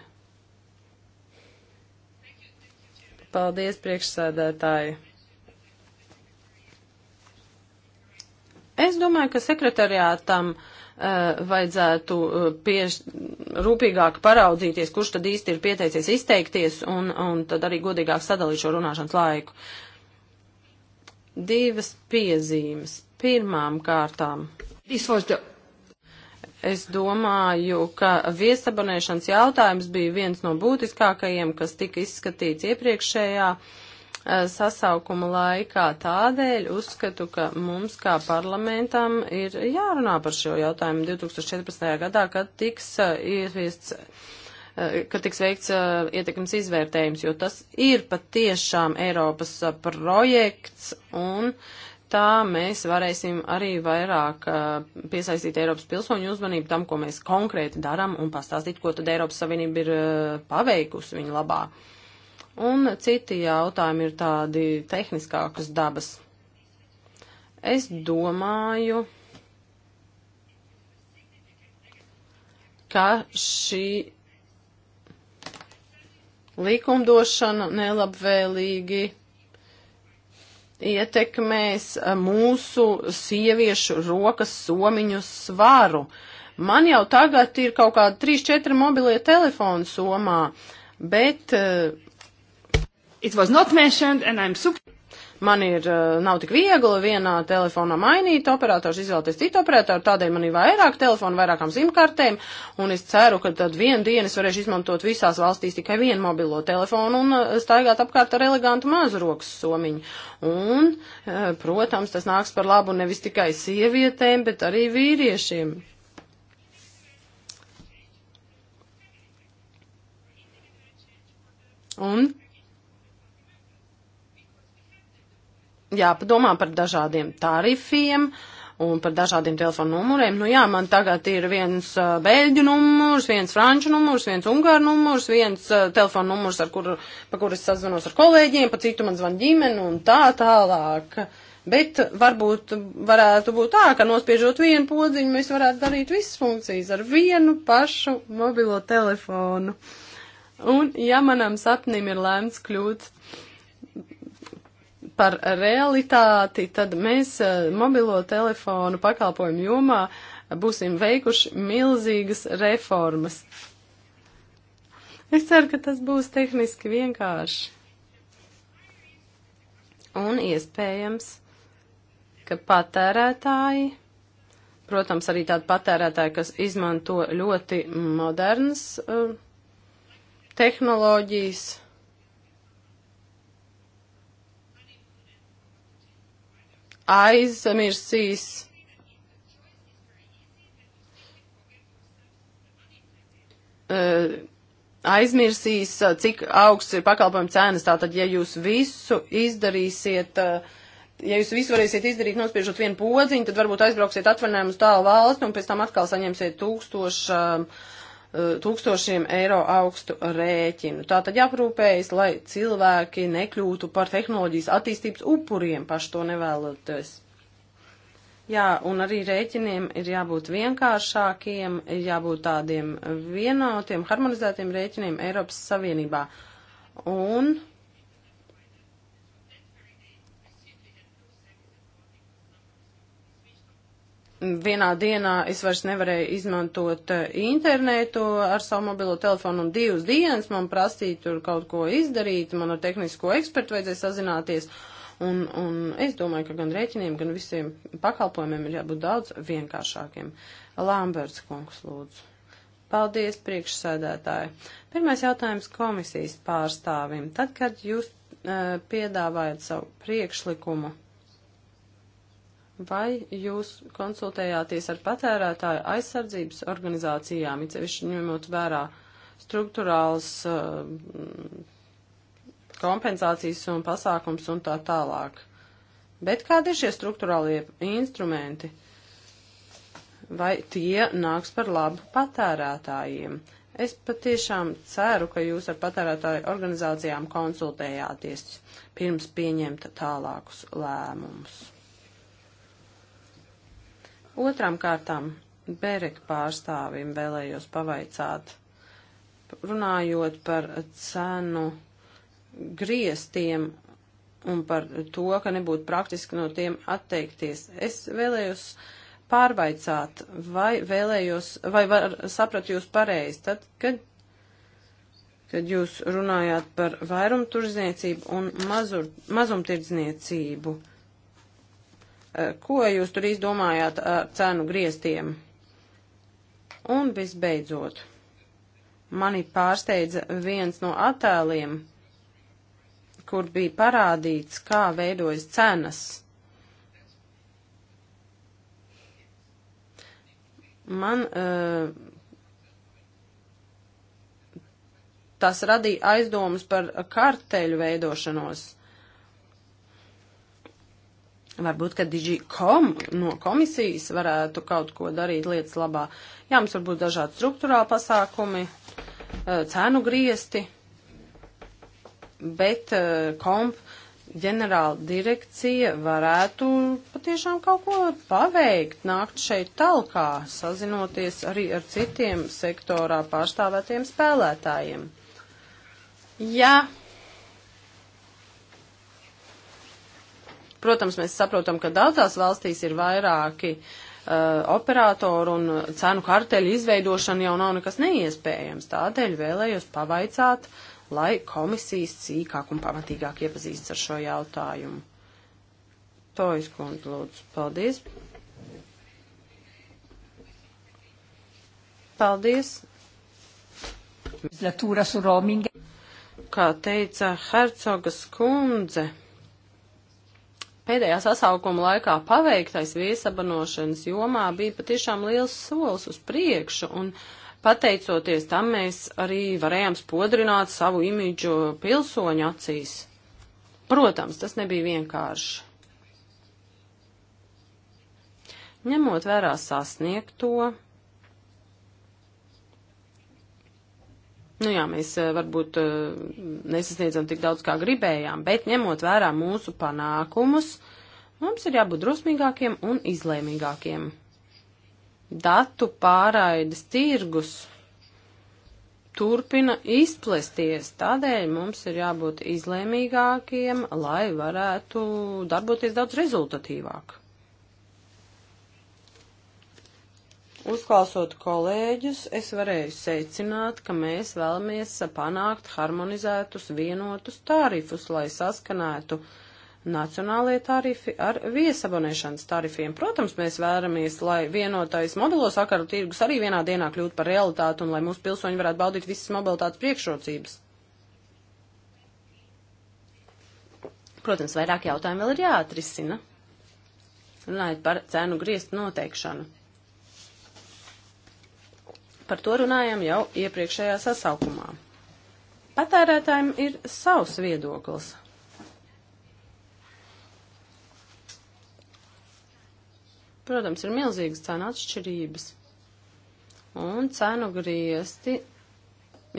Paldies, priekšsēdētāji. Es domāju, ka sekretariātam uh, vajadzētu uh, pieš, rūpīgāk paraudzīties, kurš tad īsti ir pieteicies izteikties un, un tad arī godīgāk sadalīt šo runāšanas laiku. Divas piezīmes. Pirmām kārtām. The... Es domāju, ka viesabonēšanas jautājums bija viens no būtiskākajiem, kas tika izskatīts iepriekšējā uh, Eh, sasaukuma laikā. Tādēļ uzskatu, ka mums kā parlamentam ir jārunā par šo jautājumu 2014. gadā, kad tiks eh, ieviests eh, kad tiks veikts uh, ietekmes izvērtējums, jo tas ir patiešām Eiropas uh, projekts un tā mēs varēsim arī vairāk uh, piesaistīt Eiropas pilsoņu uzmanību tam, ko mēs konkrēti darām un pastāstīt, ko tad Eiropas Savienība ir paveikusi viņa labā. Uh, Un citi jautājumi ir tādi tehniskākas dabas. Es domāju, ka šī likumdošana nelabvēlīgi ietekmēs eh, mūsu sieviešu rokas somiņu svaru. Man jau tagad ir kaut kādi 3-4 mobilie telefoni somā, bet uh, It was not mentioned and I'm super. Man ir, eh, nav tik viegli vienā telefonā mainīt operators, izvēlēties citu operatoru, tādēļ man ir vairāk telefonu, vairākām simkartēm, un es ceru, ka tad vienu dienu es varēšu izmantot visās valstīs tikai vienu mobilo telefonu un eh, staigāt apkārt ar elegantu mazrokas somiņu. Un, eh, protams, tas nāks par labu nevis tikai sievietēm, bet arī vīriešiem. Un jāpadomā par dažādiem tarifiem un par dažādiem telefonu numuriem. Nu jā, man tagad ir viens uh, beļģu numurs, viens franču numurs, viens ungāru numurs, viens uh, telefonu numurs, ar kuru, pa kuru es sazvanos ar kolēģiem, pa citu man zvan ģimene un tā tālāk. Bet varbūt varētu būt tā, ka nospiežot vienu podziņu, mēs varētu darīt visas funkcijas ar vienu pašu mobilo telefonu. Un ja manam sapnim ir lēmts kļūt par realitāti, tad mēs eh, mobilo telefonu pakalpojumu jomā būsim veikuši milzīgas reformas. Es ceru, ka tas būs tehniski vienkārši. Un iespējams, ka patērētāji, protams, arī tādi patērētāji, kas izmanto ļoti modernas uh, tehnoloģijas, aizmirsīs. aizmirsīs, cik augsts ir pakalpojumu cenas. Tātad, ja jūs visu izdarīsiet, ja jūs visu varēsiet izdarīt nospiežot vienu podziņu, tad varbūt aizbrauksiet atvaļinājumu uz tālu valsti un pēc tam atkal saņemsiet tūkstošu tūkstošiem eiro augstu rēķinu. Tā tad jāprūpējas, lai cilvēki nekļūtu par tehnoloģijas attīstības upuriem paši to nevēloties. Jā, un arī rēķiniem ir jābūt vienkāršākiem, ir jābūt tādiem vienotiem, harmonizētiem rēķiniem Eiropas Savienībā. Un vienā dienā es vairs nevarēju izmantot eh, internetu ar savu mobilo telefonu un divas dienas man prasīja tur kaut ko izdarīt, man ar tehnisko ekspertu vajadzēja sazināties. Un, un es domāju, ka gan rēķiniem, gan visiem pakalpojumiem ir jābūt daudz vienkāršākiem. Lamberts kungs lūdzu. Paldies, priekšsēdētāji. Pirmais jautājums komisijas pārstāvim. Tad, kad jūs uh, piedāvājat savu priekšlikumu Vai jūs konsultējāties ar patērētāju aizsardzības organizācijām, it sevišķi ņemot vērā struktūrāls uh, kompensācijas un pasākums un tā tālāk? Bet kādi ir šie struktūrālie instrumenti? Vai tie nāks par labu patērētājiem? Es patiešām ceru, ka jūs ar patērētāju organizācijām konsultējāties pirms pieņemt tālākus lēmumus. Otram kārtām Bereka pārstāvim vēlējos pavaicāt, runājot par cenu griestiem un par to, ka nebūtu praktiski no tiem atteikties. Es vēlējos pārvaicāt, vai vēlējos, vai var, sapratu jūs pareizi, tad, kad, kad jūs runājāt par vairumtirdzniecību un mazur, mazumtirdzniecību. Mazum Eh, ko jūs tur izdomājāt ar eh, cenu grieztiem? Un visbeidzot, mani pārsteidza viens no attēliem, kur bija parādīts, kā veidojas cenas. Man uh, tas radīja aizdomas par karteļu veidošanos. Varbūt, ka DigiCom no komisijas varētu kaut ko darīt lietas labā. Jā, mums varbūt dažādi struktūrāli pasākumi, eh, cēnu griesti, bet eh, komp ģenerāla direkcija varētu patiešām kaut ko paveikt, nākt šeit talkā, sazinoties arī ar citiem sektorā pārstāvētiem spēlētājiem. Ja Protams, mēs saprotam, ka daudzās valstīs ir vairāki uh, operātoru un cenu karteļu izveidošana jau nav nekas neiespējams. Tādēļ vēlējos pavaicāt, lai komisijas cīkāk un pamatīgāk iepazīstas ar šo jautājumu. Tojas kundze, lūdzu, paldies. Paldies. Kā teica Hercogas kundze pēdējā sasaukuma laikā paveiktais viesabanošanas jomā bija patiešām liels solis uz priekšu, un pateicoties tam mēs arī varējām spodrināt savu imidžu pilsoņu acīs. Protams, tas nebija vienkārši. Ņemot vērā sasniegto, Nu jā, mēs eh, varbūt eh, nesasniedzam tik daudz, kā gribējām, bet ņemot vērā mūsu panākumus, mums ir jābūt drosmīgākiem un izlēmīgākiem. Datu pārraides tirgus turpina izplesties. Tādēļ mums ir jābūt izlēmīgākiem, lai varētu darboties daudz rezultatīvāk. Uzklausot kolēģus, es varēju secināt, ka mēs vēlamies panākt harmonizētus vienotus tarifus, lai saskanētu nacionālie tarifi ar viesabonēšanas tarifiem. Protams, mēs vēlamies, lai vienotais mobilo sakaru tirgus arī vienā dienā kļūtu par realitāti un lai mūsu pilsoņi varētu baudīt visas mobilitātes priekšrocības. Protams, vairāk jautājumu vēl ir jāatrisina. Runājot par cenu griestu noteikšanu par to runājam jau iepriekšējā sasaukumā. Patērētājiem ir savs viedoklis. Protams, ir milzīgas cenu atšķirības. Un cenu griesti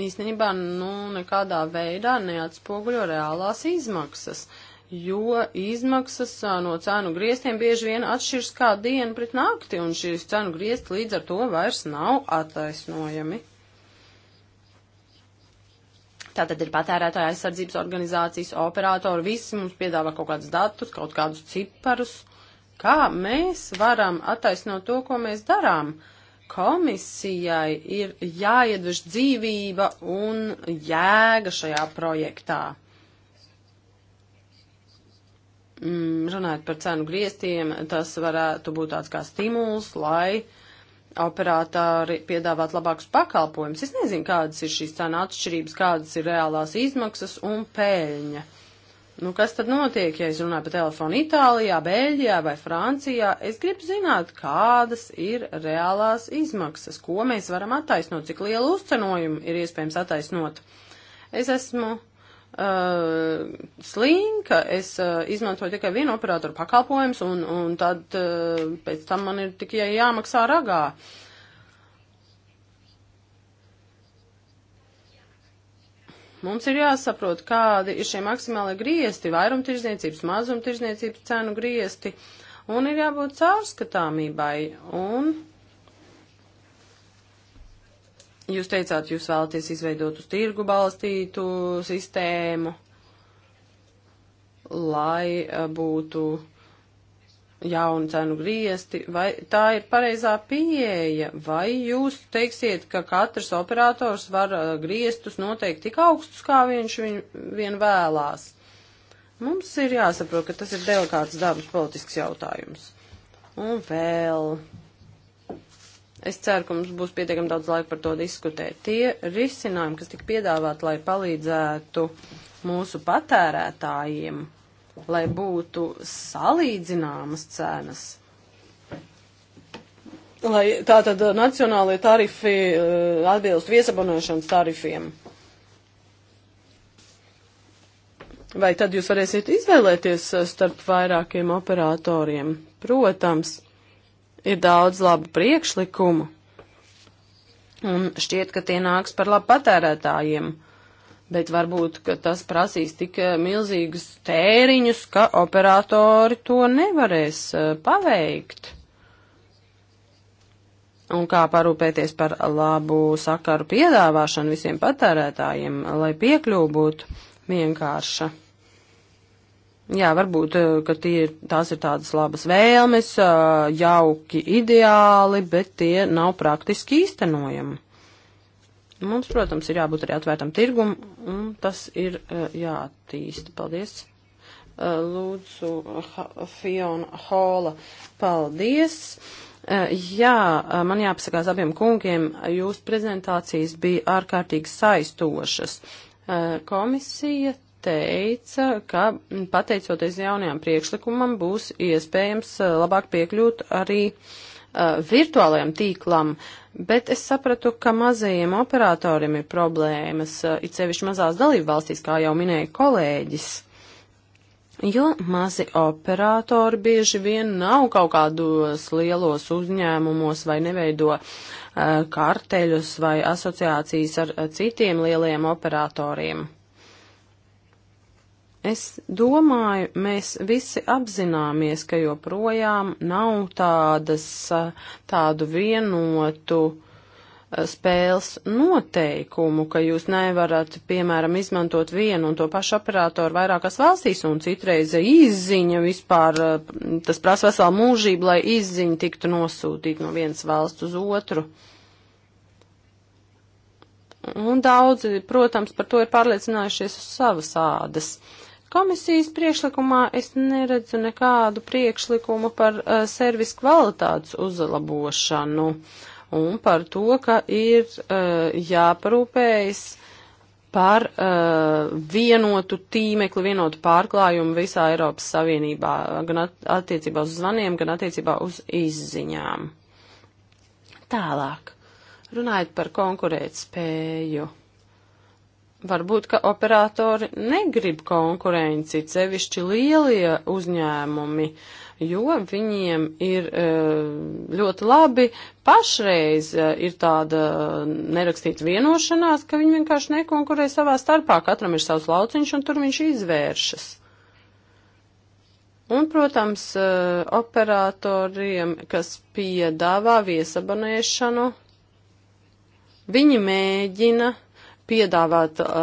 īstenībā nu, nekādā veidā neatspoguļo reālās izmaksas. Uh, jo izmaksas no cenu griestiem bieži vien atšķirs kā diena pret nakti, un šīs cenu griesti līdz ar to vairs nav attaisnojami. Tātad ir patērētāja aizsardzības organizācijas, operātori, visi mums piedāvā kaut kādus datus, kaut kādus ciparus. Kā mēs varam attaisnot to, ko mēs darām? komisijai ir jāiedvež dzīvība un jēga šajā projektā. Mm, runājot par cenu griestiem, tas varētu būt tāds kā stimuls, lai operatori piedāvāt labākus pakalpojumus. Es nezinu, kādas ir šīs cenu atšķirības, kādas ir reālās izmaksas un pēļņa. Nu, kas tad notiek, ja es runāju pa telefonu Itālijā, Bēļģijā vai Francijā? Es gribu zināt, kādas ir reālās izmaksas, ko mēs varam attaisnot, cik lielu uzcenojumu ir iespējams attaisnot. Es esmu uh, slinka, es uh, izmantoju tikai vienu operatoru pakalpojumus, un, un tad uh, pēc tam man ir tikai jāmaksā ragā. Mums ir jāsaprot, kādi ir šie maksimāli griesti, vairumtirdzniecības, mazumtirdzniecības cenu griesti, un ir jābūt caurskatāmībai. Un Jūs teicāt, jūs vēlaties izveidot uz tirgu balstītu sistēmu, lai eh, būtu jaunu cenu griesti, vai tā ir pareizā pieeja, vai jūs teiksiet, ka katrs operators var eh, griestus noteikt tik augstus, kā viņš viņu vien vēlās. Mums ir jāsaprot, ka tas ir delikāts dabas politisks jautājums. Un vēl Es ceru, ka mums būs pietiekami daudz laika par to diskutēt. Tie risinājumi, kas tika piedāvāti, lai palīdzētu mūsu patērētājiem, lai būtu salīdzināmas cenas, lai tātad nacionālajie tarifi eh, atbilst viesabonēšanas tarifiem. Vai tad jūs varēsiet izvēlēties eh, starp vairākiem operatoriem? Protams ir daudz labu priekšlikumu, un šķiet, ka tie nāks par labu patērētājiem, bet varbūt, ka tas prasīs tik eh, milzīgus tēriņus, ka operatori to nevarēs eh, paveikt. Un kā parūpēties par labu sakaru piedāvāšanu visiem patērētājiem, lai piekļūtu vienkārša. Jā, varbūt, eh, ka tie, tās ir tādas labas vēlmes, eh, jauki ideāli, bet tie nav praktiski īstenojami. Mums, protams, ir jābūt arī atvērtam tirgum, un tas ir eh, jātīsta. Paldies! Lūdzu, Fiona Hola, paldies! Jā, man jāpasakās abiem kungiem, jūsu prezentācijas bija ārkārtīgi saistošas. Komisija teica, ka pateicoties jaunajām priekšlikumam būs iespējams eh, labāk piekļūt arī uh, virtuālajam tīklam, bet es sapratu, ka mazajiem operatoriem ir problēmas, uh, it sevišķi mazās dalību valstīs, kā jau minēja kolēģis. Jo mazi operatori bieži vien nav kaut kādos lielos uzņēmumos vai neveido uh, karteļus vai asociācijas ar citiem lielajiem operatoriem. Es domāju, mēs visi apzināmies, ka joprojām nav tādas, tādu vienotu eh, spēles noteikumu, ka jūs nevarat, piemēram, izmantot vienu un to pašu operatoru vairākās valstīs, un citreiz izziņa vispār, eh, tas prasa veselu mūžību, lai izziņa tiktu nosūtīta no vienas valsts uz otru. Un daudzi, protams, par to ir pārliecinājušies uz savas ādas. Uh, Komisijas priekšlikumā es neredzu nekādu priekšlikumu par uh, servis kvalitātes uzlabošanu un par to, ka ir uh, jāparūpējas par uh, vienotu tīmekli, vienotu pārklājumu visā Eiropas Savienībā, gan at attiecībā uz zvaniem, gan attiecībā uz izziņām. Tālāk, runājot par konkurētspēju. spēju Varbūt, ka operatori negrib konkurenci, sevišķi lielie uzņēmumi, jo viņiem ir e, ļoti labi pašreiz e, ir tāda nerakstīta vienošanās, ka viņi vienkārši nekonkurē savā starpā. Katram ir savs lauciņš un tur viņš izvēršas. Un, protams, e, operatoriem, kas piedāvā viesabonēšanu, viņi mēģina piedāvāt uh,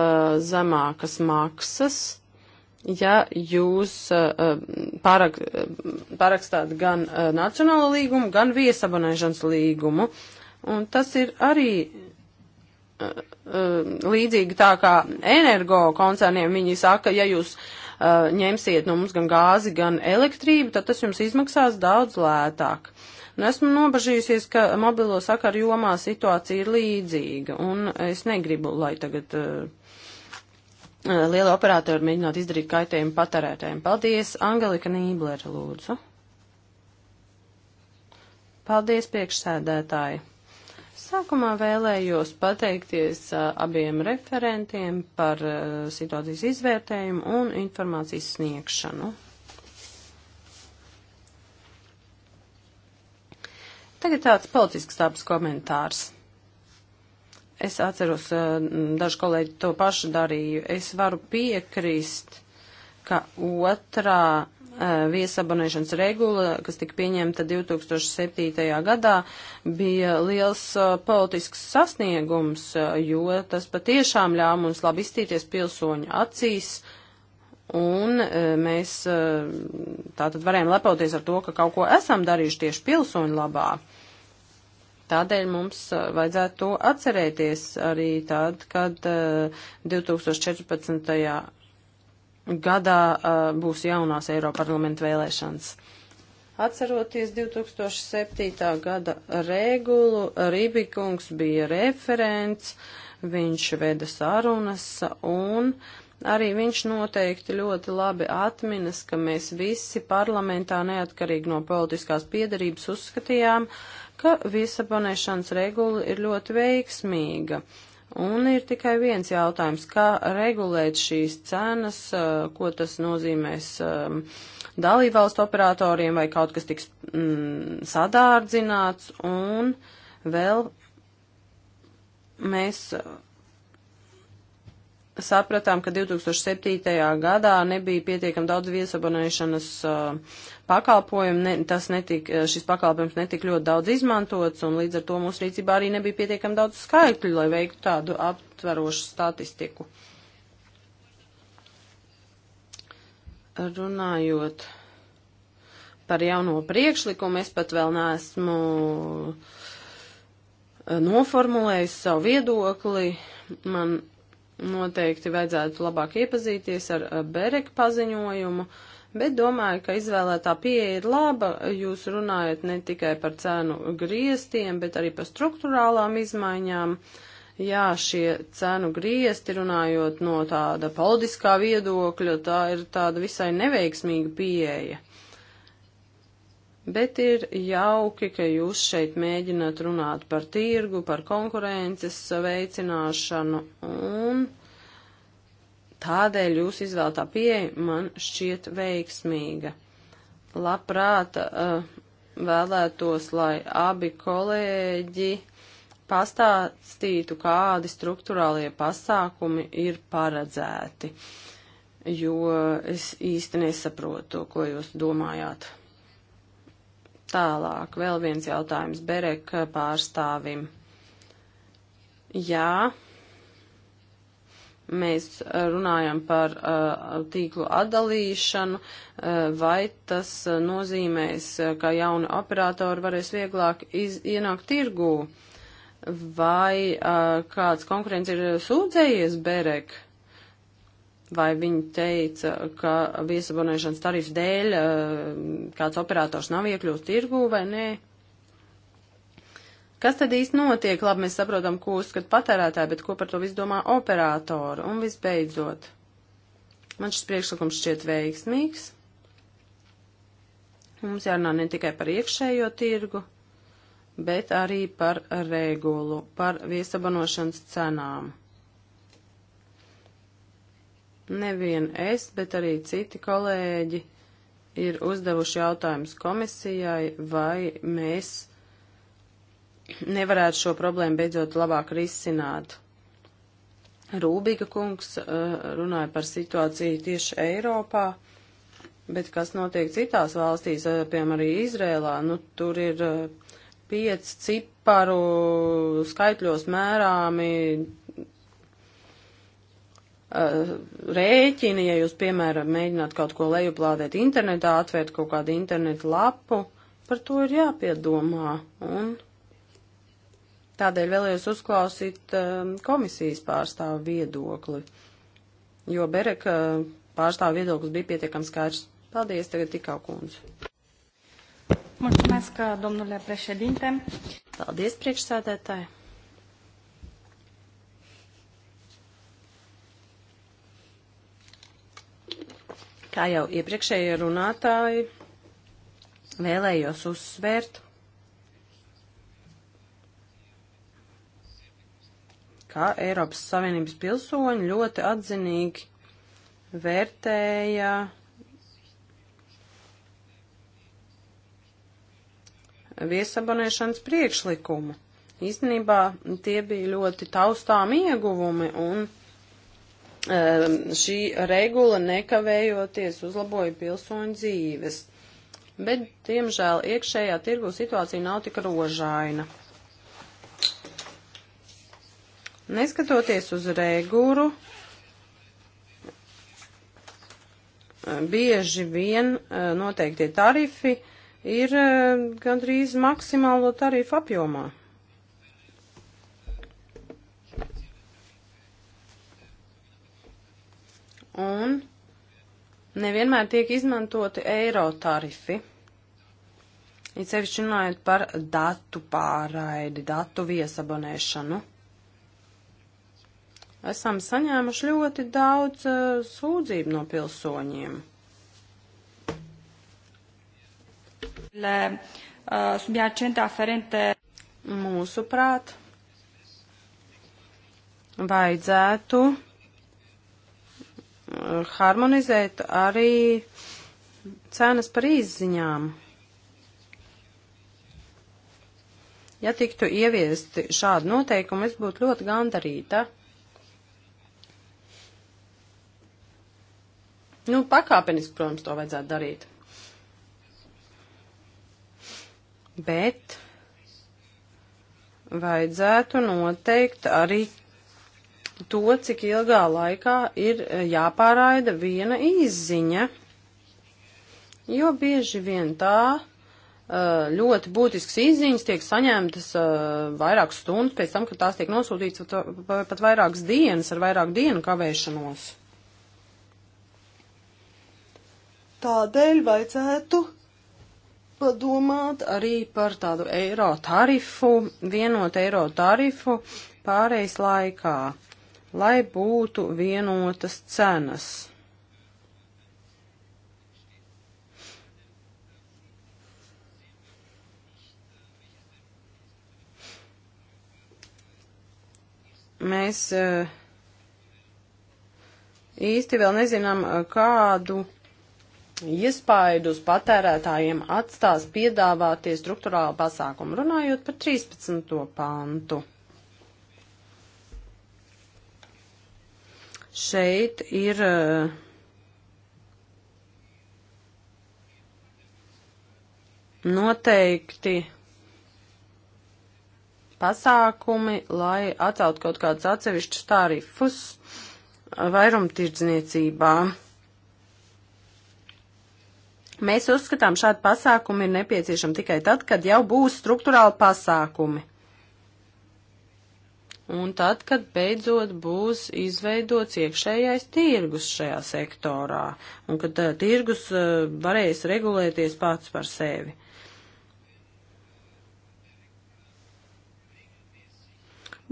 zemākas maksas, ja jūs uh, uh parak, uh, parakstāt gan uh, nacionālo līgumu, gan viesabonēšanas līgumu. Un tas ir arī uh, uh, līdzīgi tā kā energo koncerniem. Viņi saka, ja jūs uh, ņemsiet no mums gan gāzi, gan elektrību, tad tas jums izmaksās daudz lētāk. Uh, Un esmu nobažījusies, ka mobilo sakaru jomā situācija ir līdzīga, un es negribu, lai tagad uh, liela operatora mēģinātu izdarīt kaitējumu patērētājiem. Paldies, Angelika Nīblere, lūdzu. Paldies, priekšsēdētāji. Sākumā vēlējos pateikties a, eh, abiem referentiem par a, situācijas izvērtējumu un informācijas sniegšanu. Tagad tāds politisks tāds komentārs. Es atceros, eh, daži kolēģi to pašu darīju. Es varu piekrist, ka otrā eh, viesabonēšanas regula, kas tika pieņemta 2007. gadā, bija liels eh, politisks sasniegums, jo tas patiešām ļāva mums labi izstīties pilsoņu acīs, un mēs tātad varējām lepoties ar to, ka kaut ko esam darījuši tieši pilsoņu labā. Tādēļ mums vajadzētu to atcerēties arī tad, kad 2014. gadā būs jaunās Eiroparlamenta vēlēšanas. Atceroties 2007. gada regulu, Rībikungs bija referents, viņš veda sarunas un uh, Arī viņš noteikti ļoti labi atminas, ka mēs visi parlamentā neatkarīgi no politiskās piedarības uzskatījām, ka visaponēšanas regula ir ļoti veiksmīga. Un ir tikai viens jautājums, kā regulēt šīs cenas, eh, ko tas nozīmēs ehm, dalībvalstu operatoriem, vai kaut kas tiks mm, sadārdzināts, un vēl mēs sapratām, ka 2007. gadā nebija pietiekam daudz viesabonēšanas uh, pakalpojumu, ne, tas netika, uh, šis pakalpojums netika ļoti daudz izmantots, un līdz ar to mūsu rīcībā arī nebija pietiekam daudz skaitļu, lai veiktu tādu aptverošu statistiku. Runājot par jauno priekšlikumu, es pat vēl neesmu uh, noformulējis savu viedokli. Man Noteikti vajadzētu labāk iepazīties ar Bereka paziņojumu, bet domāju, ka izvēlētā pieeja ir laba. Jūs runājat ne tikai par cenu griestiem, bet arī par struktūrālām izmaiņām. Jā, šie cenu griesti, runājot no tāda politiskā viedokļa, tā ir tāda visai neveiksmīga pieeja. Bet ir jauki, ka jūs šeit mēģināt runāt par tirgu, par konkurences veicināšanu, un tādēļ jūs izvēltā pieeja man šķiet veiksmīga. Labprāt eh, vēlētos, lai abi kolēģi pastāstītu, kādi struktūrālie pasākumi ir paredzēti, jo es īsti nesaprotu, ko jūs domājāt. Tālāk, vēl viens jautājums Berek pārstāvim. Jā, mēs runājam par uh, tīklu atdalīšanu, uh, vai tas nozīmēs, ka jauni operatori varēs vieglāk iz, ienākt tirgū, vai uh, kāds konkurents ir sūdzējies Berek? Uh, vai viņi teica, ka viesabonēšanas tarifu dēļ eh, kāds operators nav iekļūst tirgū vai nē. Kas tad īsti notiek? Labi, mēs saprotam, ko uzskat patērētāji, bet ko par to visu domā operātori? Un visbeidzot, man šis priekšlikums šķiet veiksmīgs. Mums jārunā ne tikai par iekšējo tirgu, bet arī par regulu, par viesabanošanas cenām. Nevien es, bet arī citi kolēģi ir uzdevuši jautājumus komisijai, vai mēs nevarētu šo problēmu beidzot labāk risināt. Rūbīga kungs eh, runāja par situāciju tieši Eiropā, bet kas notiek citās valstīs, eh, piemēram, arī Izrēlā, nu tur ir eh, piec ciparu skaitļos mērāmi Eh, rēķini, ja jūs, piemēram, mēģināt kaut ko lejuplādēt internetā, atvērt kaut kādu internetu lapu, par to ir jāpiedomā. Un tādēļ vēlējos uzklausīt eh, komisijas pārstāvu viedokli, jo Bereka eh, pārstāvu viedoklis bija pietiekams skaidrs. Paldies, tagad tikā kundze. Mulțumesc, domnule președinte. Paldies, priekšsēdētāji. Kā jau iepriekšējie runātāji vēlējos uzsvērt, kā Eiropas Savienības pilsoņi ļoti atzinīgi vērtēja viesabonēšanas priekšlikumu. Īstenībā tie bija ļoti taustām ieguvumi un Ehm, šī regula nekavējoties uzlaboja pilsoņu dzīves. Bet, diemžēl, iekšējā tirgu situācija nav tik rožaina. Neskatoties uz regulu, ehm, bieži vien ehm, noteiktie tarifi ir gandrīz maksimālo tarifu apjomā. un nevienmēr tiek izmantoti eiro tarifi. It sevišķi runājot par datu pārraidi, datu viesabonēšanu. Esam saņēmuši ļoti daudz uh, sūdzību no pilsoņiem. Le, uh, eh, subiacente aferente. Mūsuprāt, vajadzētu harmonizēt arī cenas par izziņām. Ja tiktu ieviesti šādi noteikumi, es būtu ļoti gandarīta. Nu, pakāpeniski, protams, to vajadzētu darīt. Bet vajadzētu noteikt arī to, cik ilgā laikā ir e, jāpāraida viena izziņa, jo bieži vien tā e, ļoti būtisks izziņas tiek saņemtas e, vairākas stundas pēc tam, kad tās tiek nosūtītas pat vairākas dienas ar vairāku dienu kavēšanos. Tādēļ vajadzētu padomāt arī par tādu eiro tarifu, vienotu eiro tarifu pārejas laikā lai būtu vienotas cenas. Mēs eh, īsti vēl nezinām, eh, kādu iespaidu uz patērētājiem atstās piedāvātie struktūrāli pasākumi, runājot par 13. pantu. šeit ir eh, noteikti pasākumi, lai atcelt kaut kādus atsevišķus tarifus vairumtirdzniecībā. Mēs uzskatām, šādi pasākumi ir nepieciešami tikai tad, kad jau būs struktūrāli pasākumi un tad, kad beidzot būs izveidots iekšējais tirgus šajā sektorā, un kad tā, eh, tirgus uh, varēs regulēties pats par sevi.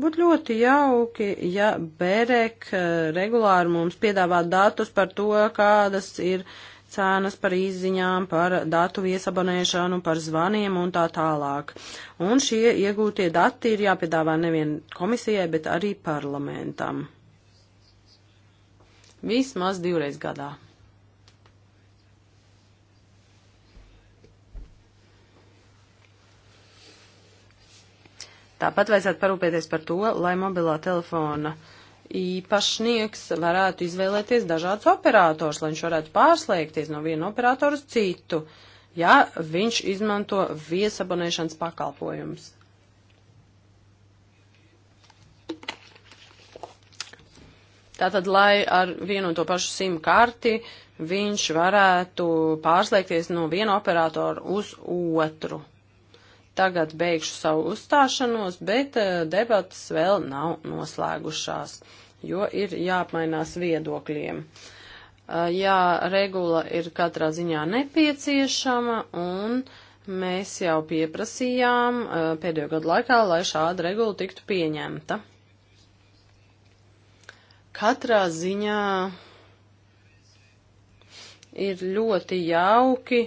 Būtu ļoti jauki, ja Berek eh, regulāri mums piedāvā datus par to, kādas ir cenas par izziņām, par datu viesabonēšanu, par zvaniem un tā tālāk. Un šie iegūtie dati ir jāpiedāvā nevien komisijai, bet arī parlamentam. Vismaz divreiz gadā. Tāpat vajadzētu parūpēties par to, lai mobilā telefona uh, īpašnieks varētu izvēlēties dažādus operators, lai viņš varētu pārslēgties no viena operatora uz citu, ja viņš izmanto viesabonēšanas pakalpojumus. Tātad, lai ar vienu un to pašu SIM karti viņš varētu pārslēgties no viena operatora uz otru tagad beigšu savu uzstāšanos, bet eh, debatas vēl nav noslēgušās, jo ir jāapmainās viedokļiem. Eh, jā, regula ir katrā ziņā nepieciešama un mēs jau pieprasījām eh, pēdējo gadu laikā, lai šāda regula tiktu pieņemta. Katrā ziņā ir ļoti jauki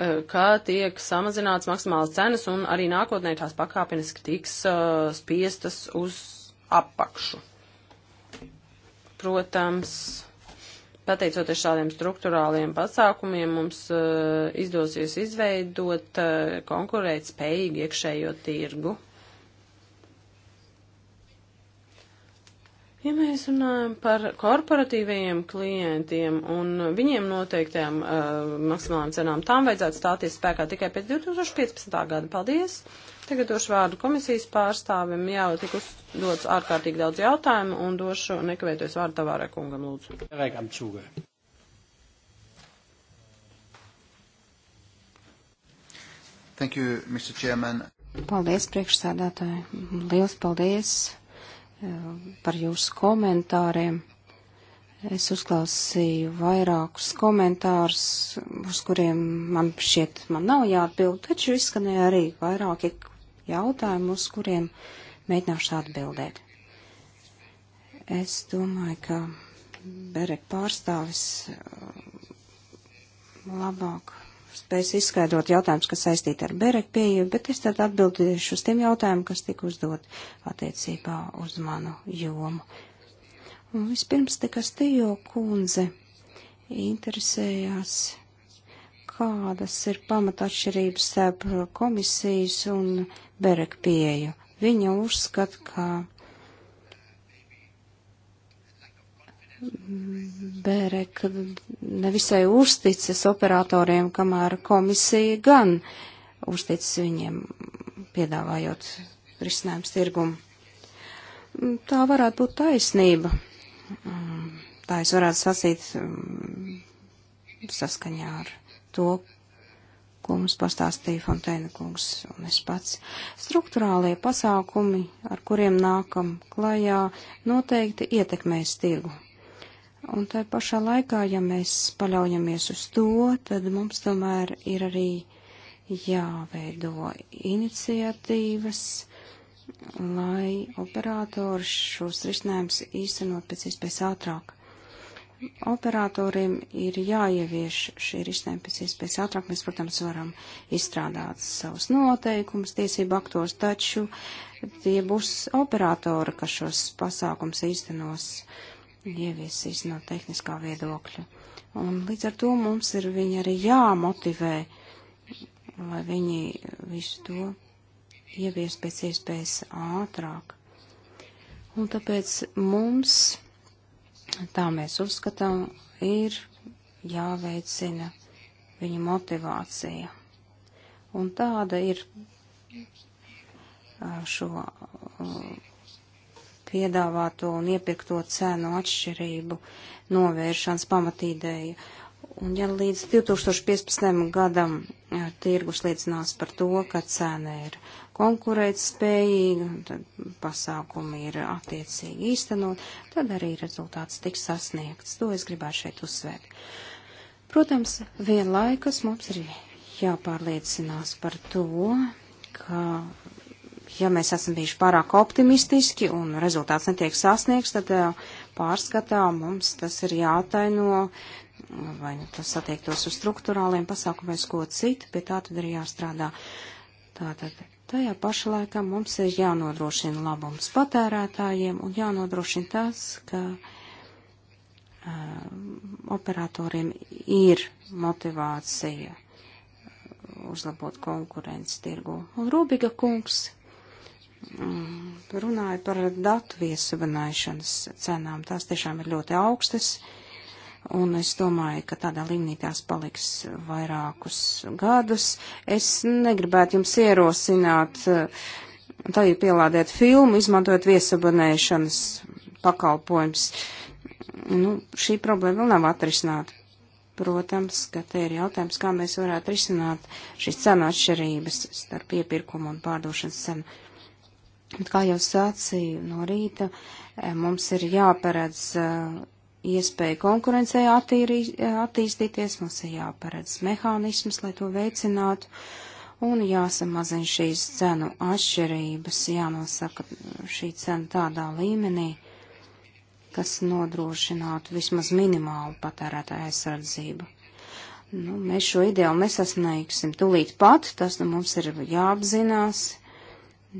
Eh, kā tiek samazināts maksimāls cenas un arī nākotnē tās pakāpeniski tiks uh, spiestas uz apakšu. Protams, pateicoties šādiem struktūrāliem pasākumiem, mums uh, izdosies izveidot uh, konkurēt spējīgu iekšējo tirgu. Ja mēs runājam par korporatīvajiem klientiem un viņiem noteiktajām uh, maksimālām cenām, tām vajadzētu stāties spēkā tikai pēc 2015. gada. Paldies! Tagad došu vārdu komisijas pārstāvim. Jā, tik uzdots ārkārtīgi daudz jautājumu un došu nekavēties vārdu tavārē kungam, lūdzu. Reikam čūgai. Thank you, Mr. Chairman. Paldies, priekšsādātāji. Liels paldies par jūsu komentāriem. Es uzklausīju vairākus komentārus, uz kuriem man šķiet, man nav jāatbild, taču izskanēja arī vairāki jautājumi, uz kuriem mēģināšu atbildēt. Es domāju, ka Berek pārstāvis uh, labāk spēs izskaidrot jautājumus, kas saistīti ar Bereka pieeju, bet es tad atbildēšu uz tiem jautājumiem, kas tika uzdot attiecībā uz manu jomu. Un vispirms te Kastījo kundze interesējās, kādas ir pamatatšķirības starp komisijas un Bereka pieeju. Viņa uzskata, ka Bērek nevisai uzticas operatoriem, kamēr komisija gan uzticas viņiem, piedāvājot risinājums tirgumu. Tā varētu būt taisnība. Tā es varētu sacīt mm, saskaņā ar to, ko mums pastāstīja Fonteina kungs un es pats. Struktūrālie pasākumi, ar kuriem nākam klajā, noteikti ietekmēs tirgu. Un tā pašā laikā, ja mēs paļaujamies uz to, tad mums tomēr ir arī jāveido iniciatīvas, lai operātori šos risinājumus īstenot pēc iespējas ātrāk. Operatoriem ir jāievieš šī risinājuma pēc iespējas ātrāk. Mēs, protams, varam izstrādāt savus noteikumus tiesību aktos, taču tie būs operatori, kas šos pasākums īstenos. Uh, ieviesīs no tehniskā viedokļa. Un līdz ar to mums ir viņi arī jāmotivē, lai viņi visu to ievies pēc iespējas ātrāk. Un tāpēc mums, tā mēs uzskatām, ir jāveicina viņa motivācija. Un tāda ir šo piedāvāto un iepirkto cenu atšķirību novēršanas pamatīdēja. Un ja līdz 2015. gadam e, tirgus liecinās par to, ka cena ir konkurētspējīga, tad pasākumi ir attiecīgi īstenot, tad arī rezultāts tiks sasniegts. To es gribētu šeit uzsvērt. Protams, vienlaikus mums ir jāpārliecinās par to, ka ja mēs esam bijuši pārāk optimistiski un rezultāts netiek sasniegts, tad pārskatā mums tas ir jātaino, vai nu tas attiektos uz struktūrāliem pasākumiem, ko citu, pie tā tad ir jāstrādā. Tātad tajā pašā laikā mums ir jānodrošina labums patērētājiem un jānodrošina tas, ka uh, operatoriem ir motivācija uzlabot konkurences tirgu. Un Rūbiga kungs Mm, runāja par datu viesavanāšanas cenām. Tās tiešām ir ļoti augstas, un es domāju, ka tādā līmenī tās paliks vairākus gadus. Es negribētu jums ierosināt, eh, tā ir pielādēt filmu, izmantojot viesavanāšanas pakalpojums. Nu, šī problēma vēl nav atrisināta. Protams, ka te ir jautājums, kā mēs varētu risināt šīs cenu atšķirības starp iepirkumu un pārdošanas cenu Bet, kā jau sacīju, no rīta e, mums ir jāparedz e, iespēja konkurencei attīrī, e, attīstīties, mums ir jāparedz mehānismus, lai to veicinātu, un jāsamazina šīs cenu atšķirības, jānosaka šī cena tādā līmenī, kas nodrošinātu vismaz minimālu patērētāju aizsardzību. Nu, mēs šo ideālu nesasniegsim tūlīt pat, tas nu, mums ir jāapzinās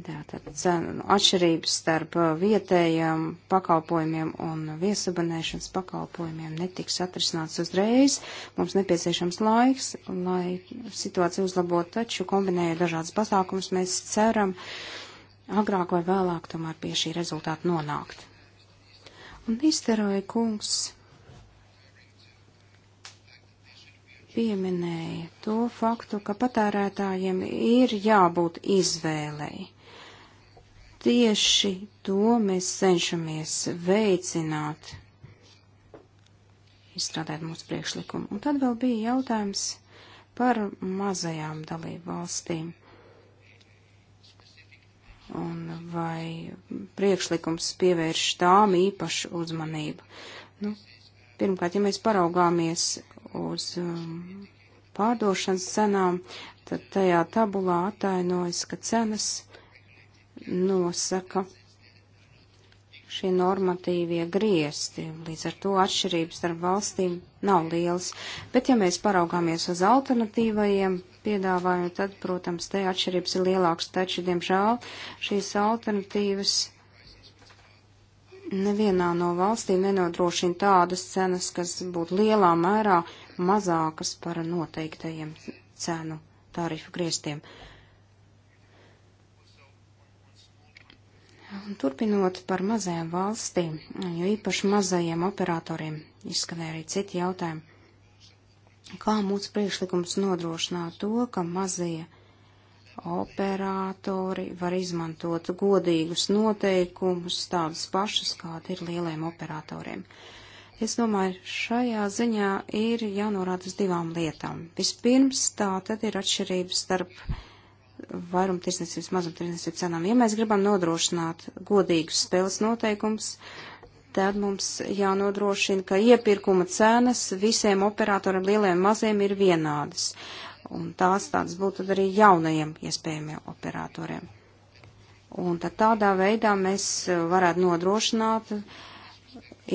Tātad cenu atšķirības starp uh, vietējiem pakalpojumiem un viesabanēšanas pakalpojumiem netiks atrisināts uzreiz. Mums nepieciešams laiks, lai situācija uzlabotu, taču kombinējot dažādas pasākumus, mēs ceram agrāk vai vēlāk tomēr pie šī rezultāta nonākt. Un izteroja kungs pieminēja to faktu, ka patērētājiem ir jābūt izvēlei Tieši to mēs cenšamies veicināt, izstrādāt mūsu priekšlikumu. Un tad vēl bija jautājums par mazajām dalību valstīm. Un vai priekšlikums pievērš tām īpašu uzmanību? Nu, pirmkārt, ja mēs paraugāmies uz um, pārdošanas cenām, tad tajā tabulā atainojas, ka cenas nosaka šie normatīvie griesti. Līdz ar to atšķirības starp valstīm nav lielas. Bet, ja mēs paraugāmies uz alternatīvajiem piedāvājumiem, tad, protams, te atšķirības ir lielākas. Taču, diemžēl, šīs alternatīvas nevienā no valstīm nenodrošina tādas cenas, kas būtu lielā mērā mazākas par noteiktajiem cenu tarifu griestiem. Uh, Un turpinot par mazajām valstīm, jo īpaši mazajiem operatoriem izskanēja arī citi jautājumi. Kā mūsu priekšlikums nodrošināt to, ka mazie operatori var izmantot godīgus noteikumus, tādas pašas, kāda ir lieliem operatoriem? Es domāju, šajā ziņā ir jānorāda uz divām lietām. Vispirms tā tad ir atšķirības starp vairumtirdzniecības, mazumtirdzniecības cenām. Ja mēs gribam nodrošināt godīgus spēles noteikums, tad mums jānodrošina, ka iepirkuma cenas visiem operatoriem, lieliem maziem, ir vienādas. Un tās tādas būtu arī jaunajiem iespējamiem operatoriem. Un tad tādā veidā mēs eh, varētu nodrošināt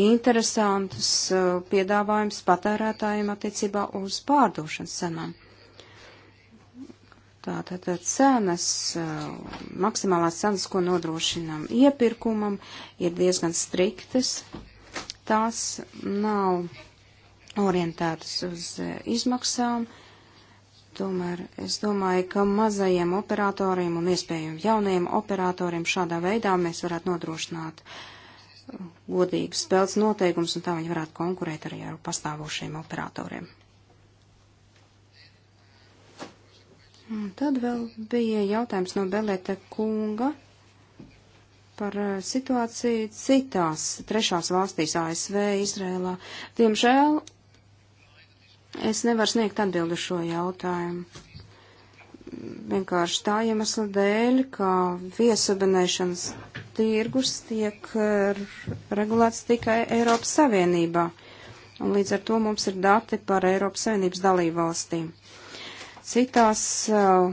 interesantus eh, piedāvājums patērētājiem attiecībā uz pārdošanas cenām. Tātad cenas, eh, maksimālās cenas, ko nodrošinām iepirkumam, ir diezgan striktas. Tās nav orientētas uz eh, izmaksām. Tomēr es domāju, ka mazajiem operatoriem un iespējami jaunajiem operatoriem šādā veidā mēs varētu nodrošināt eh, godīgus spēles noteikumus, un tā viņi varētu konkurēt arī ar pastāvošiem operatoriem. Un tad vēl bija jautājums no Belēta kunga par eh, situāciju citās trešās valstīs ASV, Izrēlā. Diemžēl es nevaru sniegt atbildu šo jautājumu. Vienkārši tā iemesla dēļ, ka viesabenēšanas tirgus tiek eh, regulēts tikai Eiropas Savienībā. Un līdz ar to mums ir dati par Eiropas Savienības dalību valstīm. Citās uh,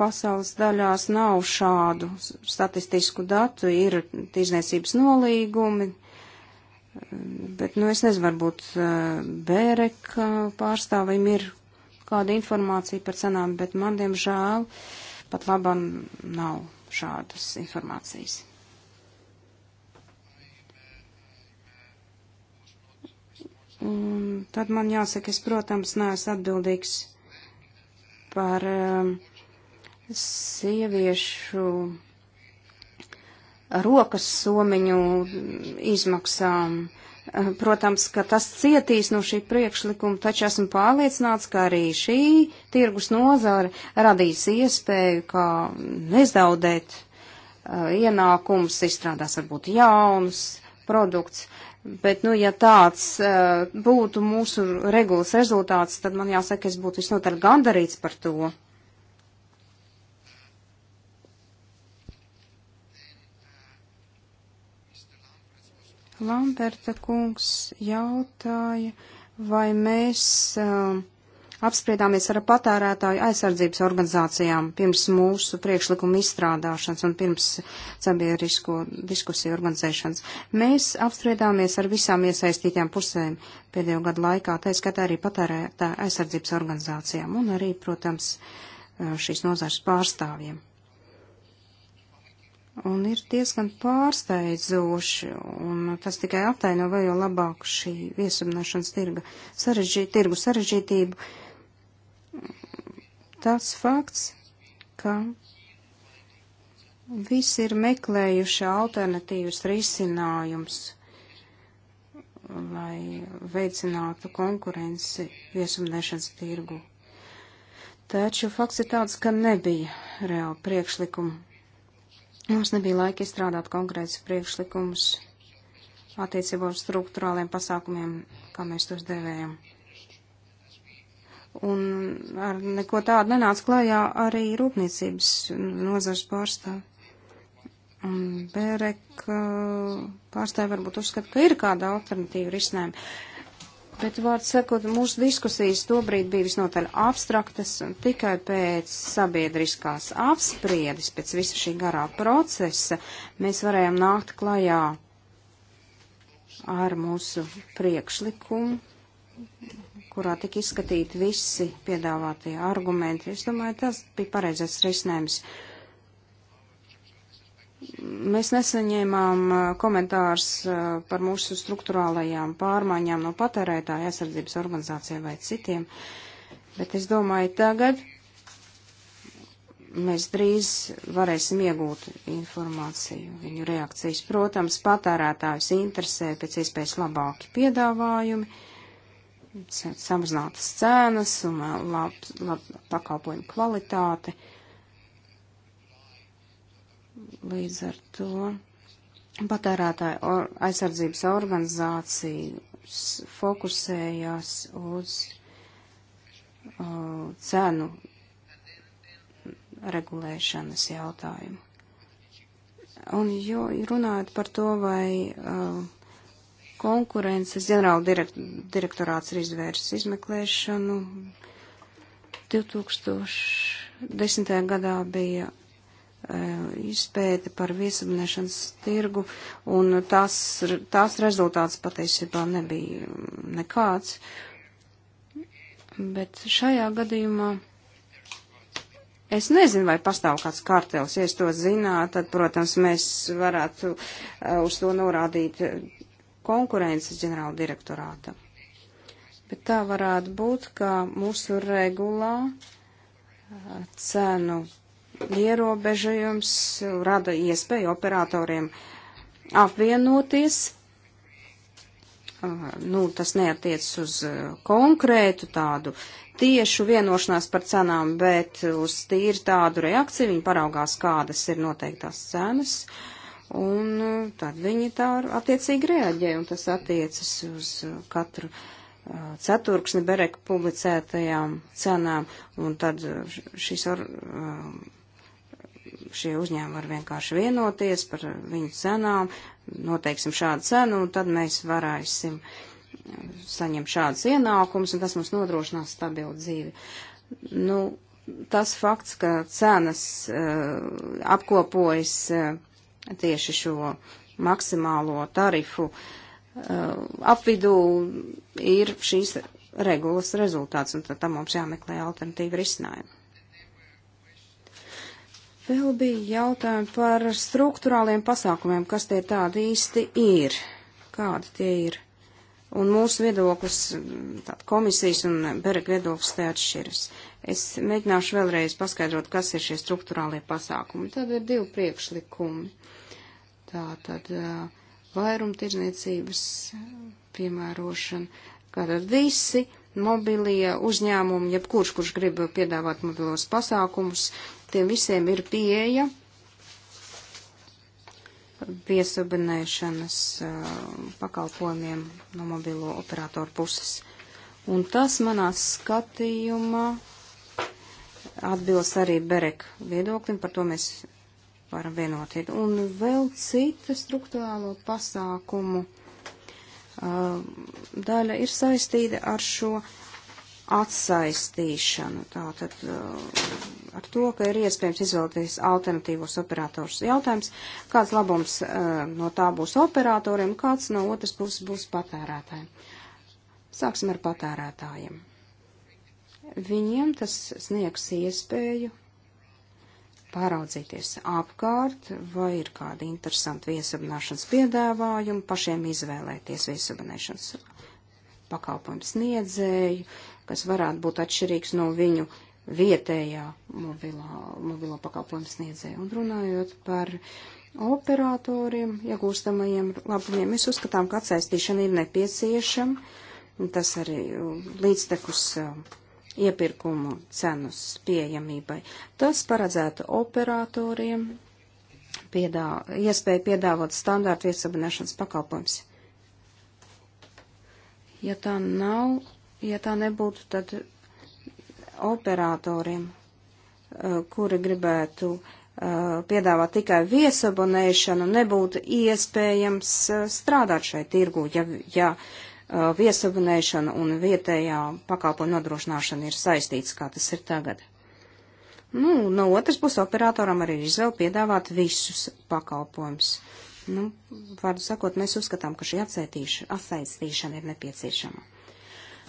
pasaules daļās nav šādu statistisku datu, ir tirzniecības nolīgumi, bet, nu, es nezinu, varbūt uh, Bēreka pārstāvim ir kāda informācija par cenām, bet man, diemžēl, pat labam nav šādas informācijas. Un tad man jāsaka, es, protams, neesmu atbildīgs par um, sieviešu rokas somiņu izmaksām. Uh, protams, ka tas cietīs no šī priekšlikuma, taču esmu pārliecināts, ka arī šī tirgus nozare radīs iespēju, kā nezaudēt uh, ienākums, izstrādās varbūt jauns produkts. Bet, nu, ja tāds uh, būtu mūsu regulas rezultāts, tad man jāsaka, es būtu visnotaļ gandarīts par to. Lamberta kungs jautāja, vai mēs uh, apspriedāmies ar patērētāju aizsardzības organizācijām pirms mūsu priekšlikuma izstrādāšanas un pirms sabiedrisko diskusiju organizēšanas. Mēs apspriedāmies ar visām iesaistītām pusēm pēdējo gadu laikā, tā skatā arī patērētāju aizsardzības organizācijām un arī, protams, šīs nozars pārstāvjiem. Un ir diezgan pārsteidzoši, un tas tikai attaino vēl jau labāk šī viesabināšanas tirga sarežģī, tirgu sarežģītību, tas fakts, ka visi ir meklējuši alternatīvas risinājums, lai veicinātu konkurenci viesumnešanas tirgu. Taču fakts ir tāds, ka nebija reāli priekšlikumu. Mums nebija laika izstrādāt konkrētus priekšlikumus attiecībā uz struktūrāliem pasākumiem, kā mēs tos devējam un ar neko tādu nenāca klajā arī rūpniecības nozars pārstāvi. Un Bērek uh, pārstāvi varbūt uzskata, ka ir kāda alternatīva risinājuma. Bet, vārds sakot, mūsu diskusijas tobrīd bija visnotaļ abstraktas un tikai pēc sabiedriskās apspriedes, pēc visa šī garā procesa, mēs varējām nākt klajā ar mūsu priekšlikumu, kurā tika izskatīti visi piedāvātie argumenti. Es domāju, tas bija pareizais risinājums. Mēs nesaņēmām uh, komentārs uh, par mūsu struktūrālajām pārmaiņām no patērētāja aizsardzības organizācijām vai citiem, bet es domāju, tagad mēs drīz varēsim iegūt informāciju, viņu reakcijas. Protams, patērētājus interesē pēc iespējas labāki piedāvājumi samazinātas cenas un uh, lab, lab, pakalpojumu kvalitāti. Līdz ar to patērētāju aizsardzības organizācijas fokusējās uz uh, cenu regulēšanas jautājumu. Un jo runājot par to, vai uh, konkurences ģenerāla direkt, direktorāts ir izvērsis izmeklēšanu. 2010. gadā bija e, izpēte par viesabunēšanas tirgu, un tās, tās rezultāts patiesībā nebija nekāds. Bet šajā gadījumā es nezinu, vai pastāv kāds kartels. Ja es to zinātu, tad, protams, mēs varētu e, uz to norādīt konkurences ģenerāla direktorāta. Bet tā varētu būt, ka mūsu regulā cenu ierobežojums rada iespēju operatoriem apvienoties. Nu, tas neatiec uz konkrētu tādu tiešu vienošanās par cenām, bet uz tīri tādu reakciju viņi paraugās, kādas ir noteiktās cenas. Uh, un nu, tad viņi tā attiecīgi reaģē, un tas attiecas uz uh, katru uh, ceturksni bereka publicētajām cenām, un tad uh, šis or, šie uzņēmumi var vienkārši vienoties par viņu cenām, noteiksim šādu cenu, un tad mēs varēsim saņemt šādus ienākumus, un tas mums nodrošinās stabilu dzīvi. Nu, tas fakts, ka cenas uh, apkopojas uh, tieši šo maksimālo tarifu uh, apvidū ir šīs regulas rezultāts, un tad tam mums jāmeklē alternatīva risinājuma. Vēl bija jautājumi par struktūrāliem pasākumiem, kas tie tādi īsti ir, kādi tie ir. Un mūsu viedoklis, tātad komisijas un Berga viedoklis te atšķiras. Es mēģināšu vēlreiz paskaidrot, kas ir šie struktūrālie pasākumi. Tad ir divi priekšlikumi. Uh, tā tad vairumtirdzniecības piemērošana, kā tad visi mobilie uzņēmumi, jebkurš, kurš grib piedāvāt mobilos pasākumus, tiem visiem ir pieeja viesabinēšanas pakalpojumiem no mobilo operatoru puses. Un tas manā skatījumā atbilst arī Berek viedoklim, par to mēs par vienotību. Un vēl cita struktūrālo pasākumu uh, daļa ir saistīta ar šo atsaistīšanu. Tātad uh, ar to, ka ir iespējams izvēlēties alternatīvos operators. Jautājums, kāds labums uh, no tā būs operatoriem, kāds no otras puses būs patērētājiem. Sāksim ar patērētājiem. Viņiem tas sniegs iespēju pāraudzīties apkārt, vai ir kādi interesanti viesabināšanas piedāvājumi, pašiem izvēlēties viesabināšanas pakalpojumu sniedzēju, kas varētu būt atšķirīgs no viņu vietējā mobilā, mobilo pakalpojumu sniedzēja. Un runājot par operatoriem, iegūstamajiem labumiem, mēs uzskatām, ka atsaistīšana ir nepieciešama. Tas arī uh, līdztekus uh, iepirkumu cenas pieejamībai. Tas paredzētu operatoriem piedā, iespēju piedāvāt standārtu iesabināšanas pakalpojums. Ja tā nav, ja tā nebūtu, tad operatoriem, eh, kuri gribētu eh, piedāvāt tikai viesabonēšanu, nebūtu iespējams eh, strādāt šai tirgū, ja, ja Uh, viesabunēšana un vietējā pakalpojuma nodrošināšana ir saistīts, kā tas ir tagad. Nu, no otras puses, operatoram arī ir izvēle piedāvāt visus pakalpojumus. Nu, vārdu sakot, mēs uzskatām, ka šī atsaistīšana ir nepieciešama.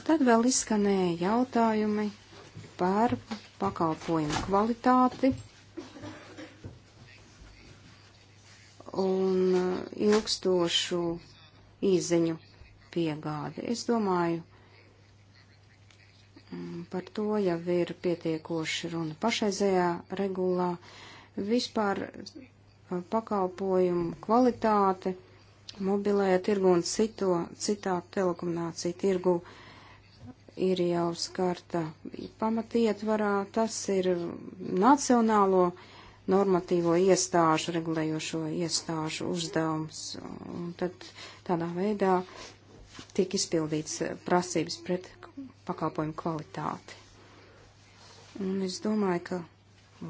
Tad vēl izskanēja jautājumi par pakalpojumu kvalitāti un uh, ilgstošu īziņu piegādi. Es domāju, mm, par to jau ir pietiekoši runa pašreizējā regulā. Vispār eh, pakalpojumu kvalitāte mobilajā tirgu un cito, citā telekomunācija tirgu ir jau skarta pamatietvarā. Tas ir nacionālo normatīvo iestāžu, regulējošo iestāžu uzdevums. Un tad tādā veidā tiek izpildīts eh, prasības pret pakalpojumu kvalitāti. Un es domāju, ka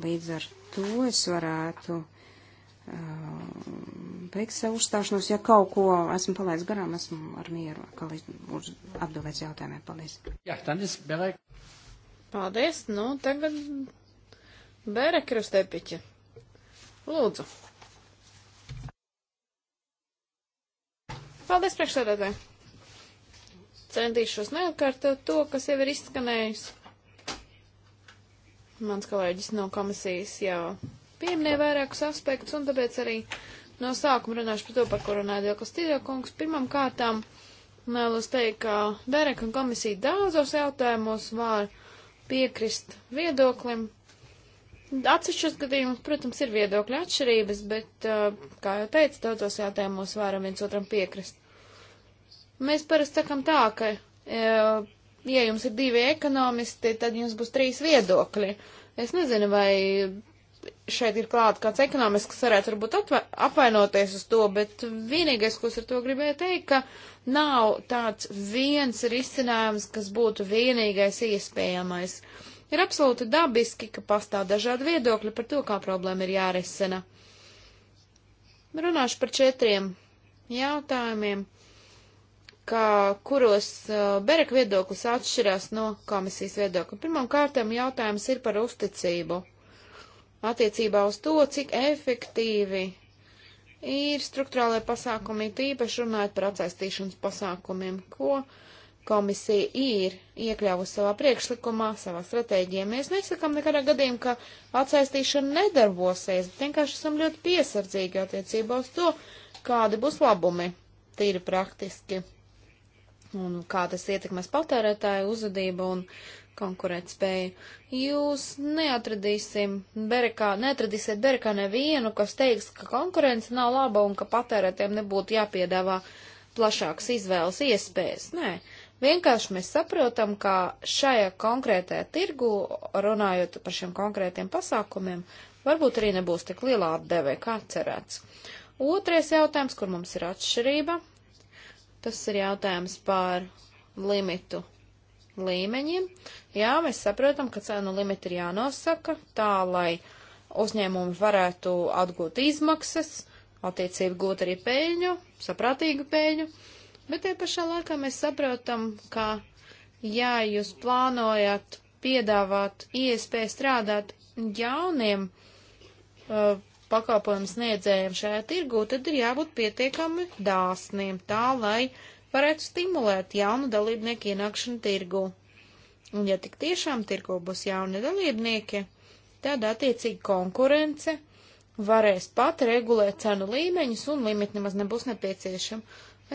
līdz ar to es varētu eh, beigt uh, savu uzstāšanos. Ja kaut ko esmu palaidis garām, esmu ar mieru atbildēt jautājumiem. Paldies. Jā, Tanis Berek. Paldies. Nu, tagad Berek ir uz tepiķa. Lūdzu. Paldies priekšsēdētāji. Centīšos neatkārtot to, kas jau ir izskanējis. Mans kolēģis no komisijas jau pieminēja vairākus aspektus, un tāpēc arī no sākuma runāšu par to, par ko runāja Dilkas Tīdokungs. Pirmam kārtām vēlos teikt, ka Dereka komisija daudzos jautājumos var piekrist viedoklim. Atsevišķos gadījumos, protams, ir viedokļa atšķirības, bet, uh, kā jau teicu, daudzos jautājumos varam viens otram piekrist. Mēs parasti sakam tā, ka, e, ja jums ir divi ekonomisti, tad jums būs trīs viedokļi. Es nezinu, vai šeit ir klāt kāds ekonomists, kas varētu varbūt apvainoties uz to, bet vienīgais, ko es ar to gribēju teikt, ka nav tāds viens risinājums, kas būtu vienīgais iespējamais. Ir absolūti dabiski, ka pastāv dažādi viedokļi par to, kā problēma ir jārisina. Runāšu par četriem jautājumiem, ka kuros uh, Bereka viedoklis atšķirās no komisijas viedokļa. Pirmam kārtam jautājums ir par uzticību attiecībā uz to, cik efektīvi ir struktūrālai pasākumi, tīpaši runājot par atsaistīšanas pasākumiem, ko komisija ir iekļāvusi savā priekšlikumā, savā stratēģijā. Mēs nesakām nekādā gadījumā, ka atsaistīšana nedarbosies, bet vienkārši esam ļoti piesardzīgi attiecībā uz to, kādi būs labumi tīri praktiski un kā tas ietekmēs patērētāju uzvedību un konkurētspēju. Jūs neatradīsim berekā, neatradīsiet berekā nevienu, kas teiks, ka konkurence nav laba un ka patērētiem nebūtu jāpiedāvā plašāks izvēles iespējas. Nē, vienkārši mēs saprotam, ka šajā konkrētajā tirgu, runājot par šiem konkrētiem pasākumiem, varbūt arī nebūs tik lielā atdeve, kā cerēts. Otrais jautājums, kur mums ir atšķirība, Tas ir jautājums par limitu līmeņiem. Jā, mēs saprotam, ka cenu limiti ir jānosaka tā, lai uzņēmumi varētu atgūt izmaksas, attiecīgi gūt arī peļņu, saprātīgu peļņu, bet tie pašā laikā mēs saprotam, ka, ja jūs plānojat piedāvāt iespēju strādāt jauniem uh, pakalpojumu sniedzējiem šajā tirgū, tad ir jābūt pietiekami dāsniem tā, lai varētu stimulēt jaunu dalībnieku ienākšanu tirgū. Un ja tik tiešām tirgū būs jauni dalībnieki, tad attiecīgi konkurence varēs pat regulēt cenu līmeņus un limiti nemaz nebūs nepieciešama.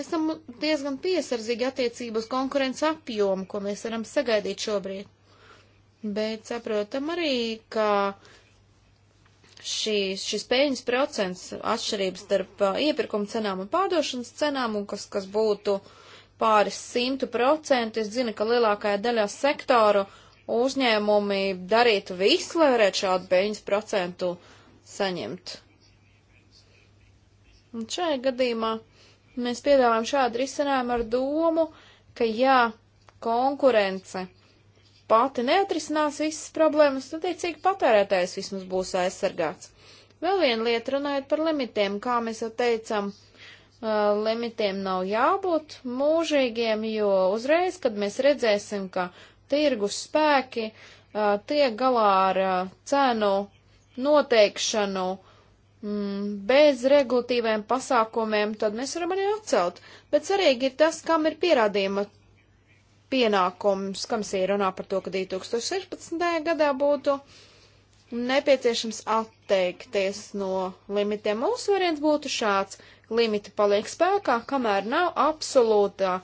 Esam diezgan piesardzīgi attiecībos konkurences apjomu, ko mēs varam sagaidīt šobrīd. Bet saprotam arī, ka šī, šis peļņas procents atšķirības starp uh, iepirkuma cenām un pārdošanas cenām, un kas, kas būtu pāris simtu procentu, es zinu, ka lielākajā daļā sektoru uzņēmumi darītu visu, lai varētu šādu peļņas procentu saņemt. Un šajā gadījumā mēs piedāvājam šādu risinājumu ar domu, ka jā, konkurence pati neatrisinās visas problēmas, tad tiecīgi patērētājs vismaz būs aizsargāts. Vēl viena lieta runājot par limitiem, kā mēs jau teicam, uh, limitiem nav jābūt mūžīgiem, jo uzreiz, kad mēs redzēsim, ka tirgus spēki uh, tiek galā ar uh, cenu noteikšanu, mm, bez regulatīviem pasākumiem, tad mēs varam arī atcelt. Bet svarīgi ir tas, kam ir pierādījuma pienākums, kam sīja runā par to, ka 2016. gadā būtu nepieciešams atteikties no limitiem. Mūsu variants būtu šāds. Limiti paliek spēkā, kamēr nav absolūtā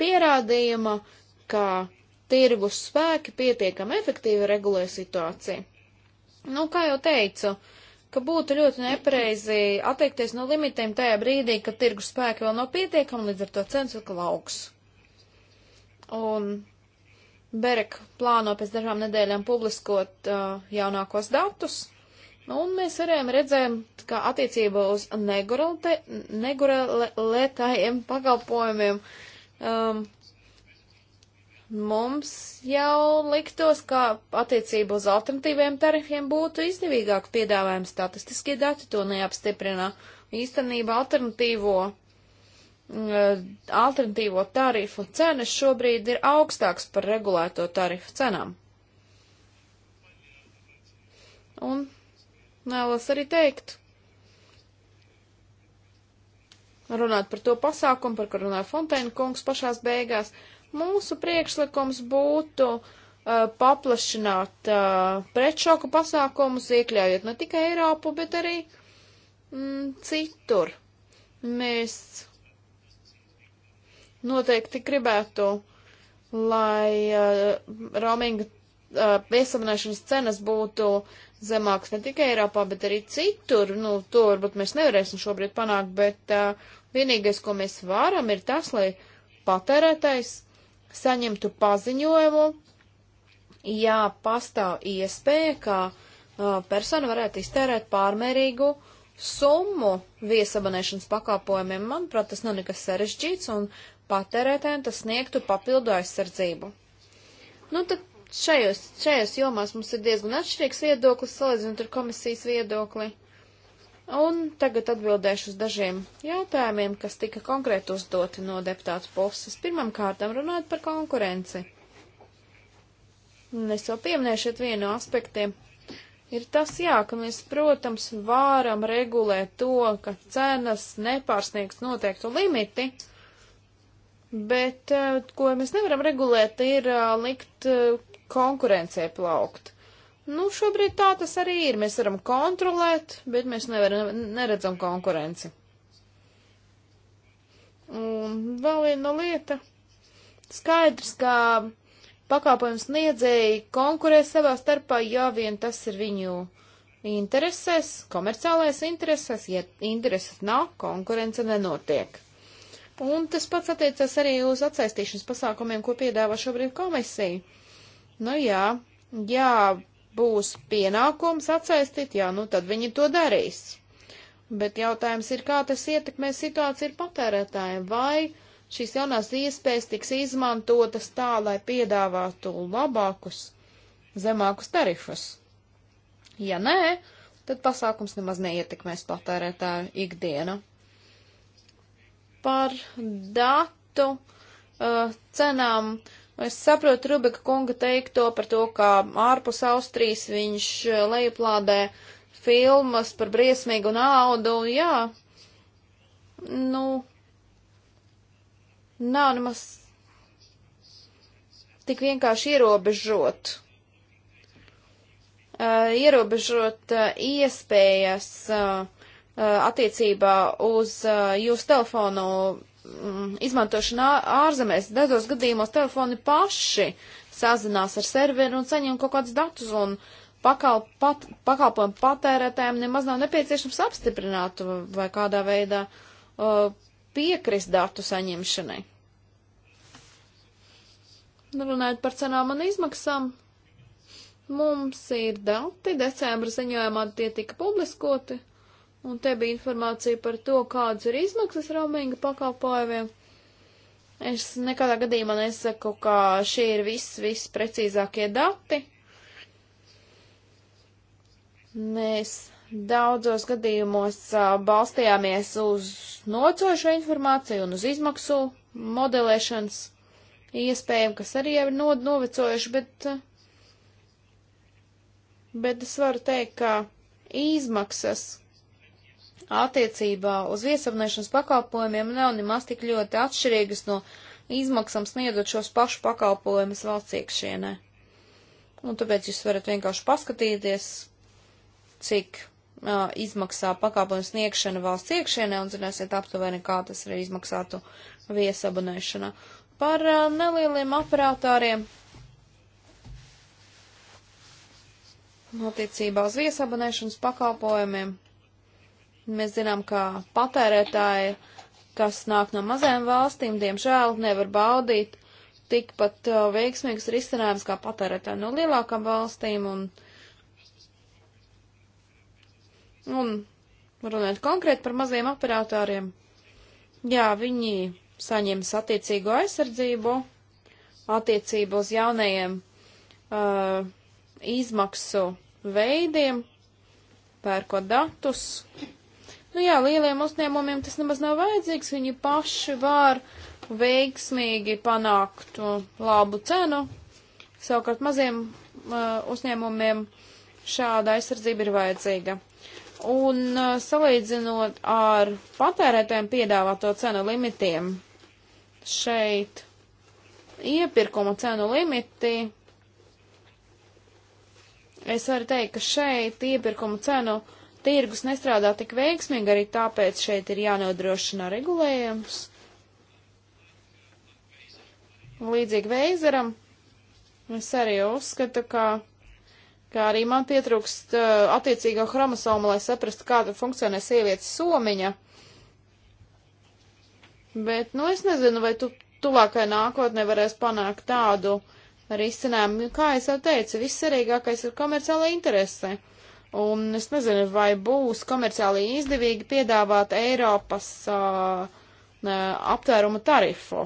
pierādījuma, ka tirgus spēki pietiekami efektīvi regulē situāciju. Nu, kā jau teicu, ka būtu ļoti nepareizi atteikties no limitiem tajā brīdī, kad tirgus spēki vēl nav pietiekami, līdz ar to cenas atkal augs un Berek plāno pēc dažām nedēļām publiskot uh, jaunākos datus, un mēs varējām redzēt, ka attiecībā uz negurelētājiem pakalpojumiem um, mums jau liktos, ka attiecībā uz alternatīviem tarifiem būtu izdevīgāk piedāvājums. Statistiskie dati to neapstiprina. Īstenībā alternatīvo Eh, alternatīvo tarifu cenas šobrīd ir augstāks par regulēto tarifu cenām. Un vēlos arī teikt, runāt par to pasākumu, par kur runāja Fonteina kungs pašās beigās, mūsu priekšlikums būtu uh, paplašināt uh, eh, pretšoku pasākumus, iekļaujot ne tikai Eiropu, bet arī mm, citur. Mēs noteikti gribētu, lai uh, roaminga uh, piesavināšanas cenas būtu zemākas ne tikai Eiropā, bet arī citur. Nu, to varbūt mēs nevarēsim šobrīd panākt, bet uh, vienīgais, ko mēs varam, ir tas, lai patērētais saņemtu paziņojumu, ja pastāv iespēja, ka uh, persona varētu iztērēt pārmērīgu summu viesabanēšanas pakāpojumiem. Manuprāt, tas nav nekas sarežģīts, un patērētājiem tas sniegtu papildu aizsardzību. Nu, tad šajos, šajos jomās mums ir diezgan atšķirīgs viedoklis, salīdzinot ar komisijas viedokli. Un tagad atbildēšu uz dažiem jautājumiem, kas tika konkrēti uzdoti no deputātu puses. Pirmam kārtam runājot par konkurenci. Un es jau pieminēju šeit vienu no aspektiem. Ir tas jā, ka mēs, protams, varam regulēt to, ka cenas nepārsniegs noteiktu limiti, uh, Bet eh, ko mēs nevaram regulēt, ir eh, likt eh, konkurencē plaukt. Nu, šobrīd tā tas arī ir. Mēs varam kontrolēt, bet mēs nevaram, neredzam konkurenci. Un vēl viena lieta. Skaidrs, ka pakāpojums niedzēji konkurē savā starpā, ja vien tas ir viņu interesēs, komerciālais interesēs, ja intereses nav, konkurence nenotiek. Un tas pats attiecas arī uz atsaistīšanas pasākumiem, ko piedāvā šobrīd komisija. Nu jā, jā, būs pienākums atsaistīt, jā, nu tad viņi to darīs. Bet jautājums ir, kā tas ietekmē situāciju ar patērētājiem, vai šīs jaunās iespējas tiks izmantotas tā, lai piedāvātu labākus, zemākus tarifus. Ja nē, tad pasākums nemaz neietekmēs patērētāju ikdienu par datu uh, cenām. Es saprotu Rubika kunga teikto par to, kā ārpus Austrijas viņš uh, lejuplādē filmas par briesmīgu naudu. Jā, nu, nav nemaz tik vienkārši ierobežot uh, ierobežot uh, iespējas uh, Uh, attiecībā uz uh, jūsu telefonu mm, izmantošanu ārzemēs. Daudzos gadījumos telefoni paši sazinās ar serveri un saņem kaut kādus datus un pakal, pat, pakalpojumu patērētājiem nemaz nav nepieciešams apstiprināt vai kādā veidā uh, piekrist datu saņemšanai. Runājot par cenām un izmaksām, mums ir dati, decembra ziņojumā tie tika publiskoti. Un te bija informācija par to, kādas ir izmaksas roaminga pakalpojumiem. Es nekādā gadījumā nesaku, ka šie ir viss, viss precīzākie dati. Mēs daudzos gadījumos a, balstījāmies uz nocošo informāciju un uz izmaksu modelēšanas iespējām, kas arī ir no, novecojuši, bet, bet es varu teikt, ka izmaksas attiecībā uz viesabunēšanas pakalpojumiem nav nemaz tik ļoti atšķirīgas no izmaksām sniedzot šos pašu pakalpojumus valsts iekšienē. Un tāpēc jūs varat vienkārši paskatīties, cik uh, izmaksā pakalpojumu sniegšana valsts iekšienē un zināsiet aptuveni, kā tas arī izmaksātu viesabunēšanā. Par uh, nelieliem operātāriem. Attiecībā uz viesabunēšanas pakalpojumiem Mēs zinām, ka patērētāji, kas nāk no mazajām valstīm, diemžēl nevar baudīt tikpat uh, veiksmīgus risinājumus kā patērētāji no lielākām valstīm. Un, un runājot konkrēti par mazajiem operatoriem, jā, viņi saņems attiecīgo aizsardzību attiecību uz jaunajiem uh, izmaksu veidiem, pērkot datus, Nu jā, lieliem uzņēmumiem tas nemaz nav vajadzīgs, viņi paši var veiksmīgi panākt labu cenu. Savukārt maziem uh, uzņēmumiem šāda aizsardzība ir vajadzīga. Un uh, salīdzinot ar patērētājiem piedāvāto cenu limitiem, šeit iepirkuma cenu limiti es varu teikt, ka šeit iepirkuma cenu tirgus nestrādā tik veiksmīgi, arī tāpēc šeit ir jānodrošina regulējums. Līdzīgi veizaram, es arī uzskatu, ka, ka arī man pietrūkst uh, attiecīgā chromosoma, lai saprastu, kāda funkcionē sievietes somiņa. Bet, nu, es nezinu, vai tu tuvākai nākotnē varēs panākt tādu risinājumu, kā es jau teicu, vissvarīgākais ir komerciāla interese. Uh, Un es nezinu, vai būs komerciāli izdevīgi piedāvāt Eiropas uh, aptvērumu tarifu.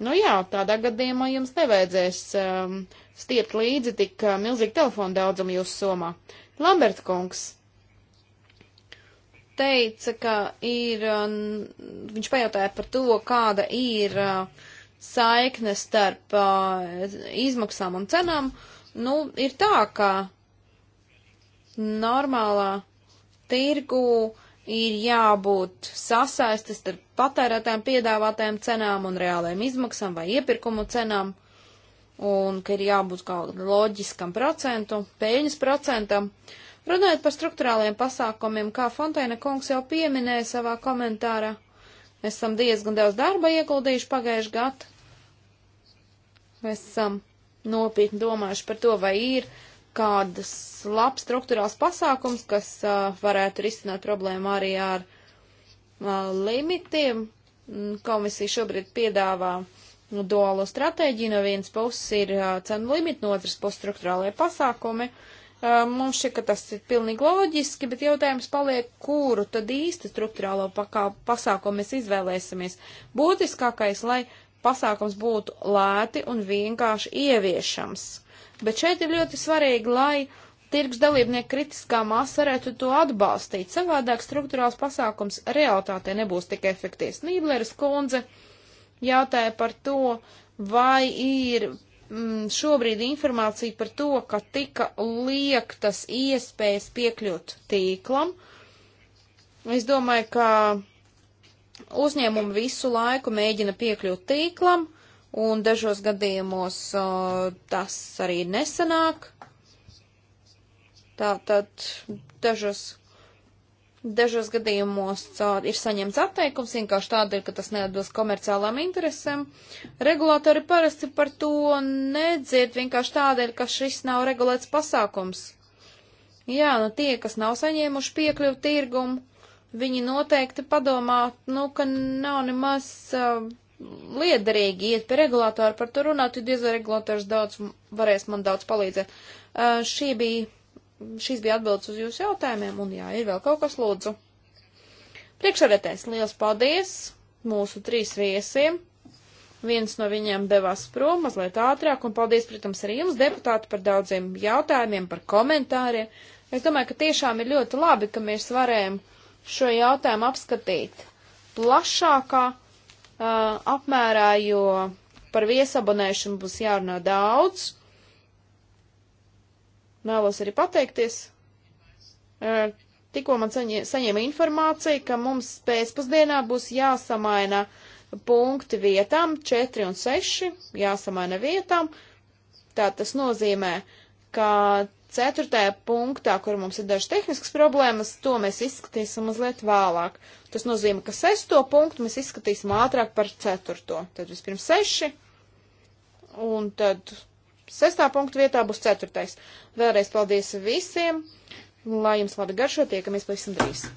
Nu jā, tādā gadījumā jums nevajadzēs um, stiept līdzi tik milzīgu telefonu daudzumu jūsu somā. Lambert kungs teica, ka ir, um, viņš pajautāja par to, kāda ir uh, saikne starp uh, izmaksām un cenām. Nu, ir tā, ka normālā tirgu ir jābūt sasaistes ar patērētājiem piedāvātajām cenām un reālajām izmaksām vai iepirkumu cenām, un ka ir jābūt kaut kādam loģiskam procentu, peļņas procentam. Runājot par struktūrāliem pasākumiem, kā Fontaina kungs jau pieminēja savā komentārā, mēs esam diezgan daudz darba ieguldījuši pagājuši gadu. Mēs esam nopietni domājuši par to, vai ir uh, kādas labs struktūrāls pasākums, kas uh, varētu risināt problēmu arī ar uh, limitiem. Mm, komisija šobrīd piedāvā duālo stratēģiju. No vienas puses ir uh, cenu limiti, no otras puses struktūrālie pasākumi. Uh, mums šķiet, ka tas ir pilnīgi loģiski, bet jautājums paliek, kuru tad īsti struktūrālo pasākumu mēs izvēlēsimies. Būtiskākais, lai pasākums būtu lēti un vienkārši ieviešams Bet šeit ir ļoti svarīgi, lai tirgus dalībnieki kritiskā māsa varētu to atbalstīt. Savādāk struktūrāls pasākums realitātē nebūs tik efektīvs. Nībleres kundze jautāja par to, vai ir mm, šobrīd informācija par to, ka tika liektas iespējas piekļūt tīklam. Es domāju, ka uzņēmumi visu laiku mēģina piekļūt tīklam, un dažos gadījumos uh, tas arī nesanāk. Tātad dažos, dažos gadījumos uh, ir saņemts atteikums vienkārši tādēļ, ka tas neatbilst komerciālām interesēm. Regulātori parasti par to nedzird vienkārši tādēļ, ka šis nav regulēts pasākums. Jā, nu tie, kas nav saņēmuši piekļuvu tirgumu, viņi noteikti padomā, nu, ka nav nemaz. Uh, liederīgi iet pie regulātora par to runāt, jo diez vai regulātors daudz varēs man daudz palīdzēt. Uh, šī bija, šīs bija atbildes uz jūsu jautājumiem, un jā, ir vēl kaut kas lūdzu. Priekšsēdētājs, liels paldies mūsu trīs viesiem. Viens no viņiem devās prom mazliet ātrāk, un paldies, protams, arī jums, deputāti, par daudziem jautājumiem, par komentāriem. Es domāju, ka tiešām ir ļoti labi, ka mēs varējām šo jautājumu apskatīt plašākā Uh, apmērā, jo par viesabonēšanu būs jārunā daudz. Mēlos arī pateikties. Uh, tikko man saņēma informāciju, ka mums pēcpusdienā būs jāsamaina punkti vietām, 4 un 6 jāsamaina vietām. Tā tas nozīmē, ka Ceturtajā punktā, kur mums ir dažas tehniskas problēmas, to mēs izskatīsim mazliet vēlāk. Tas nozīmē, ka sesto punktu mēs izskatīsim ātrāk par ceturto. Tad vispirms seši, un tad sestā punktu vietā būs ceturtais. Vēlreiz paldies visiem, lai jums labi garšo, tiekamies pavisam drīz.